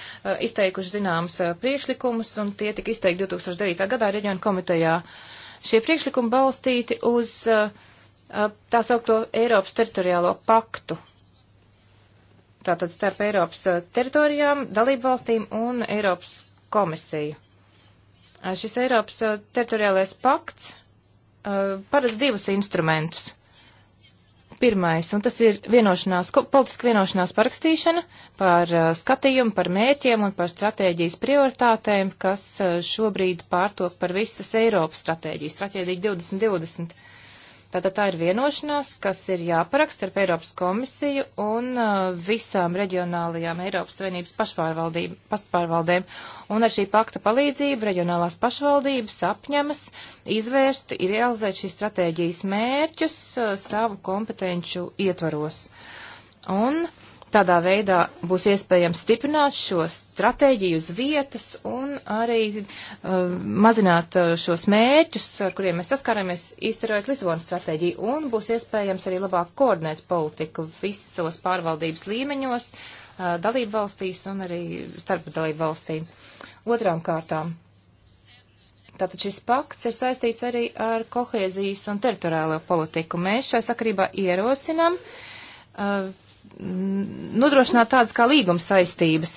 izteikuši zināmus priekšlikumus, un tie tika izteikti 2009. gadā reģionu komitejā. Šie priekšlikumi balstīti uz uh, tā saukto Eiropas teritoriālo paktu. Tātad starp Eiropas teritorijām, dalību valstīm un Eiropas komisiju. Šis Eiropas teritoriālais pakts paredz divus instrumentus. Pirmais, un tas ir vienošanās, politiska vienošanās parakstīšana par skatījumu, par mērķiem un par stratēģijas prioritātēm, kas šobrīd pārtop par visas Eiropas stratēģijas, stratēģija 2020 Tātad tā ir vienošanās, kas ir jāparaksta ar Eiropas komisiju un uh, visām reģionālajām Eiropas Savienības pašpārvaldēm. Un ar šī pakta palīdzību reģionālās pašvaldības apņemas izvērst, realizēt šīs stratēģijas mērķus uh, savu kompetenču ietvaros. Un uh, Tādā veidā būs iespējams stiprināt šo stratēģiju uz vietas un arī uh, mazināt uh, šos mērķus, ar kuriem mēs saskārāmies, izterojot Lisabonas stratēģiju, un būs iespējams arī labāk koordinēt politiku visos pārvaldības līmeņos, uh, dalību valstīs un arī starp dalību valstīm. Otrām kārtām. Tātad šis pakts ir saistīts arī ar kohēzijas un teritoriālo politiku. Mēs šai sakarībā ierosinam uh, nodrošināt tādas kā līguma saistības,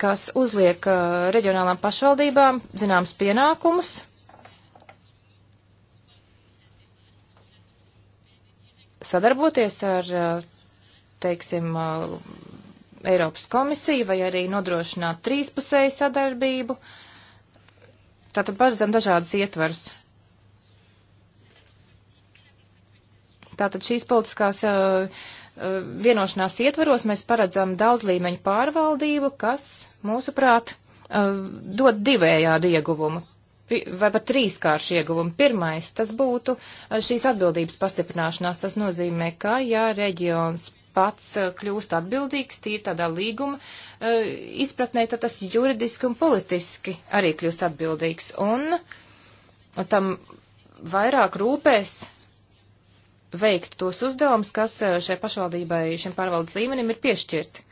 kas uzliek uh, reģionālām pašvaldībām zināms pienākumus. sadarboties ar, uh, teiksim, uh, Eiropas komisiju vai arī nodrošināt trīspusēju sadarbību. Tātad paredzam dažādus ietvarus. Tātad šīs politiskās uh, Eh, vienošanās ietvaros mēs paredzam daudz līmeņu pārvaldību, kas, mūsuprāt, eh, dod divējādu ieguvumu vai pat trīskāršu ieguvumu. Pirmais, tas būtu eh, šīs atbildības pastiprināšanās. Tas nozīmē, ka, ja reģions pats kļūst atbildīgs, tīri tādā līguma izpratnē, tad tas juridiski un politiski arī kļūst atbildīgs. Un tam vairāk rūpēs veikt tos uzdevumus, kas eh, šai pašvaldībai, šim pārvaldes līmenim ir piešķirti.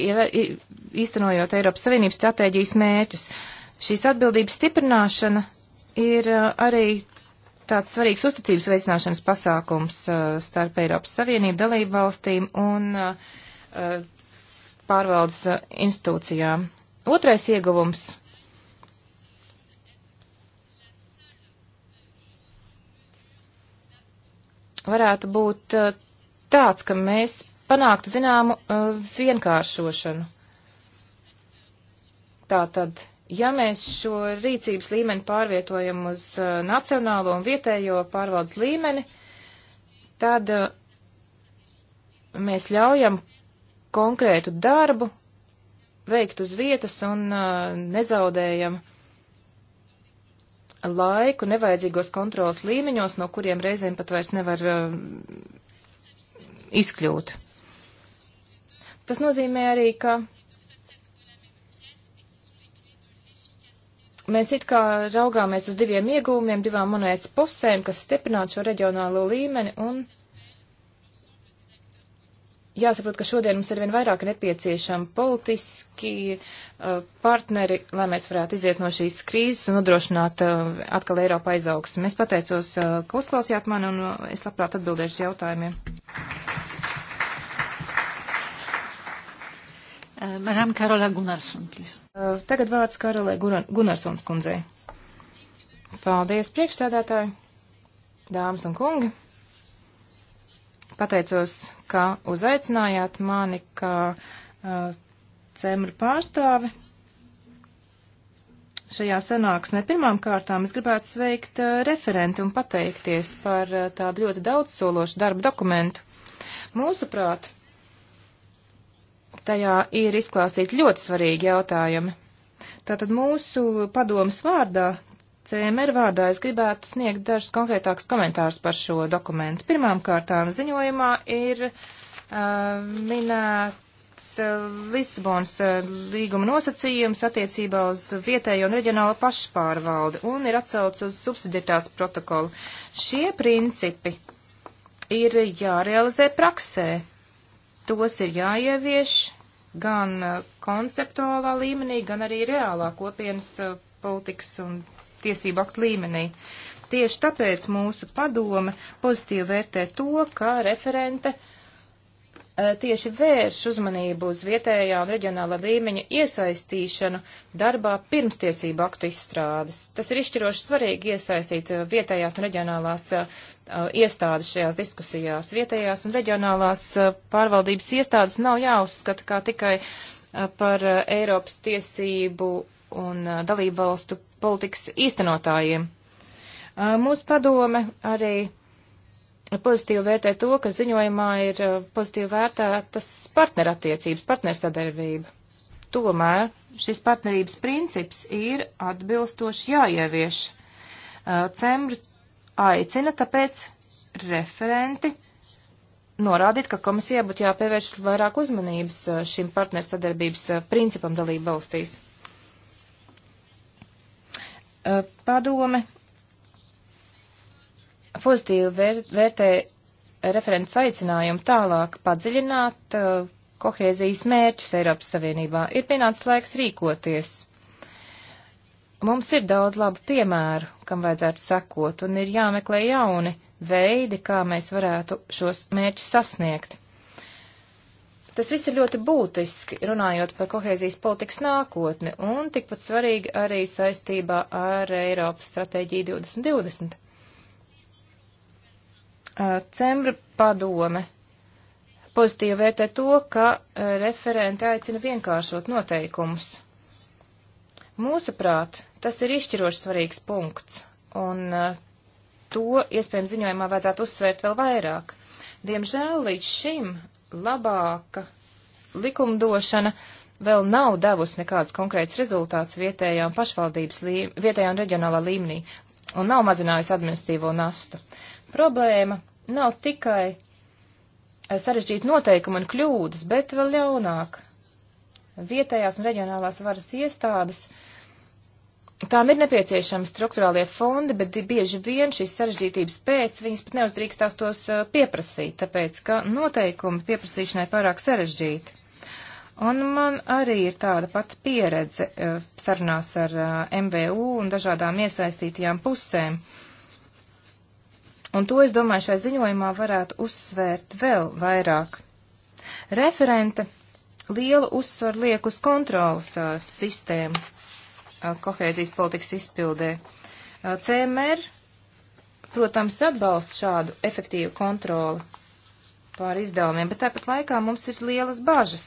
Ieve, īstenojot Eiropas Savienības stratēģijas mērķus, šīs atbildības stiprināšana ir eh, arī tāds svarīgs uzticības veicināšanas pasākums eh, starp Eiropas Savienību dalību valstīm un pārvaldes institūcijām. Otrais ieguvums varētu būt eh, tāds, ka mēs panāktu zināmu eh, vienkāršošanu. Tātad, ja mēs šo rīcības līmeni pārvietojam uz eh, nacionālo un vietējo pārvaldes līmeni, tad mēs ļaujam konkrētu darbu veikt uz vietas un nezaudējam laiku nevajadzīgos kontrolas līmeņos, no kuriem reizēm pat vairs nevar uh, izkļūt. Tas nozīmē arī, ka mēs it kā raugāmies uz diviem iegūmiem, divām monētas pusēm, kas stiprinātu šo reģionālo līmeni un jāsaprot, ka šodien mums ir vien vairāk nepieciešami politiski uh, partneri, lai mēs varētu iziet no šīs krīzes un nodrošināt uh, atkal Eiropu aizaugsmu. Es pateicos, uh, ka uzklausījāt mani un uh, es labprāt atbildēšu uz jautājumiem. Uh, Madam Karola Gunnarsson, please. Uh, tagad vārds Karolai Gunnarsons kundzei. Paldies, priekšsēdētāji, dāmas un kungi. Pateicos, ka uzaicinājāt mani kā uh, cemru pārstāvi. Šajā sanāksmē pirmām kārtām es gribētu sveikt uh, referenti un pateikties par uh, tādu ļoti daudzsološu darbu dokumentu. Mūsuprāt, tajā ir izklāstīti ļoti svarīgi jautājumi. Tātad mūsu padomas vārdā CMR vārdā es gribētu sniegt dažus konkrētākus komentārus par šo dokumentu. Pirmām kārtām ziņojumā ir uh, minēta pēc Lisabonas līguma nosacījums attiecībā uz vietējo un reģionālo pašpārvaldi un ir atsauc uz subsidiatātes protokolu. Šie principi ir jārealizē praksē. Tos ir jāievieš gan konceptuālā līmenī, gan arī reālā kopienas politikas un tiesību aktu līmenī. Tieši tāpēc mūsu padome pozitīvi vērtē to, ka referente e, tieši vērš uzmanību uz vietējā un reģionāla līmeņa iesaistīšanu darbā pirms tiesību aktu izstrādes. Tas ir izšķiroši svarīgi iesaistīt e, vietējās un reģionālās e, iestādes šajās diskusijās. Vietējās un reģionālās pārvaldības iestādes nav jāuzskata kā tikai par Eiropas tiesību un dalību valstu politikas īstenotājiem. Mūsu padome arī pozitīvi vērtē to, ka ziņojumā ir pozitīvi vērtētas partnerattiecības, partnersadarbība. Tomēr šis partnerības princips ir atbilstoši jāievieš. Cembri aicina tāpēc referenti norādīt, ka komisijai būtu jāpievērš vairāk uzmanības šim partnersadarbības principam dalību valstīs. Padome pozitīvi vēr, vērtē referents aicinājumu tālāk padziļināt uh, kohēzijas mērķus Eiropas Savienībā. Ir pienācis laiks rīkoties. Mums ir daudz labu piemēru, kam vajadzētu sekot, un ir jāmeklē jauni veidi, kā mēs varētu šos mērķus sasniegt. Tas viss ir ļoti būtiski, runājot par kohēzijas politikas nākotni un tikpat svarīgi arī saistībā ar Eiropas stratēģiju 2020. Cembra padome pozitīvi vērtē to, ka referenti aicina vienkāršot noteikumus. Mūsuprāt, tas ir izšķiroši svarīgs punkts, un to iespējams ziņojumā vajadzētu uzsvērt vēl vairāk. Diemžēl līdz šim labāka likumdošana vēl nav devusi nekāds konkrēts rezultāts vietējām pašvaldības līmenī, vietējā un reģionālā līmenī un nav mazinājusi administīvo nastu. Problēma nav tikai eh, sarežģīti noteikumi un kļūdas, bet vēl ļaunāk. Vietējās un reģionālās varas iestādes uh, Tām ir nepieciešami struktūrālie fondi, bet bieži vien šīs sarežģītības pēc viņas pat neuzdrīkstās tos uh, pieprasīt, tāpēc ka noteikumi pieprasīšanai pārāk sarežģīti. Un man arī ir tāda pati pieredze uh, sarunās ar uh, MVU un dažādām iesaistītajām pusēm. Un to, es domāju, šai ziņojumā varētu uzsvērt vēl vairāk. Referente lielu uzsvaru liek uz kontrolas sistēmu Uh, kohēzijas politikas izpildē. Uh, CMR, protams, atbalsta šādu efektīvu kontroli pār izdevumiem, bet tāpat laikā mums ir lielas bažas.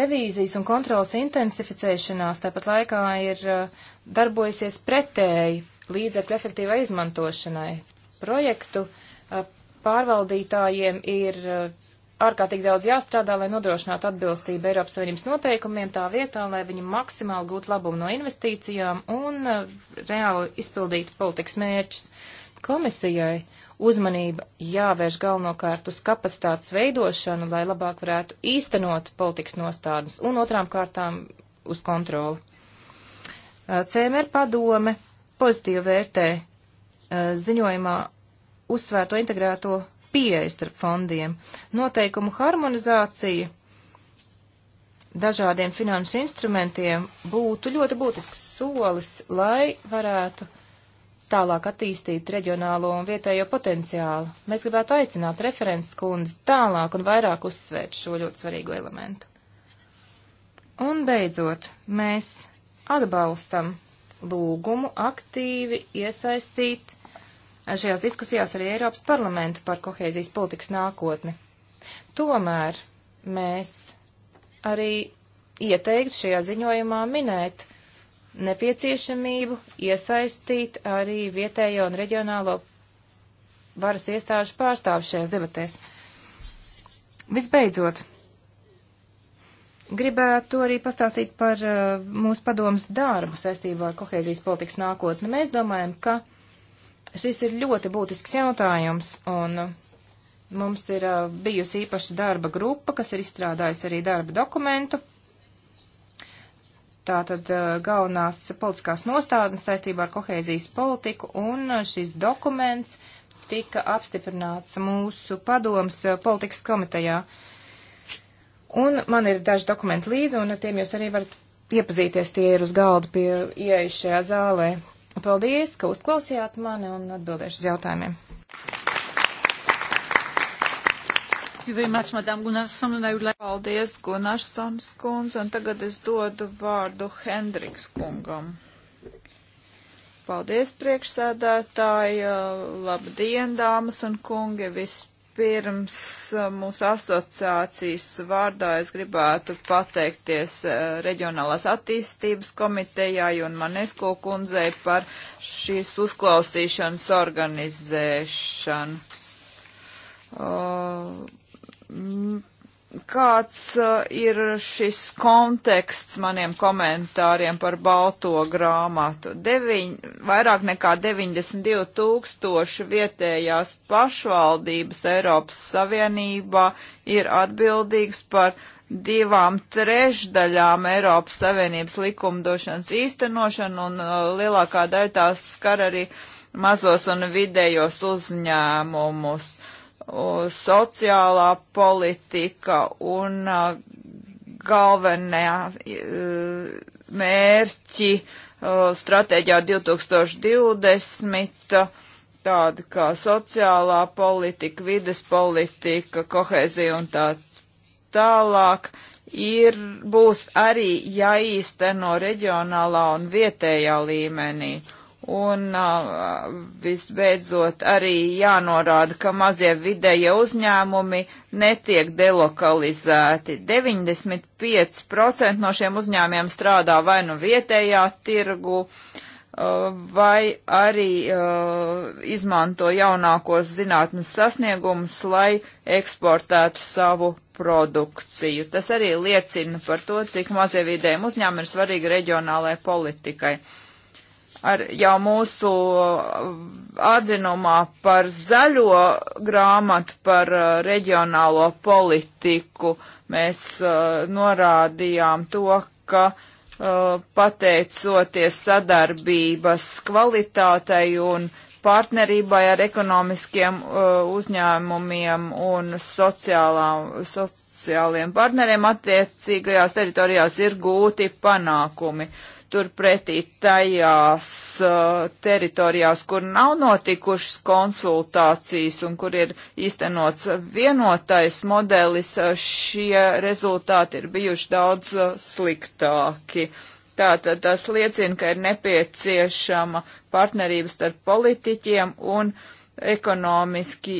Revīzijas un kontrolas intensificēšanās tāpat laikā ir uh, darbojusies pretēji līdzekļu efektīvai izmantošanai. Projektu pārvaldītājiem ir ārkārtīgi daudz jāstrādā, lai nodrošinātu atbilstību Eiropas Savienības noteikumiem tā vietā, lai viņi maksimāli gūtu labumu no investīcijām un uh, reāli izpildītu politikas mērķus. Komisijai uzmanība jāvērš galvenokārt uz kapacitātes veidošanu, lai labāk varētu īstenot politikas nostādnes un otrām kārtām uz kontroli. Uh, eh, CMR padome pozitīvi vērtē uh, ziņojumā uzsvērto integrēto pieeja starp fondiem, noteikumu harmonizācija dažādiem finanšu instrumentiem būtu ļoti būtisks solis, lai varētu tālāk attīstīt reģionālo un vietējo potenciālu. Mēs gribētu aicināt referents kundzi tālāk un vairāk uzsvērt šo ļoti svarīgo elementu. Un beidzot, mēs atbalstam lūgumu aktīvi iesaistīt šajās diskusijās arī Eiropas parlamentu par kohēzijas politikas nākotni. Tomēr mēs arī ieteiktu šajā ziņojumā minēt nepieciešamību iesaistīt arī vietējo un reģionālo varas iestāžu pārstāvu šajās debatēs. Visbeidzot, gribētu arī pastāstīt par uh, mūsu padomas darbu saistībā ar kohēzijas politikas nākotni. Mēs domājam, ka Šis ir ļoti būtisks jautājums, un mums ir bijusi īpaša darba grupa, kas ir izstrādājusi arī darba dokumentu. Tātad galvenās politiskās nostādnes saistībā ar kohēzijas politiku, un šis dokuments tika apstiprināts mūsu padomas politikas komitejā. Un man ir daži dokumenti līdzi, un ar tiem jūs arī varat iepazīties, tie ir uz galda pie ieejas šajā zālē. Paldies, ka uzklausījāt mani un atbildēšu uz jautājumiem. Paldies, Gunarsons kundze, un tagad es dodu vārdu Hendriks kungam. Paldies, priekšsēdētāji, labdien, dāmas un kungi, vispār Pirms uh, mūsu asociācijas vārdā es gribētu pateikties uh, Reģionālās attīstības komitejai un Manesko kundzei par šīs uzklausīšanas organizēšanu. Uh, kāds uh, ir šis konteksts maniem komentāriem par balto grāmatu? Deviņ, vairāk nekā 92 tūkstoši vietējās pašvaldības Eiropas Savienībā ir atbildīgs par divām trešdaļām Eiropas Savienības likumdošanas īstenošanu un uh, lielākā daļa tās skar arī mazos un vidējos uzņēmumus. Uh, sociālā politika un galvenie mērķi stratēģijā 2020 tādi kā sociālā politika, vides politika, kohēzija un tā tālāk, ir, būs arī jāīsteno reģionālā un vietējā līmenī. Uh, Un visbeidzot arī jānorāda, ka mazie vidēja uzņēmumi netiek delokalizēti. 95% no šiem uzņēmiem strādā vai nu vietējā tirgu, vai arī izmanto jaunākos zinātnes sasniegumus, lai eksportētu savu produkciju. Tas arī liecina par to, cik mazie vidējiem uzņēmumi ir svarīgi reģionālajai politikai ar jau mūsu atzinumā par zaļo grāmatu par uh, reģionālo politiku mēs uh, norādījām to, ka uh, pateicoties sadarbības kvalitātei un partnerībai ar ekonomiskiem uh, uzņēmumiem un sociālām, sociāliem partneriem attiecīgajās teritorijās ir gūti panākumi. Uh, turpretī tajās uh, teritorijās, kur nav notikušas konsultācijas un kur ir īstenots vienotais modelis, uh, šie rezultāti ir bijuši daudz uh, sliktāki. Tātad tas liecina, ka ir nepieciešama partnerības starp politiķiem un ekonomiski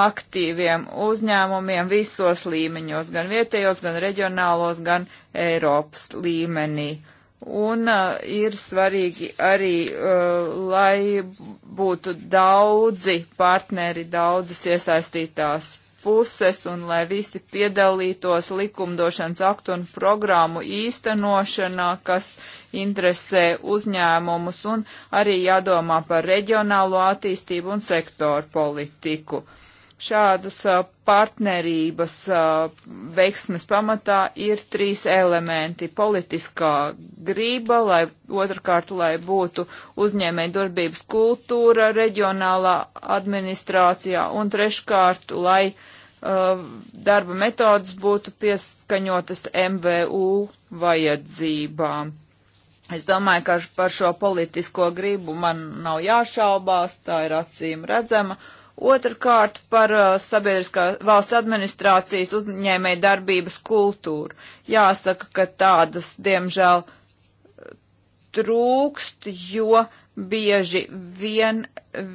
aktīviem uzņēmumiem visos līmeņos, gan vietējos, gan reģionālos, gan Eiropas līmenī. Un uh, ir svarīgi arī, uh, lai būtu daudzi partneri, daudzas iesaistītās puses un lai visi piedalītos likumdošanas aktu un programmu īstenošanā, kas interesē uzņēmumus un arī jādomā par reģionālo attīstību un sektoru politiku. Uh, Šādus partnerības veiksmes pamatā ir trīs elementi - politiskā grība, lai otrkārt, lai būtu uzņēmēja darbības kultūra reģionālā administrācijā, un treškārt, lai uh, darba metodas būtu pieskaņotas MVU vajadzībām. Es domāju, ka par šo politisko gribu man nav jāšaubās, tā ir acīm redzama. Uh, Otrakārt par uh, sabiedriskā valsts administrācijas uzņēmēja darbības kultūru. Jāsaka, ka tādas, diemžēl, trūkst, jo bieži vien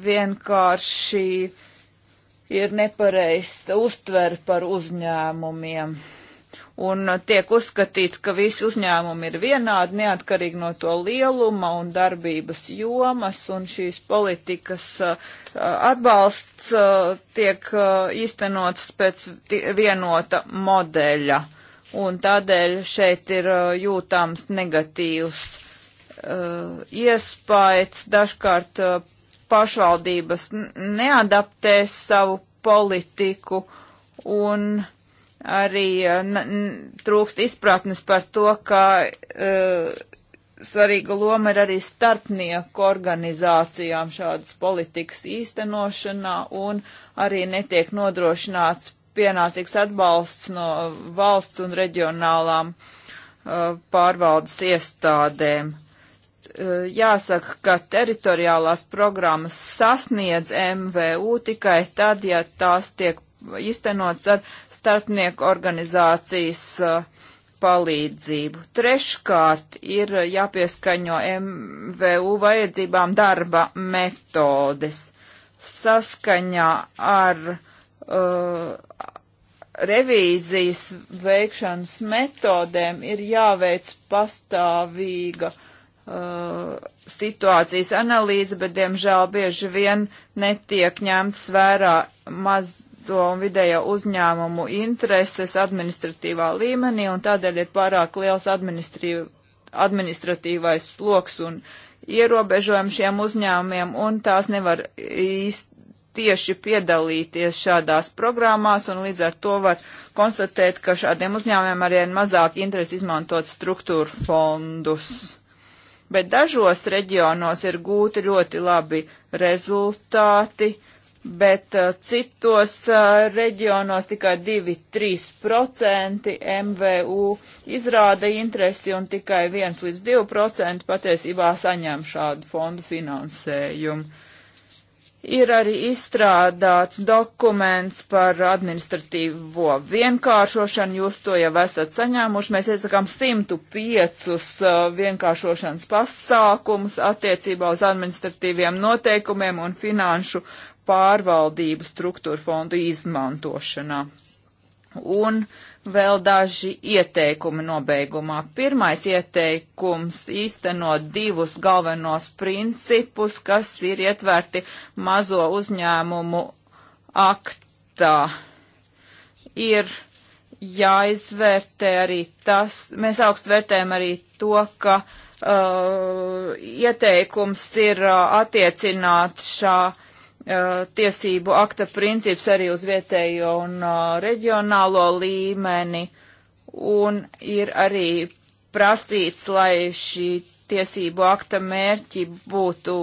vienkārši ir nepareista uztver par uzņēmumiem un tiek uzskatīts, ka visi uzņēmumi ir vienādi, neatkarīgi no to lieluma un darbības jomas, un šīs politikas uh, atbalsts uh, tiek uh, īstenots pēc vienota modeļa, un tādēļ šeit ir jūtams negatīvs uh, iespējas, dažkārt pašvaldības neadaptēs savu politiku, un uh, arī eh, trūkst izpratnes par to, ka eh, svarīga loma ir arī starpnieku organizācijām šādas politikas īstenošanā un arī netiek nodrošināts pienācīgs atbalsts no valsts un reģionālām uh, pārvaldes iestādēm. Uh, jāsaka, ka teritoriālās programmas sasniedz MVU tikai tad, ja tās tiek iztenots ar starpnieku organizācijas uh, palīdzību. Treškārt ir jāpieskaņo MVU vajadzībām darba metodes saskaņā ar uh, revīzijas veikšanas metodēm ir jāveic pastāvīga uh, situācijas analīze, bet, diemžēl, bieži vien netiek ņemts vērā maz mazo un vidējo uzņēmumu intereses administratīvā līmenī, un tādēļ ir pārāk liels administratīvais sloks un ierobežojumi šiem uzņēmumiem, un tās nevar īsti tieši piedalīties šādās programmās, un līdz ar to var konstatēt, ka šādiem uzņēmumiem arvien mazāk interesi izmantot struktūru fondus. Bet dažos reģionos ir gūti ļoti labi rezultāti, uh, bet uh, citos uh, reģionos tikai 2-3% MVU izrāda interesi un tikai 1 līdz 2% patiesībā saņem šādu fondu finansējumu. Ir arī izstrādāts dokuments par administratīvo vienkāršošanu, jūs to jau esat saņēmuši. Mēs iesakām 105 uh, vienkāršošanas pasākumus attiecībā uz administratīviem noteikumiem un finanšu pārvaldību struktūra fondu izmantošanā. Un vēl daži ieteikumi nobeigumā. Pirmais ieteikums īstenot divus galvenos principus, kas ir ietverti mazo uzņēmumu aktā. Ir jāizvērtē arī tas, mēs augstu vērtējam arī to, ka uh, ieteikums ir uh, attiecināt šā uh, Uh, tiesību akta princips arī uz vietējo un uh, reģionālo līmeni, un ir arī prasīts, lai šī tiesību akta mērķi būtu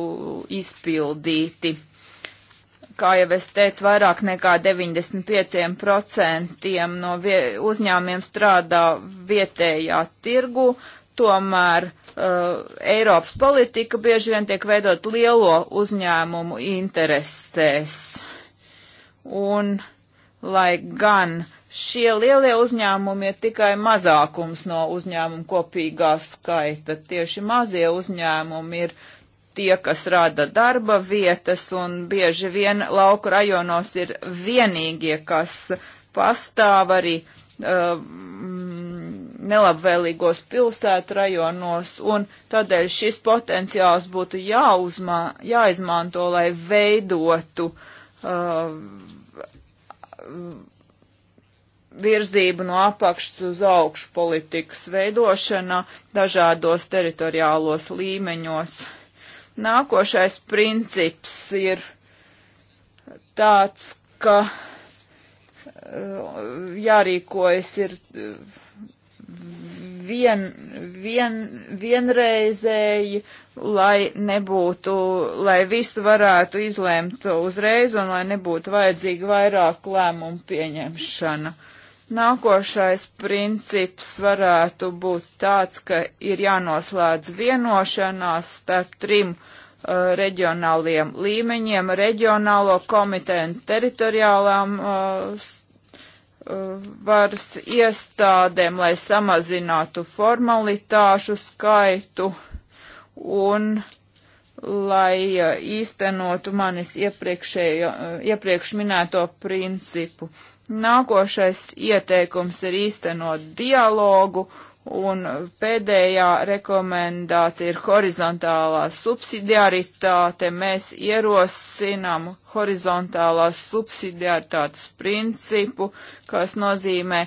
izpildīti. Kā jau es teicu, vairāk nekā 95% no uzņēmiem strādā vietējā tirgu, uh, Tomēr uh, Eiropas politika bieži vien tiek veidot lielo uzņēmumu interesēs. Un lai gan šie lielie uzņēmumi ir tikai mazākums no uzņēmumu kopīgā skaita, tieši mazie uzņēmumi ir tie, kas rada darba vietas, un bieži vien lauku rajonos ir vienīgie, kas pastāv arī Um, nelabvēlīgos pilsētu rajonos, un tādēļ šis potenciāls būtu jāuzmā, jāizmanto, lai veidotu uh, virzību no apakšas uz augšu politikas veidošana dažādos teritoriālos līmeņos. Nākošais princips ir tāds, ka uh, jārīkojas ir vien, vien, vienreizēji, lai nebūtu, lai visu varētu izlēmt uzreiz un lai nebūtu vajadzīga vairāk lēmumu pieņemšana. Nākošais princips varētu būt tāds, ka ir jānoslēdz vienošanās starp trim uh, reģionāliem līmeņiem - reģionālo komiteju un teritoriālām uh, Uh, varas iestādēm, lai samazinātu formalitāšu skaitu un lai uh, īstenotu manis uh, iepriekš minēto principu. Nākošais ieteikums ir īstenot dialogu Un pēdējā rekomendācija ir horizontālā subsidiaritāte. Mēs ierosinām horizontālās subsidiaritātes principu, kas nozīmē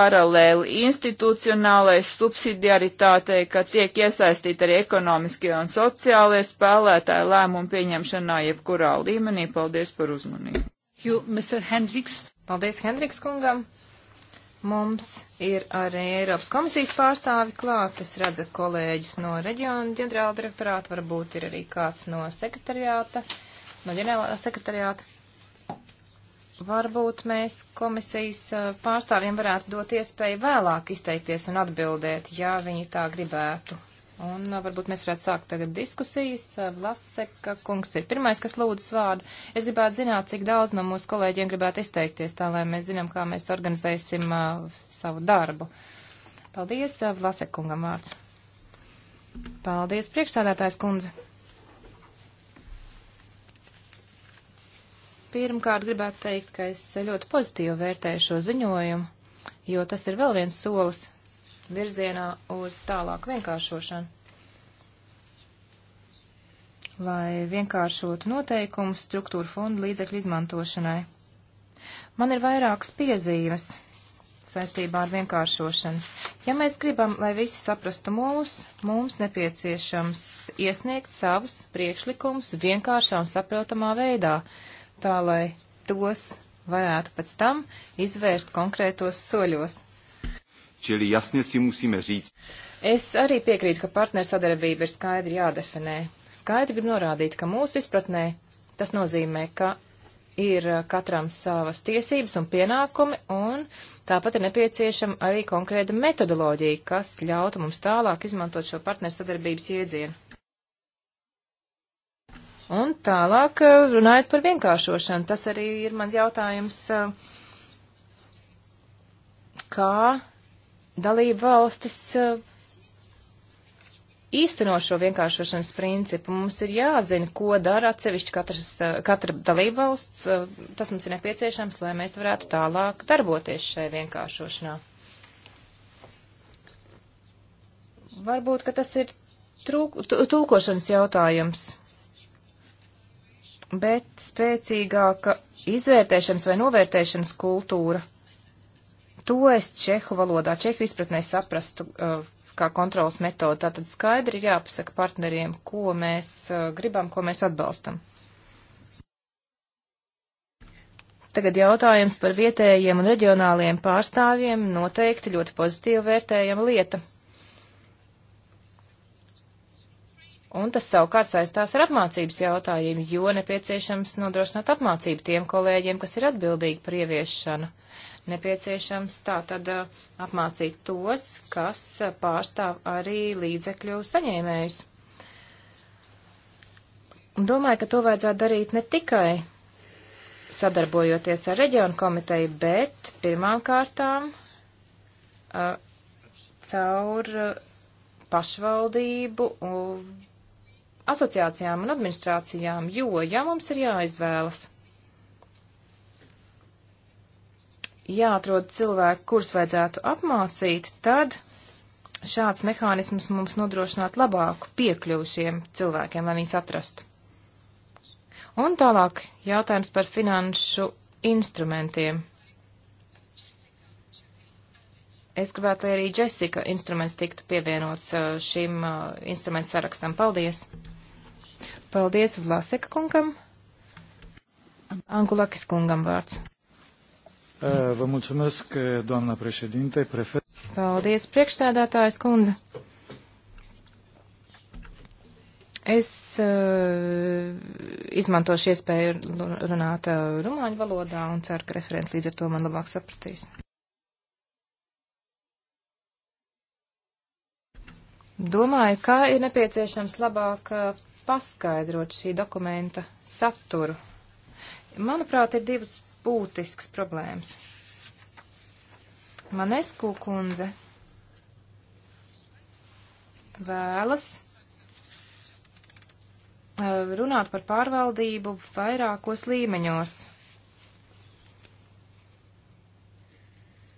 paralēli institucionālais subsidiaritātei, ka tiek iesaistīti arī ekonomiskie un sociālie spēlētāji lēmumu pieņemšanā jebkurā līmenī. Paldies par uzmanību. You, Mr. Hendriks. Paldies Hendriks kungam. Mums ir arī Eiropas komisijas pārstāvi klāt. Es redzu kolēģis no reģiona ģenerāla direktorāta, varbūt ir arī kāds no sekretariāta, no ģenerāla sekretariāta. Varbūt mēs komisijas eh, pārstāvjiem varētu dot iespēju vēlāk izteikties un atbildēt, ja viņi tā gribētu. Un uh, varbūt mēs varētu sākt tagad diskusijas. Uh, Laseka kungs ir pirmais, kas lūdzas vārdu. Es gribētu zināt, cik daudz no mūsu kolēģiem gribētu izteikties, tā lai mēs zinām, kā mēs organizēsim uh, savu darbu. Paldies, uh, Laseka kungam vārds. Paldies, priekšsādātājs kundze. Pirmkārt, gribētu teikt, ka es ļoti pozitīvi vērtēju šo ziņojumu, jo tas ir vēl viens solis virzienā uz tālāku vienkāršošanu. Lai vienkāršotu noteikumu struktūra fondu līdzekļu izmantošanai. Man ir vairākas piezīmes saistībā ar vienkāršošanu. Ja mēs gribam, lai visi saprastu mūs, mums nepieciešams iesniegt savus priekšlikumus vienkāršā un saprotamā veidā, tā lai tos varētu pēc tam izvērst konkrētos soļos. Čili jasně si musíme říct. Es arī piekrītu, ka partnersadarbība ir skaidri jādefinē. Skaidri grib norādīt, ka mūsu izpratnē tas nozīmē, ka ir uh, katram savas tiesības un pienākumi, un tāpat ir nepieciešama arī konkrēta metodoloģija, kas ļautu mums tālāk izmantot šo partnersadarbības iedzienu. Un tālāk uh, runājot par vienkāršošanu, tas arī ir mans jautājums, uh, kā dalību valstis eh, īsteno šo vienkāršošanas principu. Mums ir jāzina, ko dara atsevišķi katras, eh, katra dalība valsts. Eh, tas mums ir nepieciešams, lai mēs varētu tālāk darboties šai vienkāršošanā. Varbūt, ka tas ir trūk, tulkošanas jautājums bet spēcīgāka izvērtēšanas vai novērtēšanas kultūra To es čehu valodā, čehu izpratnē saprastu uh, kā kontrolas metodu. Tātad skaidri ir jāpasaka partneriem, ko mēs uh, gribam, ko mēs atbalstam. Tagad jautājums par vietējiem un reģionāliem pārstāvjiem noteikti ļoti pozitīvi vērtējama lieta. Un tas savukārt saistās ar apmācības jautājumiem, jo nepieciešams nodrošināt apmācību tiem kolēģiem, kas ir atbildīgi par ieviešanu nepieciešams tā tad apmācīt tos, kas pārstāv arī līdzekļu saņēmējus. Un domāju, ka to vajadzētu darīt ne tikai sadarbojoties ar reģionu komiteju, bet pirmām kārtām uh, caur pašvaldību un asociācijām un administrācijām, jo, ja mums ir jāizvēlas, jāatrod cilvēki, kurus vajadzētu apmācīt, tad šāds mehānisms mums nodrošinātu labāku piekļuvu šiem cilvēkiem, lai viņus atrastu. Un tālāk jautājums par finanšu instrumentiem. Es gribētu, lai arī Jessica instruments tiktu pievienots uh, šim uh, instrumentu sarakstam. Paldies! Paldies Vlaseka kungam! Angulakis kungam vārds. Uh, vă mulțumesc, uh, doamna președinte. Prefer... Paldies, priekšsēdētājs kundze. Es uh, izmantošu iespēju runāt uh, rumāņu valodā un ceru, ka referents līdz ar to man labāk sapratīs. Domāju, kā ir nepieciešams labāk uh, paskaidrot šī dokumenta saturu. Manuprāt, ir divas būtisks problēmas. Manesku kundze vēlas uh, runāt par pārvaldību vairākos līmeņos.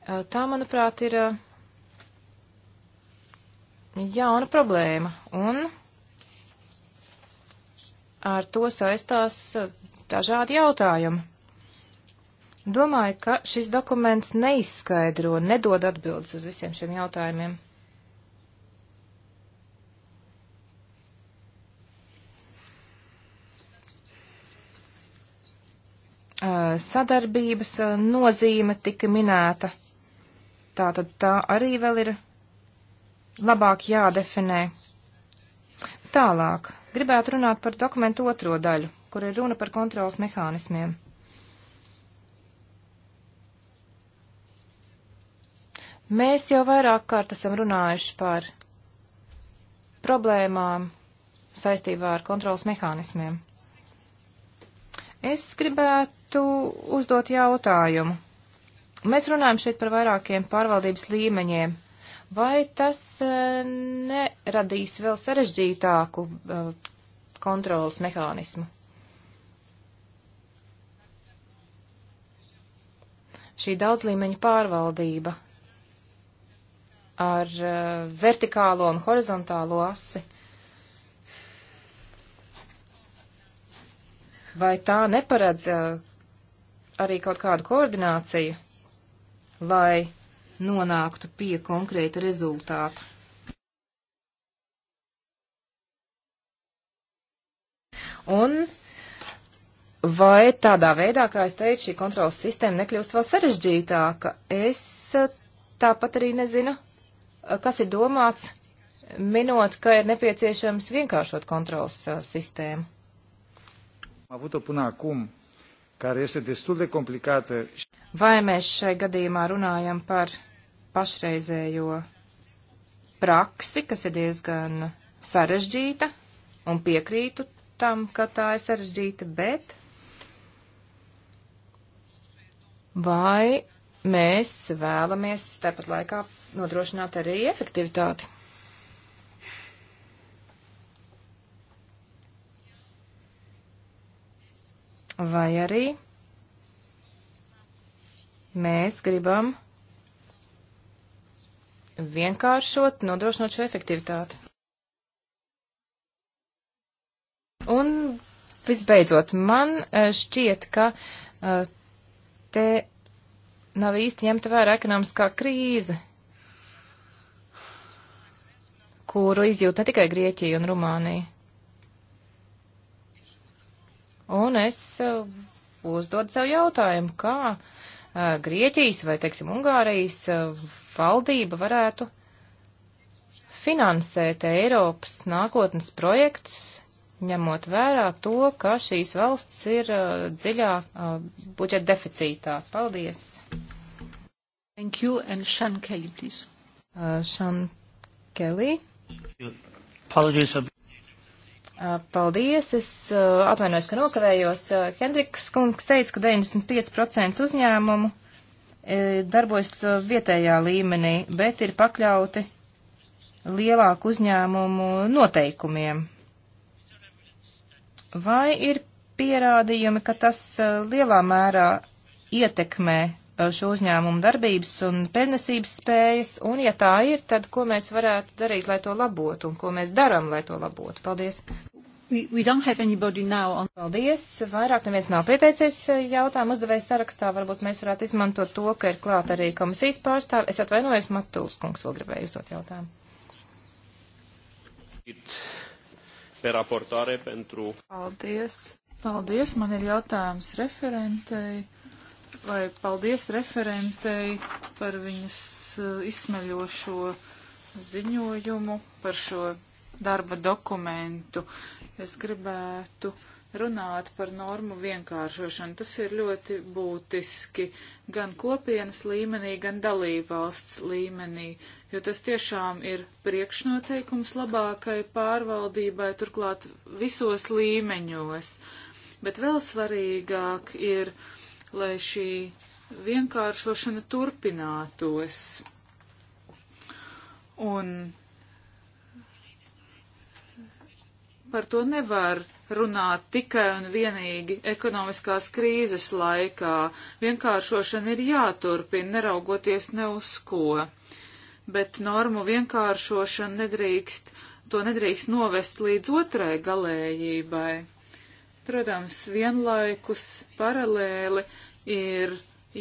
Uh, tā, manuprāt, ir uh, jauna problēma, un ar to saistās dažādi jautājumi. Domāju, ka šis dokuments neizskaidro, nedod atbildes uz visiem šiem jautājumiem. Sadarbības nozīme tika minēta. Tātad tā arī vēl ir labāk jādefinē. Tālāk gribētu runāt par dokumentu otro daļu, kur ir runa par kontrolas mehānismiem. Mēs jau vairāk kārt esam runājuši par problēmām saistībā ar kontrolas mehānismiem. Es gribētu uzdot jautājumu. Mēs runājam šeit par vairākiem pārvaldības līmeņiem. Vai tas e, neradīs vēl sarežģītāku e, kontrolas mehānismu? Šī daudzlīmeņa pārvaldība ar uh, vertikālo un horizontālo asi. Vai tā neparedz uh, arī kaut kādu koordināciju, lai nonāktu pie konkrēta rezultāta? Un vai tādā veidā, kā es teicu, šī kontrolas sistēma nekļūst vēl sarežģītāka? Es eh, tāpat arī nezinu, Eh, kas ir domāts, minot, ka ir nepieciešams vienkāršot kontrolas eh, sistēmu? Vai mēs šai gadījumā runājam par pašreizējo praksi, kas ir diezgan sarežģīta, un piekrītu tam, ka tā ir sarežģīta, bet vai mēs vēlamies tāpat laikā nodrošināt arī efektivitāti. Vai arī mēs gribam vienkāršot, nodrošinot šo efektivitāti. Un visbeidzot, man eh, šķiet, ka eh, te nav īsti ņemta vērā ekonomiskā krīze, kuru izjūt ne tikai Grieķija un Rumānija. Un es uh, eh, uzdodu sev jautājumu, kā uh, Grieķijas vai, teiksim, Ungārijas uh, valdība varētu finansēt Eiropas nākotnes projektus ņemot vērā to, ka šīs valsts ir uh, dziļā uh, budžeta deficītā. Paldies! Thank you and Sean Kelly, please. Uh, Sean Kelly. Apologies. Uh, paldies, es uh, atvainojos, ka nokavējos. Uh, Hendriks kungs teica, ka 95% uzņēmumu uh, darbojas uh, vietējā līmenī, bet ir pakļauti lielāku uzņēmumu noteikumiem Vai ir pierādījumi, ka tas eh, lielā mērā ietekmē eh, šo uzņēmumu darbības un pelnesības spējas, un ja tā ir, tad ko mēs varētu darīt, lai to labotu, un ko mēs darām, lai to labotu? Paldies! We, we on... Paldies! Vairāk neviens nav pieteicies eh, jautājumu uzdevēju sarakstā. Varbūt mēs varētu izmantot to, ka ir klāt arī komisijas pārstāvi. Es atvainojos, Matūls kungs vēl gribēja uzdot jautājumu. It pe raportoare pentru... Paldies! Paldies! Man ir jautājums referentei vai paldies referentei par viņas eh, izsmeļošo ziņojumu par šo darba dokumentu. Es gribētu runāt par normu vienkāršošanu. Tas ir ļoti būtiski gan kopienas līmenī, gan dalībvalsts līmenī jo tas tiešām ir priekšnoteikums labākai pārvaldībai, turklāt visos līmeņos. Bet vēl svarīgāk ir, lai šī vienkāršošana turpinātos. Un par to nevar runāt tikai un vienīgi ekonomiskās krīzes laikā. Vienkāršošana ir jāturpina, neraugoties ne uz ko. Uh, bet normu vienkāršošana nedrīkst, to nedrīkst novest līdz otrai galējībai. Protams, vienlaikus paralēli ir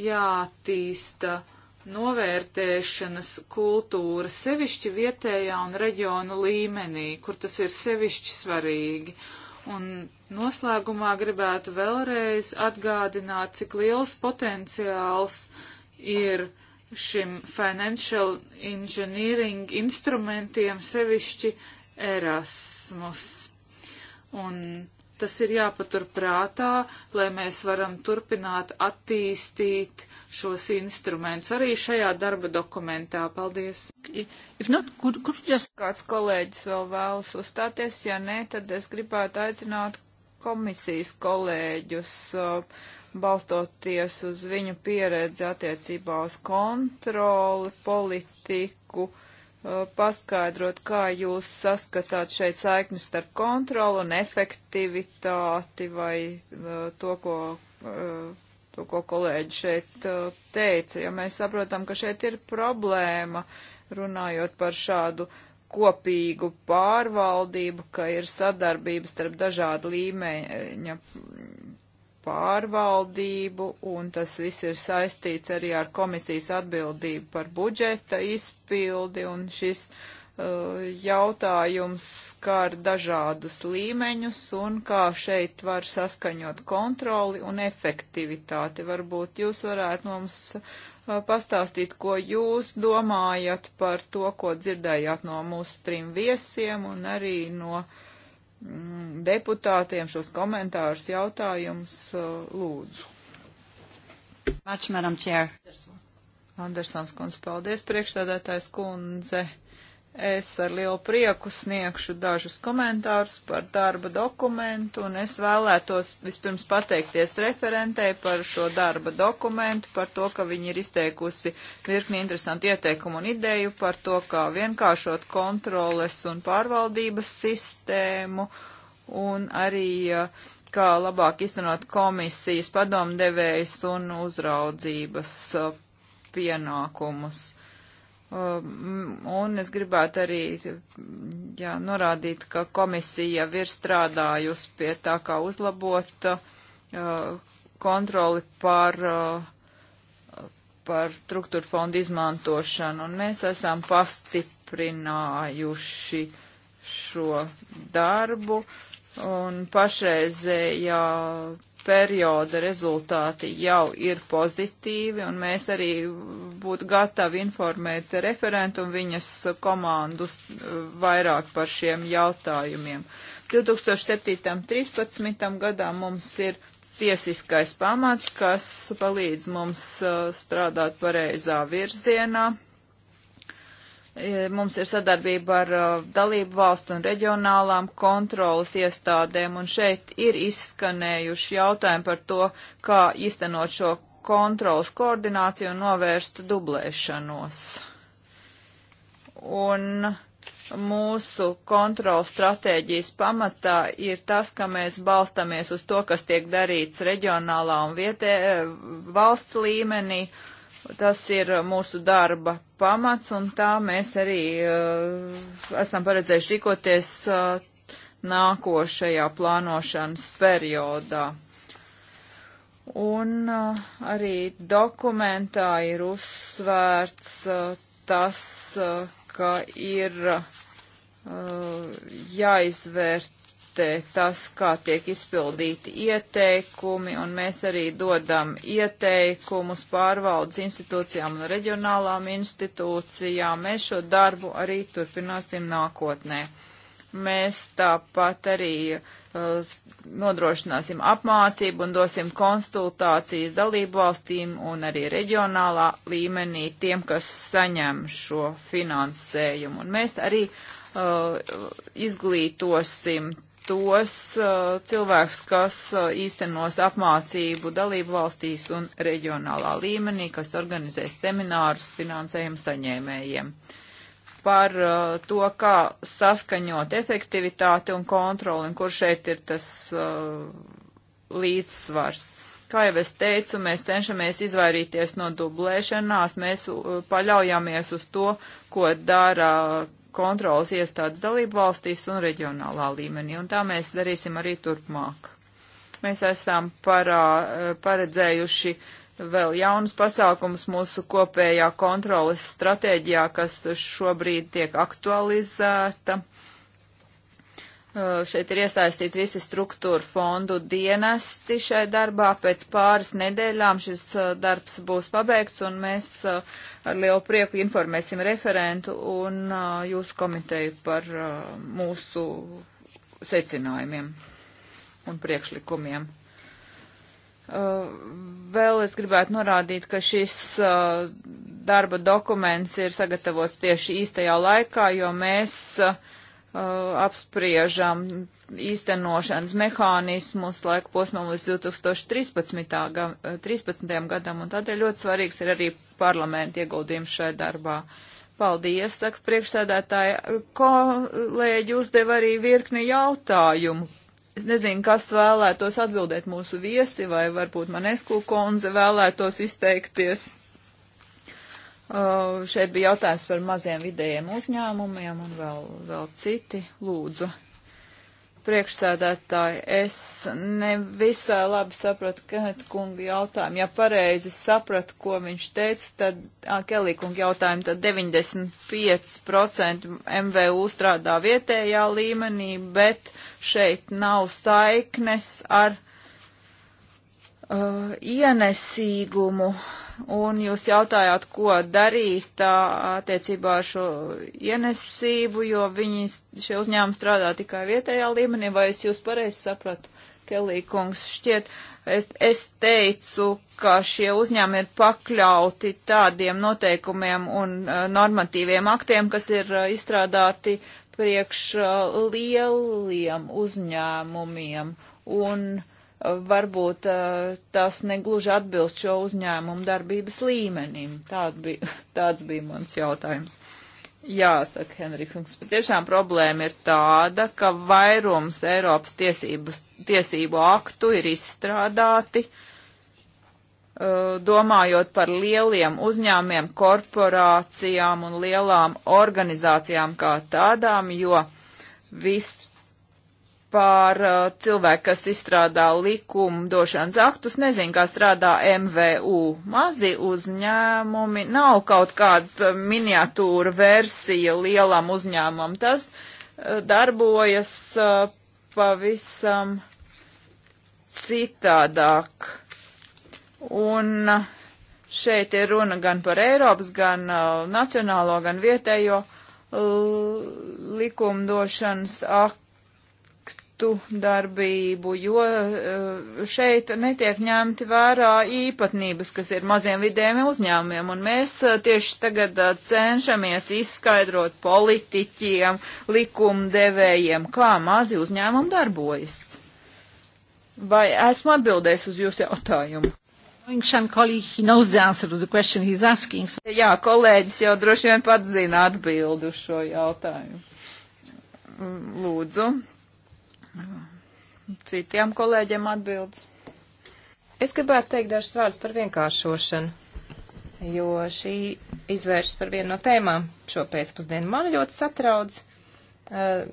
jātīsta novērtēšanas kultūra sevišķi vietējā un reģionu līmenī, kur tas ir sevišķi svarīgi. Un noslēgumā gribētu vēlreiz atgādināt, cik liels potenciāls ir šim financial engineering instrumentiem, sevišķi Erasmus. Un tas ir jāpatur prātā, lai mēs varam turpināt attīstīt šos instrumentus arī šajā darba dokumentā. Paldies! Not, kur, kur just... Kāds kolēģis vēl vēlas uzstāties? Ja nē, tad es gribētu aicināt komisijas kolēģus. Uh, balstoties uz viņu pieredzi attiecībā uz kontroli, politiku, uh, paskaidrot, kā jūs saskatāt šeit saikni starp kontroli un efektivitāti vai uh, to, ko, uh, to, ko kolēģi šeit teica, jo mēs saprotam, ka šeit ir problēma runājot par šādu kopīgu pārvaldību, ka ir sadarbības starp dažādu līmeņa pārvaldību, un tas viss ir saistīts arī ar komisijas atbildību par budžeta izpildi, un šis uh, jautājums skar dažādus līmeņus, un kā šeit var saskaņot kontroli un efektivitāti. Varbūt jūs varētu mums uh, pastāstīt, ko jūs domājat par to, ko dzirdējāt no mūsu trim viesiem un arī no uh, Mm, deputātiem šos komentārus, jautājumus uh, lūdzu. Much, Madam Chair. Andersons kundze, paldies priekšstādātājs kundze. Es ar lielu prieku sniegšu dažus komentārus par darba dokumentu, un es vēlētos vispirms pateikties referentei par šo darba dokumentu, par to, ka viņi ir izteikusi virkni interesantu ieteikumu un ideju par to, kā vienkāršot kontroles un pārvaldības sistēmu, un arī eh, kā labāk iztenot komisijas padomdevējas un uzraudzības eh, pienākumus Um, un es gribētu arī jā, norādīt, ka komisija ir strādājusi pie tā, kā uzlabot uh, kontroli par, uh, par struktūra fondu izmantošanu. Un mēs esam pastiprinājuši šo darbu. Un pašreizējā ja perioda rezultāti jau ir pozitīvi, un mēs arī būtu gatavi informēt referentu un viņas komandus uh, vairāk par šiem jautājumiem. 2007.13. gadā mums ir tiesiskais pamats, kas palīdz mums uh, strādāt pareizā virzienā. E, mums ir sadarbība ar e, dalību valstu un reģionālām kontrolas iestādēm, un šeit ir izskanējuši jautājumi par to, kā iztenot šo kontrolas koordināciju un novērst dublēšanos. Un mūsu kontrolas stratēģijas pamatā ir tas, ka mēs balstamies uz to, kas tiek darīts reģionālā un vietē e, valsts līmenī, uh, Tas ir mūsu darba pamats, un tā mēs arī uh, esam paredzējuši rīkoties uh, nākošajā plānošanas periodā. Un uh, arī dokumentā ir uzsvērts uh, tas, uh, ka ir uh, jāizvērt vērtē tas, kā tiek izpildīti ieteikumi, un mēs arī dodam ieteikumus pārvaldes institūcijām un reģionālām institūcijām. Mēs šo darbu arī turpināsim nākotnē. Mēs tāpat arī uh, nodrošināsim apmācību un dosim konsultācijas dalību valstīm un arī reģionālā līmenī tiem, kas saņem šo finansējumu. Un mēs arī uh, izglītosim tos uh, cilvēkus, kas uh, īstenos apmācību dalību valstīs un reģionālā līmenī, kas organizē seminārus finansējumu saņēmējiem par uh, to, kā saskaņot efektivitāti un kontroli, un kur šeit ir tas uh, līdzsvars. Kā jau es teicu, mēs cenšamies izvairīties no dublēšanās, mēs uh, paļaujamies uz to, ko dara kontrolas iestādes dalību valstīs un reģionālā līmenī, un tā mēs darīsim arī turpmāk. Mēs esam parā, paredzējuši vēl jaunus pasākumus mūsu kopējā kontrolas stratēģijā, kas šobrīd tiek aktualizēta. Uh, Eh, šeit ir iesaistīti visi struktūra fondu dienesti šai darbā. Pēc pāris nedēļām šis eh, darbs būs pabeigts, un mēs eh, ar lielu prieku informēsim referentu un jūsu komiteju par mūsu secinājumiem un priekšlikumiem. Vēl es gribētu norādīt, ka šis darba dokuments ir sagatavots tieši īstajā laikā, jo mēs uh, Uh, apspriežam īstenošanas mehānismus laika posmam līdz 2013. Gam, 13. gadam, un tādēļ ļoti svarīgs ir arī parlamenta ieguldījums šajā darbā. Paldies, saka priekšsēdētāji. Kolēģi uzdev arī virkni jautājumu. Es nezinu, kas vēlētos atbildēt mūsu viesi, vai varbūt Manesku konze vēlētos izteikties. Uh, šeit bija jautājums par maziem vidējiem uzņēmumiem un vēl, vēl citi lūdzu. Priekšsēdētāji, es nevisai labi sapratu Kenet kunga jautājumu. Ja pareizi sapratu, ko viņš teica, tad, Kelī kunga jautājumu, tad 95% MVU strādā vietējā līmenī, bet šeit nav saiknes ar uh, ienesīgumu. Uh, un jūs jautājāt, ko darīt attiecībā ar šo ienesību, jo viņi šie uzņēmumi strādā tikai vietējā līmenī, vai es jūs pareizi sapratu, Kelī kungs, šķiet, es, es teicu, ka šie uzņēmumi ir pakļauti tādiem noteikumiem un uh, normatīviem aktiem, kas ir uh, izstrādāti priekš uh, lieliem uzņēmumiem. Un, uh, varbūt tas negluži atbilst šo uzņēmumu darbības līmenim. Tād bija, tāds bija mans jautājums. Jāsaka, Henrikungs, patiešām problēma ir tāda, ka vairums Eiropas tiesības, tiesību aktu ir izstrādāti, domājot par lieliem uzņēmiem, korporācijām un lielām organizācijām kā tādām, jo viss par uh, cilvēku, kas izstrādā likumdošanas aktus, nezinu, kā strādā MVU. Mazi uzņēmumi nav kaut kāda miniatūra versija lielam uzņēmumam. Tas uh, darbojas uh, pavisam citādāk. Un uh, šeit ir runa gan par Eiropas, gan uh, nacionālo, gan vietējo uh, likumdošanas aktu citu darbību, jo eh, šeit netiek ņemti vērā īpatnības, kas ir maziem vidējiem uzņēmumiem, un mēs eh, tieši tagad eh, cenšamies izskaidrot politiķiem, likumdevējiem, kā mazi uzņēmumi darbojas. Vai esmu atbildējis uz jūsu jautājumu? Jā, kolēģis jau droši vien pats zina atbildu šo jautājumu. Mm, lūdzu. Citiem kolēģiem atbildes. Es gribētu teikt dažus vārdus par vienkāršošanu, jo šī izvēršas par vienu no tēmām šo pēcpusdienu. Man ļoti satrauc eh,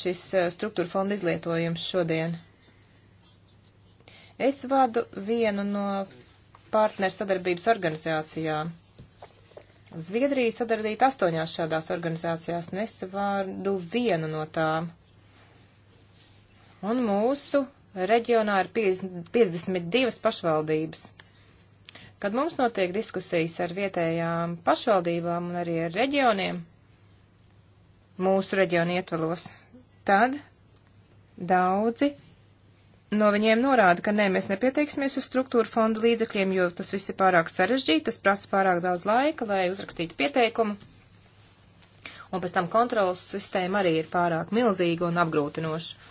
šis eh, struktūra fonda izlietojums šodien. Es vadu vienu no partneru sadarbības organizācijām. Zviedrija sadarbība astoņās šādās organizācijās, un es vadu vienu no tām. Un mūsu reģionā ir 52 pašvaldības. Kad mums notiek diskusijas ar vietējām pašvaldībām un arī ar reģioniem, mūsu reģionu ietvalos, tad daudzi no viņiem norāda, ka nē, mēs nepieteiksimies uz struktūra fondu līdzekļiem, jo tas viss ir pārāk sarežģīti, tas prasa pārāk daudz laika, lai uzrakstītu pieteikumu. Un pēc tam kontrolas sistēma arī ir pārāk milzīga un apgrūtinoša.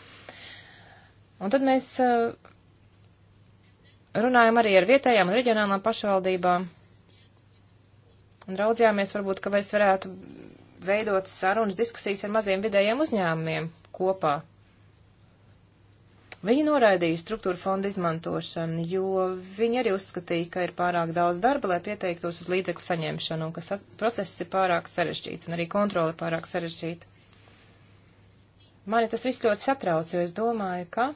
Un tad mēs eh, runājam arī ar vietējām un reģionālām pašvaldībām. Un raudzījāmies varbūt, ka mēs varētu veidot sarunas diskusijas ar maziem vidējiem uzņēmumiem kopā. Viņi noraidīja struktūra fonda izmantošanu, jo viņi arī uzskatīja, ka ir pārāk daudz darba, lai pieteiktos uz līdzekļu saņemšanu, un ka process ir pārāk sarežģīts, un arī kontrole pārāk sarežģīta. Mani tas viss ļoti satrauc, jo es domāju, ka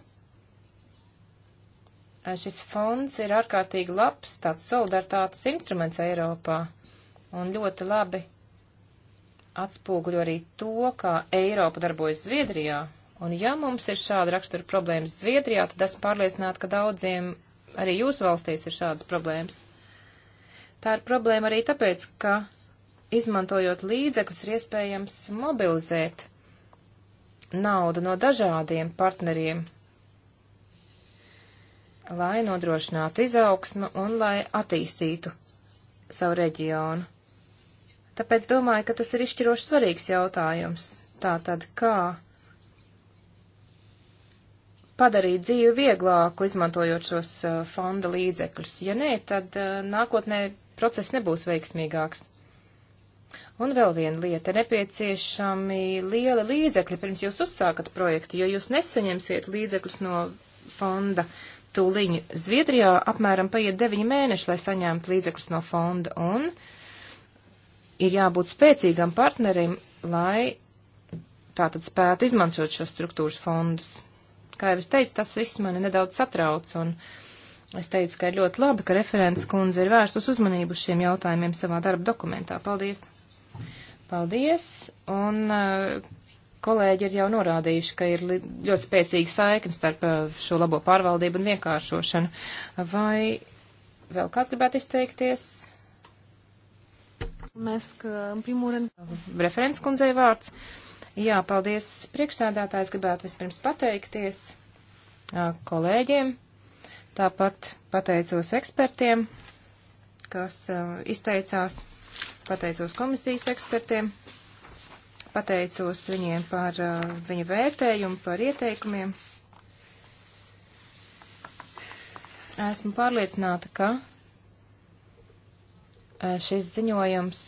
šis fonds ir ārkārtīgi labs tāds solidaritātes instruments Eiropā un ļoti labi atspoguļo arī to, kā Eiropa darbojas Zviedrijā. Un ja mums ir šāda rakstura problēmas Zviedrijā, tad esmu pārliecināta, ka daudziem arī jūsu valstīs ir šādas problēmas. Tā ir problēma arī tāpēc, ka izmantojot līdzekļus ir iespējams mobilizēt naudu no dažādiem partneriem lai nodrošinātu izaugsmu un lai attīstītu savu reģionu. Tāpēc domāju, ka tas ir izšķiroši svarīgs jautājums. Tātad, kā padarīt dzīvi vieglāku, izmantojot šos uh, fonda līdzekļus. Ja nē, tad uh, nākotnē process nebūs veiksmīgāks. Un vēl viena lieta - nepieciešami liela līdzekļi, pirms jūs uzsākat projektu, jo jūs nesaņemsiet līdzekļus no fonda uh, tūliņu Zviedrijā apmēram paiet 9 mēneši, lai saņemtu līdzekļus no fonda, un ir jābūt spēcīgam partnerim, lai tātad spētu izmantot šos struktūras fondus. Kā jau es teicu, tas viss mani nedaudz satrauc, un es teicu, ka ir ļoti labi, ka referents kundze ir vērst uz uzmanību uz šiem jautājumiem savā darba dokumentā. Paldies! Paldies! Un uh, kolēģi ir jau norādījuši, ka ir ļoti spēcīga saikne starp uh, šo labo pārvaldību un vienkāršošanu. Vai vēl kāds gribētu izteikties? Mēs, ka, primūren... Referents kundzei vārds. Jā, paldies priekšsēdētājs. Gribētu vispirms pateikties uh, kolēģiem. Tāpat pateicos ekspertiem, kas uh, izteicās. Pateicos komisijas ekspertiem pateicos viņiem par uh, viņa vērtējumu, par ieteikumiem. Esmu pārliecināta, ka uh, šis ziņojums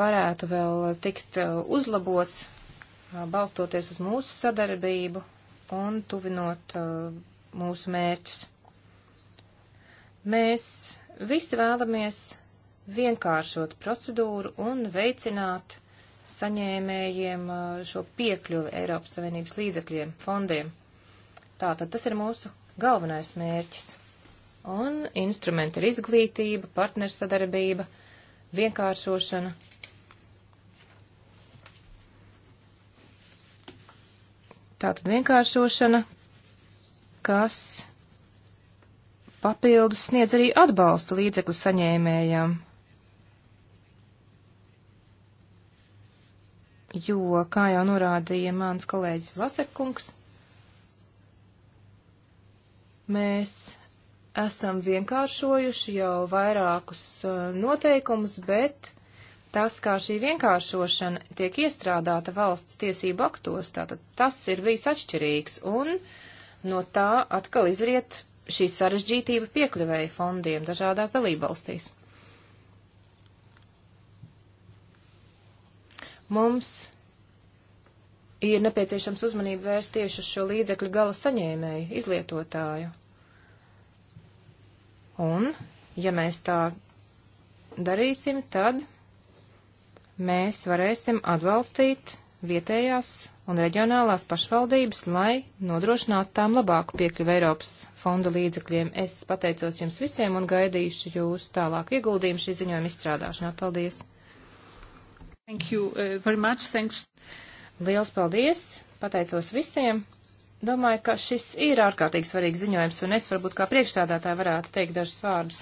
varētu vēl tikt uh, uzlabots, uh, balstoties uz mūsu sadarbību un tuvinot uh, mūsu mērķus. Mēs visi vēlamies vienkāršot procedūru un veicināt saņēmējiem uh, šo piekļuvi Eiropas Savienības līdzekļiem, fondiem. Tātad tas ir mūsu galvenais mērķis. Un instrumenti ir izglītība, partnersadarbība, vienkāršošana. Tātad vienkāršošana, kas papildus sniedz arī atbalstu līdzekļu saņēmējiem jo, kā jau norādīja mans kolēģis Vlasekungs, mēs esam vienkāršojuši jau vairākus eh, noteikumus, bet tas, kā šī vienkāršošana tiek iestrādāta valsts tiesību aktos, tātad tas ir bijis atšķirīgs, un no tā atkal izriet šī sarežģītība piekļuvēja fondiem dažādās dalībvalstīs. Mums ir nepieciešams uzmanību vērst tieši uz šo līdzekļu gala saņēmēju, izlietotāju. Un, ja mēs tā darīsim, tad mēs varēsim atbalstīt vietējās un reģionālās pašvaldības, lai nodrošinātu tām labāku piekļuvu Eiropas fonda līdzekļiem. Es pateicos jums visiem un gaidīšu jūs tālāk ieguldījumu šī ziņojuma izstrādāšanā. Paldies! Thank you uh, very much. Thanks. Liels paldies. Pateicos visiem. Domāju, ka šis ir ārkārtīgi svarīgs ziņojums, un es varbūt kā priekšsādātāja varētu teikt dažus vārdus.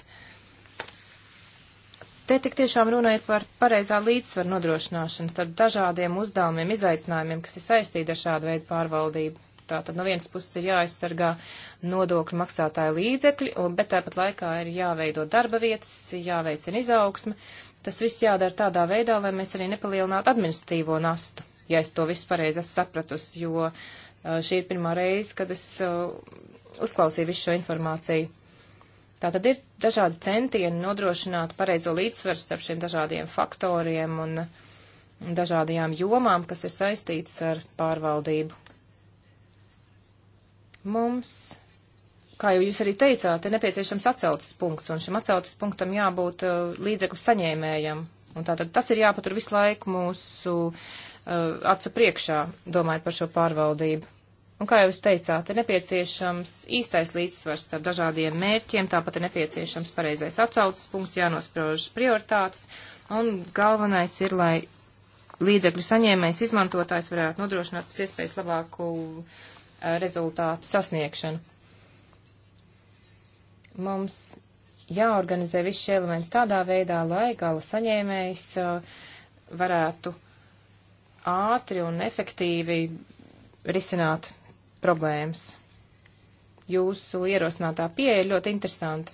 Te tik tiešām runa ir par pareizā līdzsvaru nodrošināšanu starp dažādiem uzdevumiem, izaicinājumiem, kas ir saistīti ar šādu veidu pārvaldību. Tātad no vienas puses ir jāaizsargā nodokļu maksātāju līdzekļi, un, bet tāpat laikā ir jāveido darba vietas, jāveicina izaugsme. Uh, Tas viss jādara tādā veidā, lai mēs arī nepalielinātu administratīvo nastu, ja es to visu pareizi esmu sapratusi, jo uh, šī ir pirmā reize, kad es uh, uzklausīju visu šo informāciju. Tā tad ir dažādi centieni nodrošināt pareizo līdzsvaru starp šiem dažādiem faktoriem un dažādajām jomām, kas ir saistītas ar pārvaldību. Mums kā jau jūs arī teicāt, ir nepieciešams atcaucas punkts, un šim atcaucas punktam jābūt uh, līdzekļu saņēmējam. Un tātad tas ir jāpatur visu laiku mūsu uh, acu priekšā, domājot par šo pārvaldību. Un kā jau jūs teicāt, ir nepieciešams īstais līdzsvars starp dažādiem mērķiem, tāpat ir nepieciešams pareizais atcaucas punkts, jānosprauž prioritātes, un galvenais ir, lai līdzekļu saņēmējs izmantotājs varētu nodrošināt pēc iespējas labāku uh, rezultātu sasniegšanu mums jāorganizē visi šie elementi tādā veidā, lai gala saņēmējs uh, varētu ātri un efektīvi risināt problēmas. Jūsu ierosinātā pieeja ir ļoti interesanta.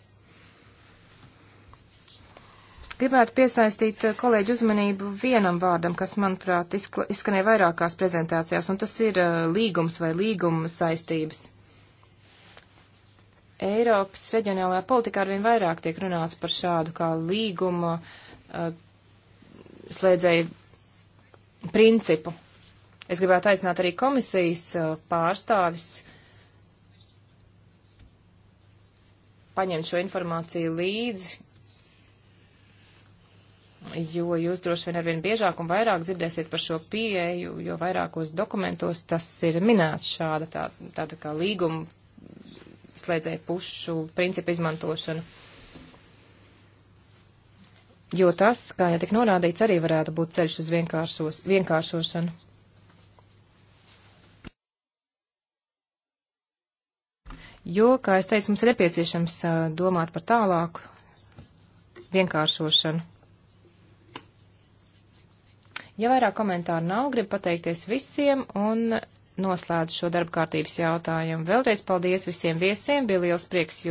Gribētu piesaistīt uh, kolēģu uzmanību vienam vārdam, kas, manuprāt, izskanēja vairākās prezentācijās, un tas ir uh, līgums vai līguma saistības. Eiropas reģionālajā politikā arvien vairāk tiek runāts par šādu kā līguma uh, slēdzēju principu. Es gribētu aicināt arī komisijas uh, pārstāvis paņemt šo informāciju līdzi, jo jūs droši vien arvien biežāk un vairāk dzirdēsiet par šo pieeju, jo vairākos dokumentos tas ir minēts šāda tā, tāda kā līguma slēdzēju pušu principu izmantošanu. Jo tas, kā jau tik norādīts, arī varētu būt ceļš uz vienkāršošanu. Jo, kā es teicu, mums ir nepieciešams domāt par tālāku vienkāršošanu. Ja vairāk komentāru nav, gribu pateikties visiem un noslēdz šo darbkārtības jautājumu. Vēlreiz paldies visiem viesiem, bija liels prieks.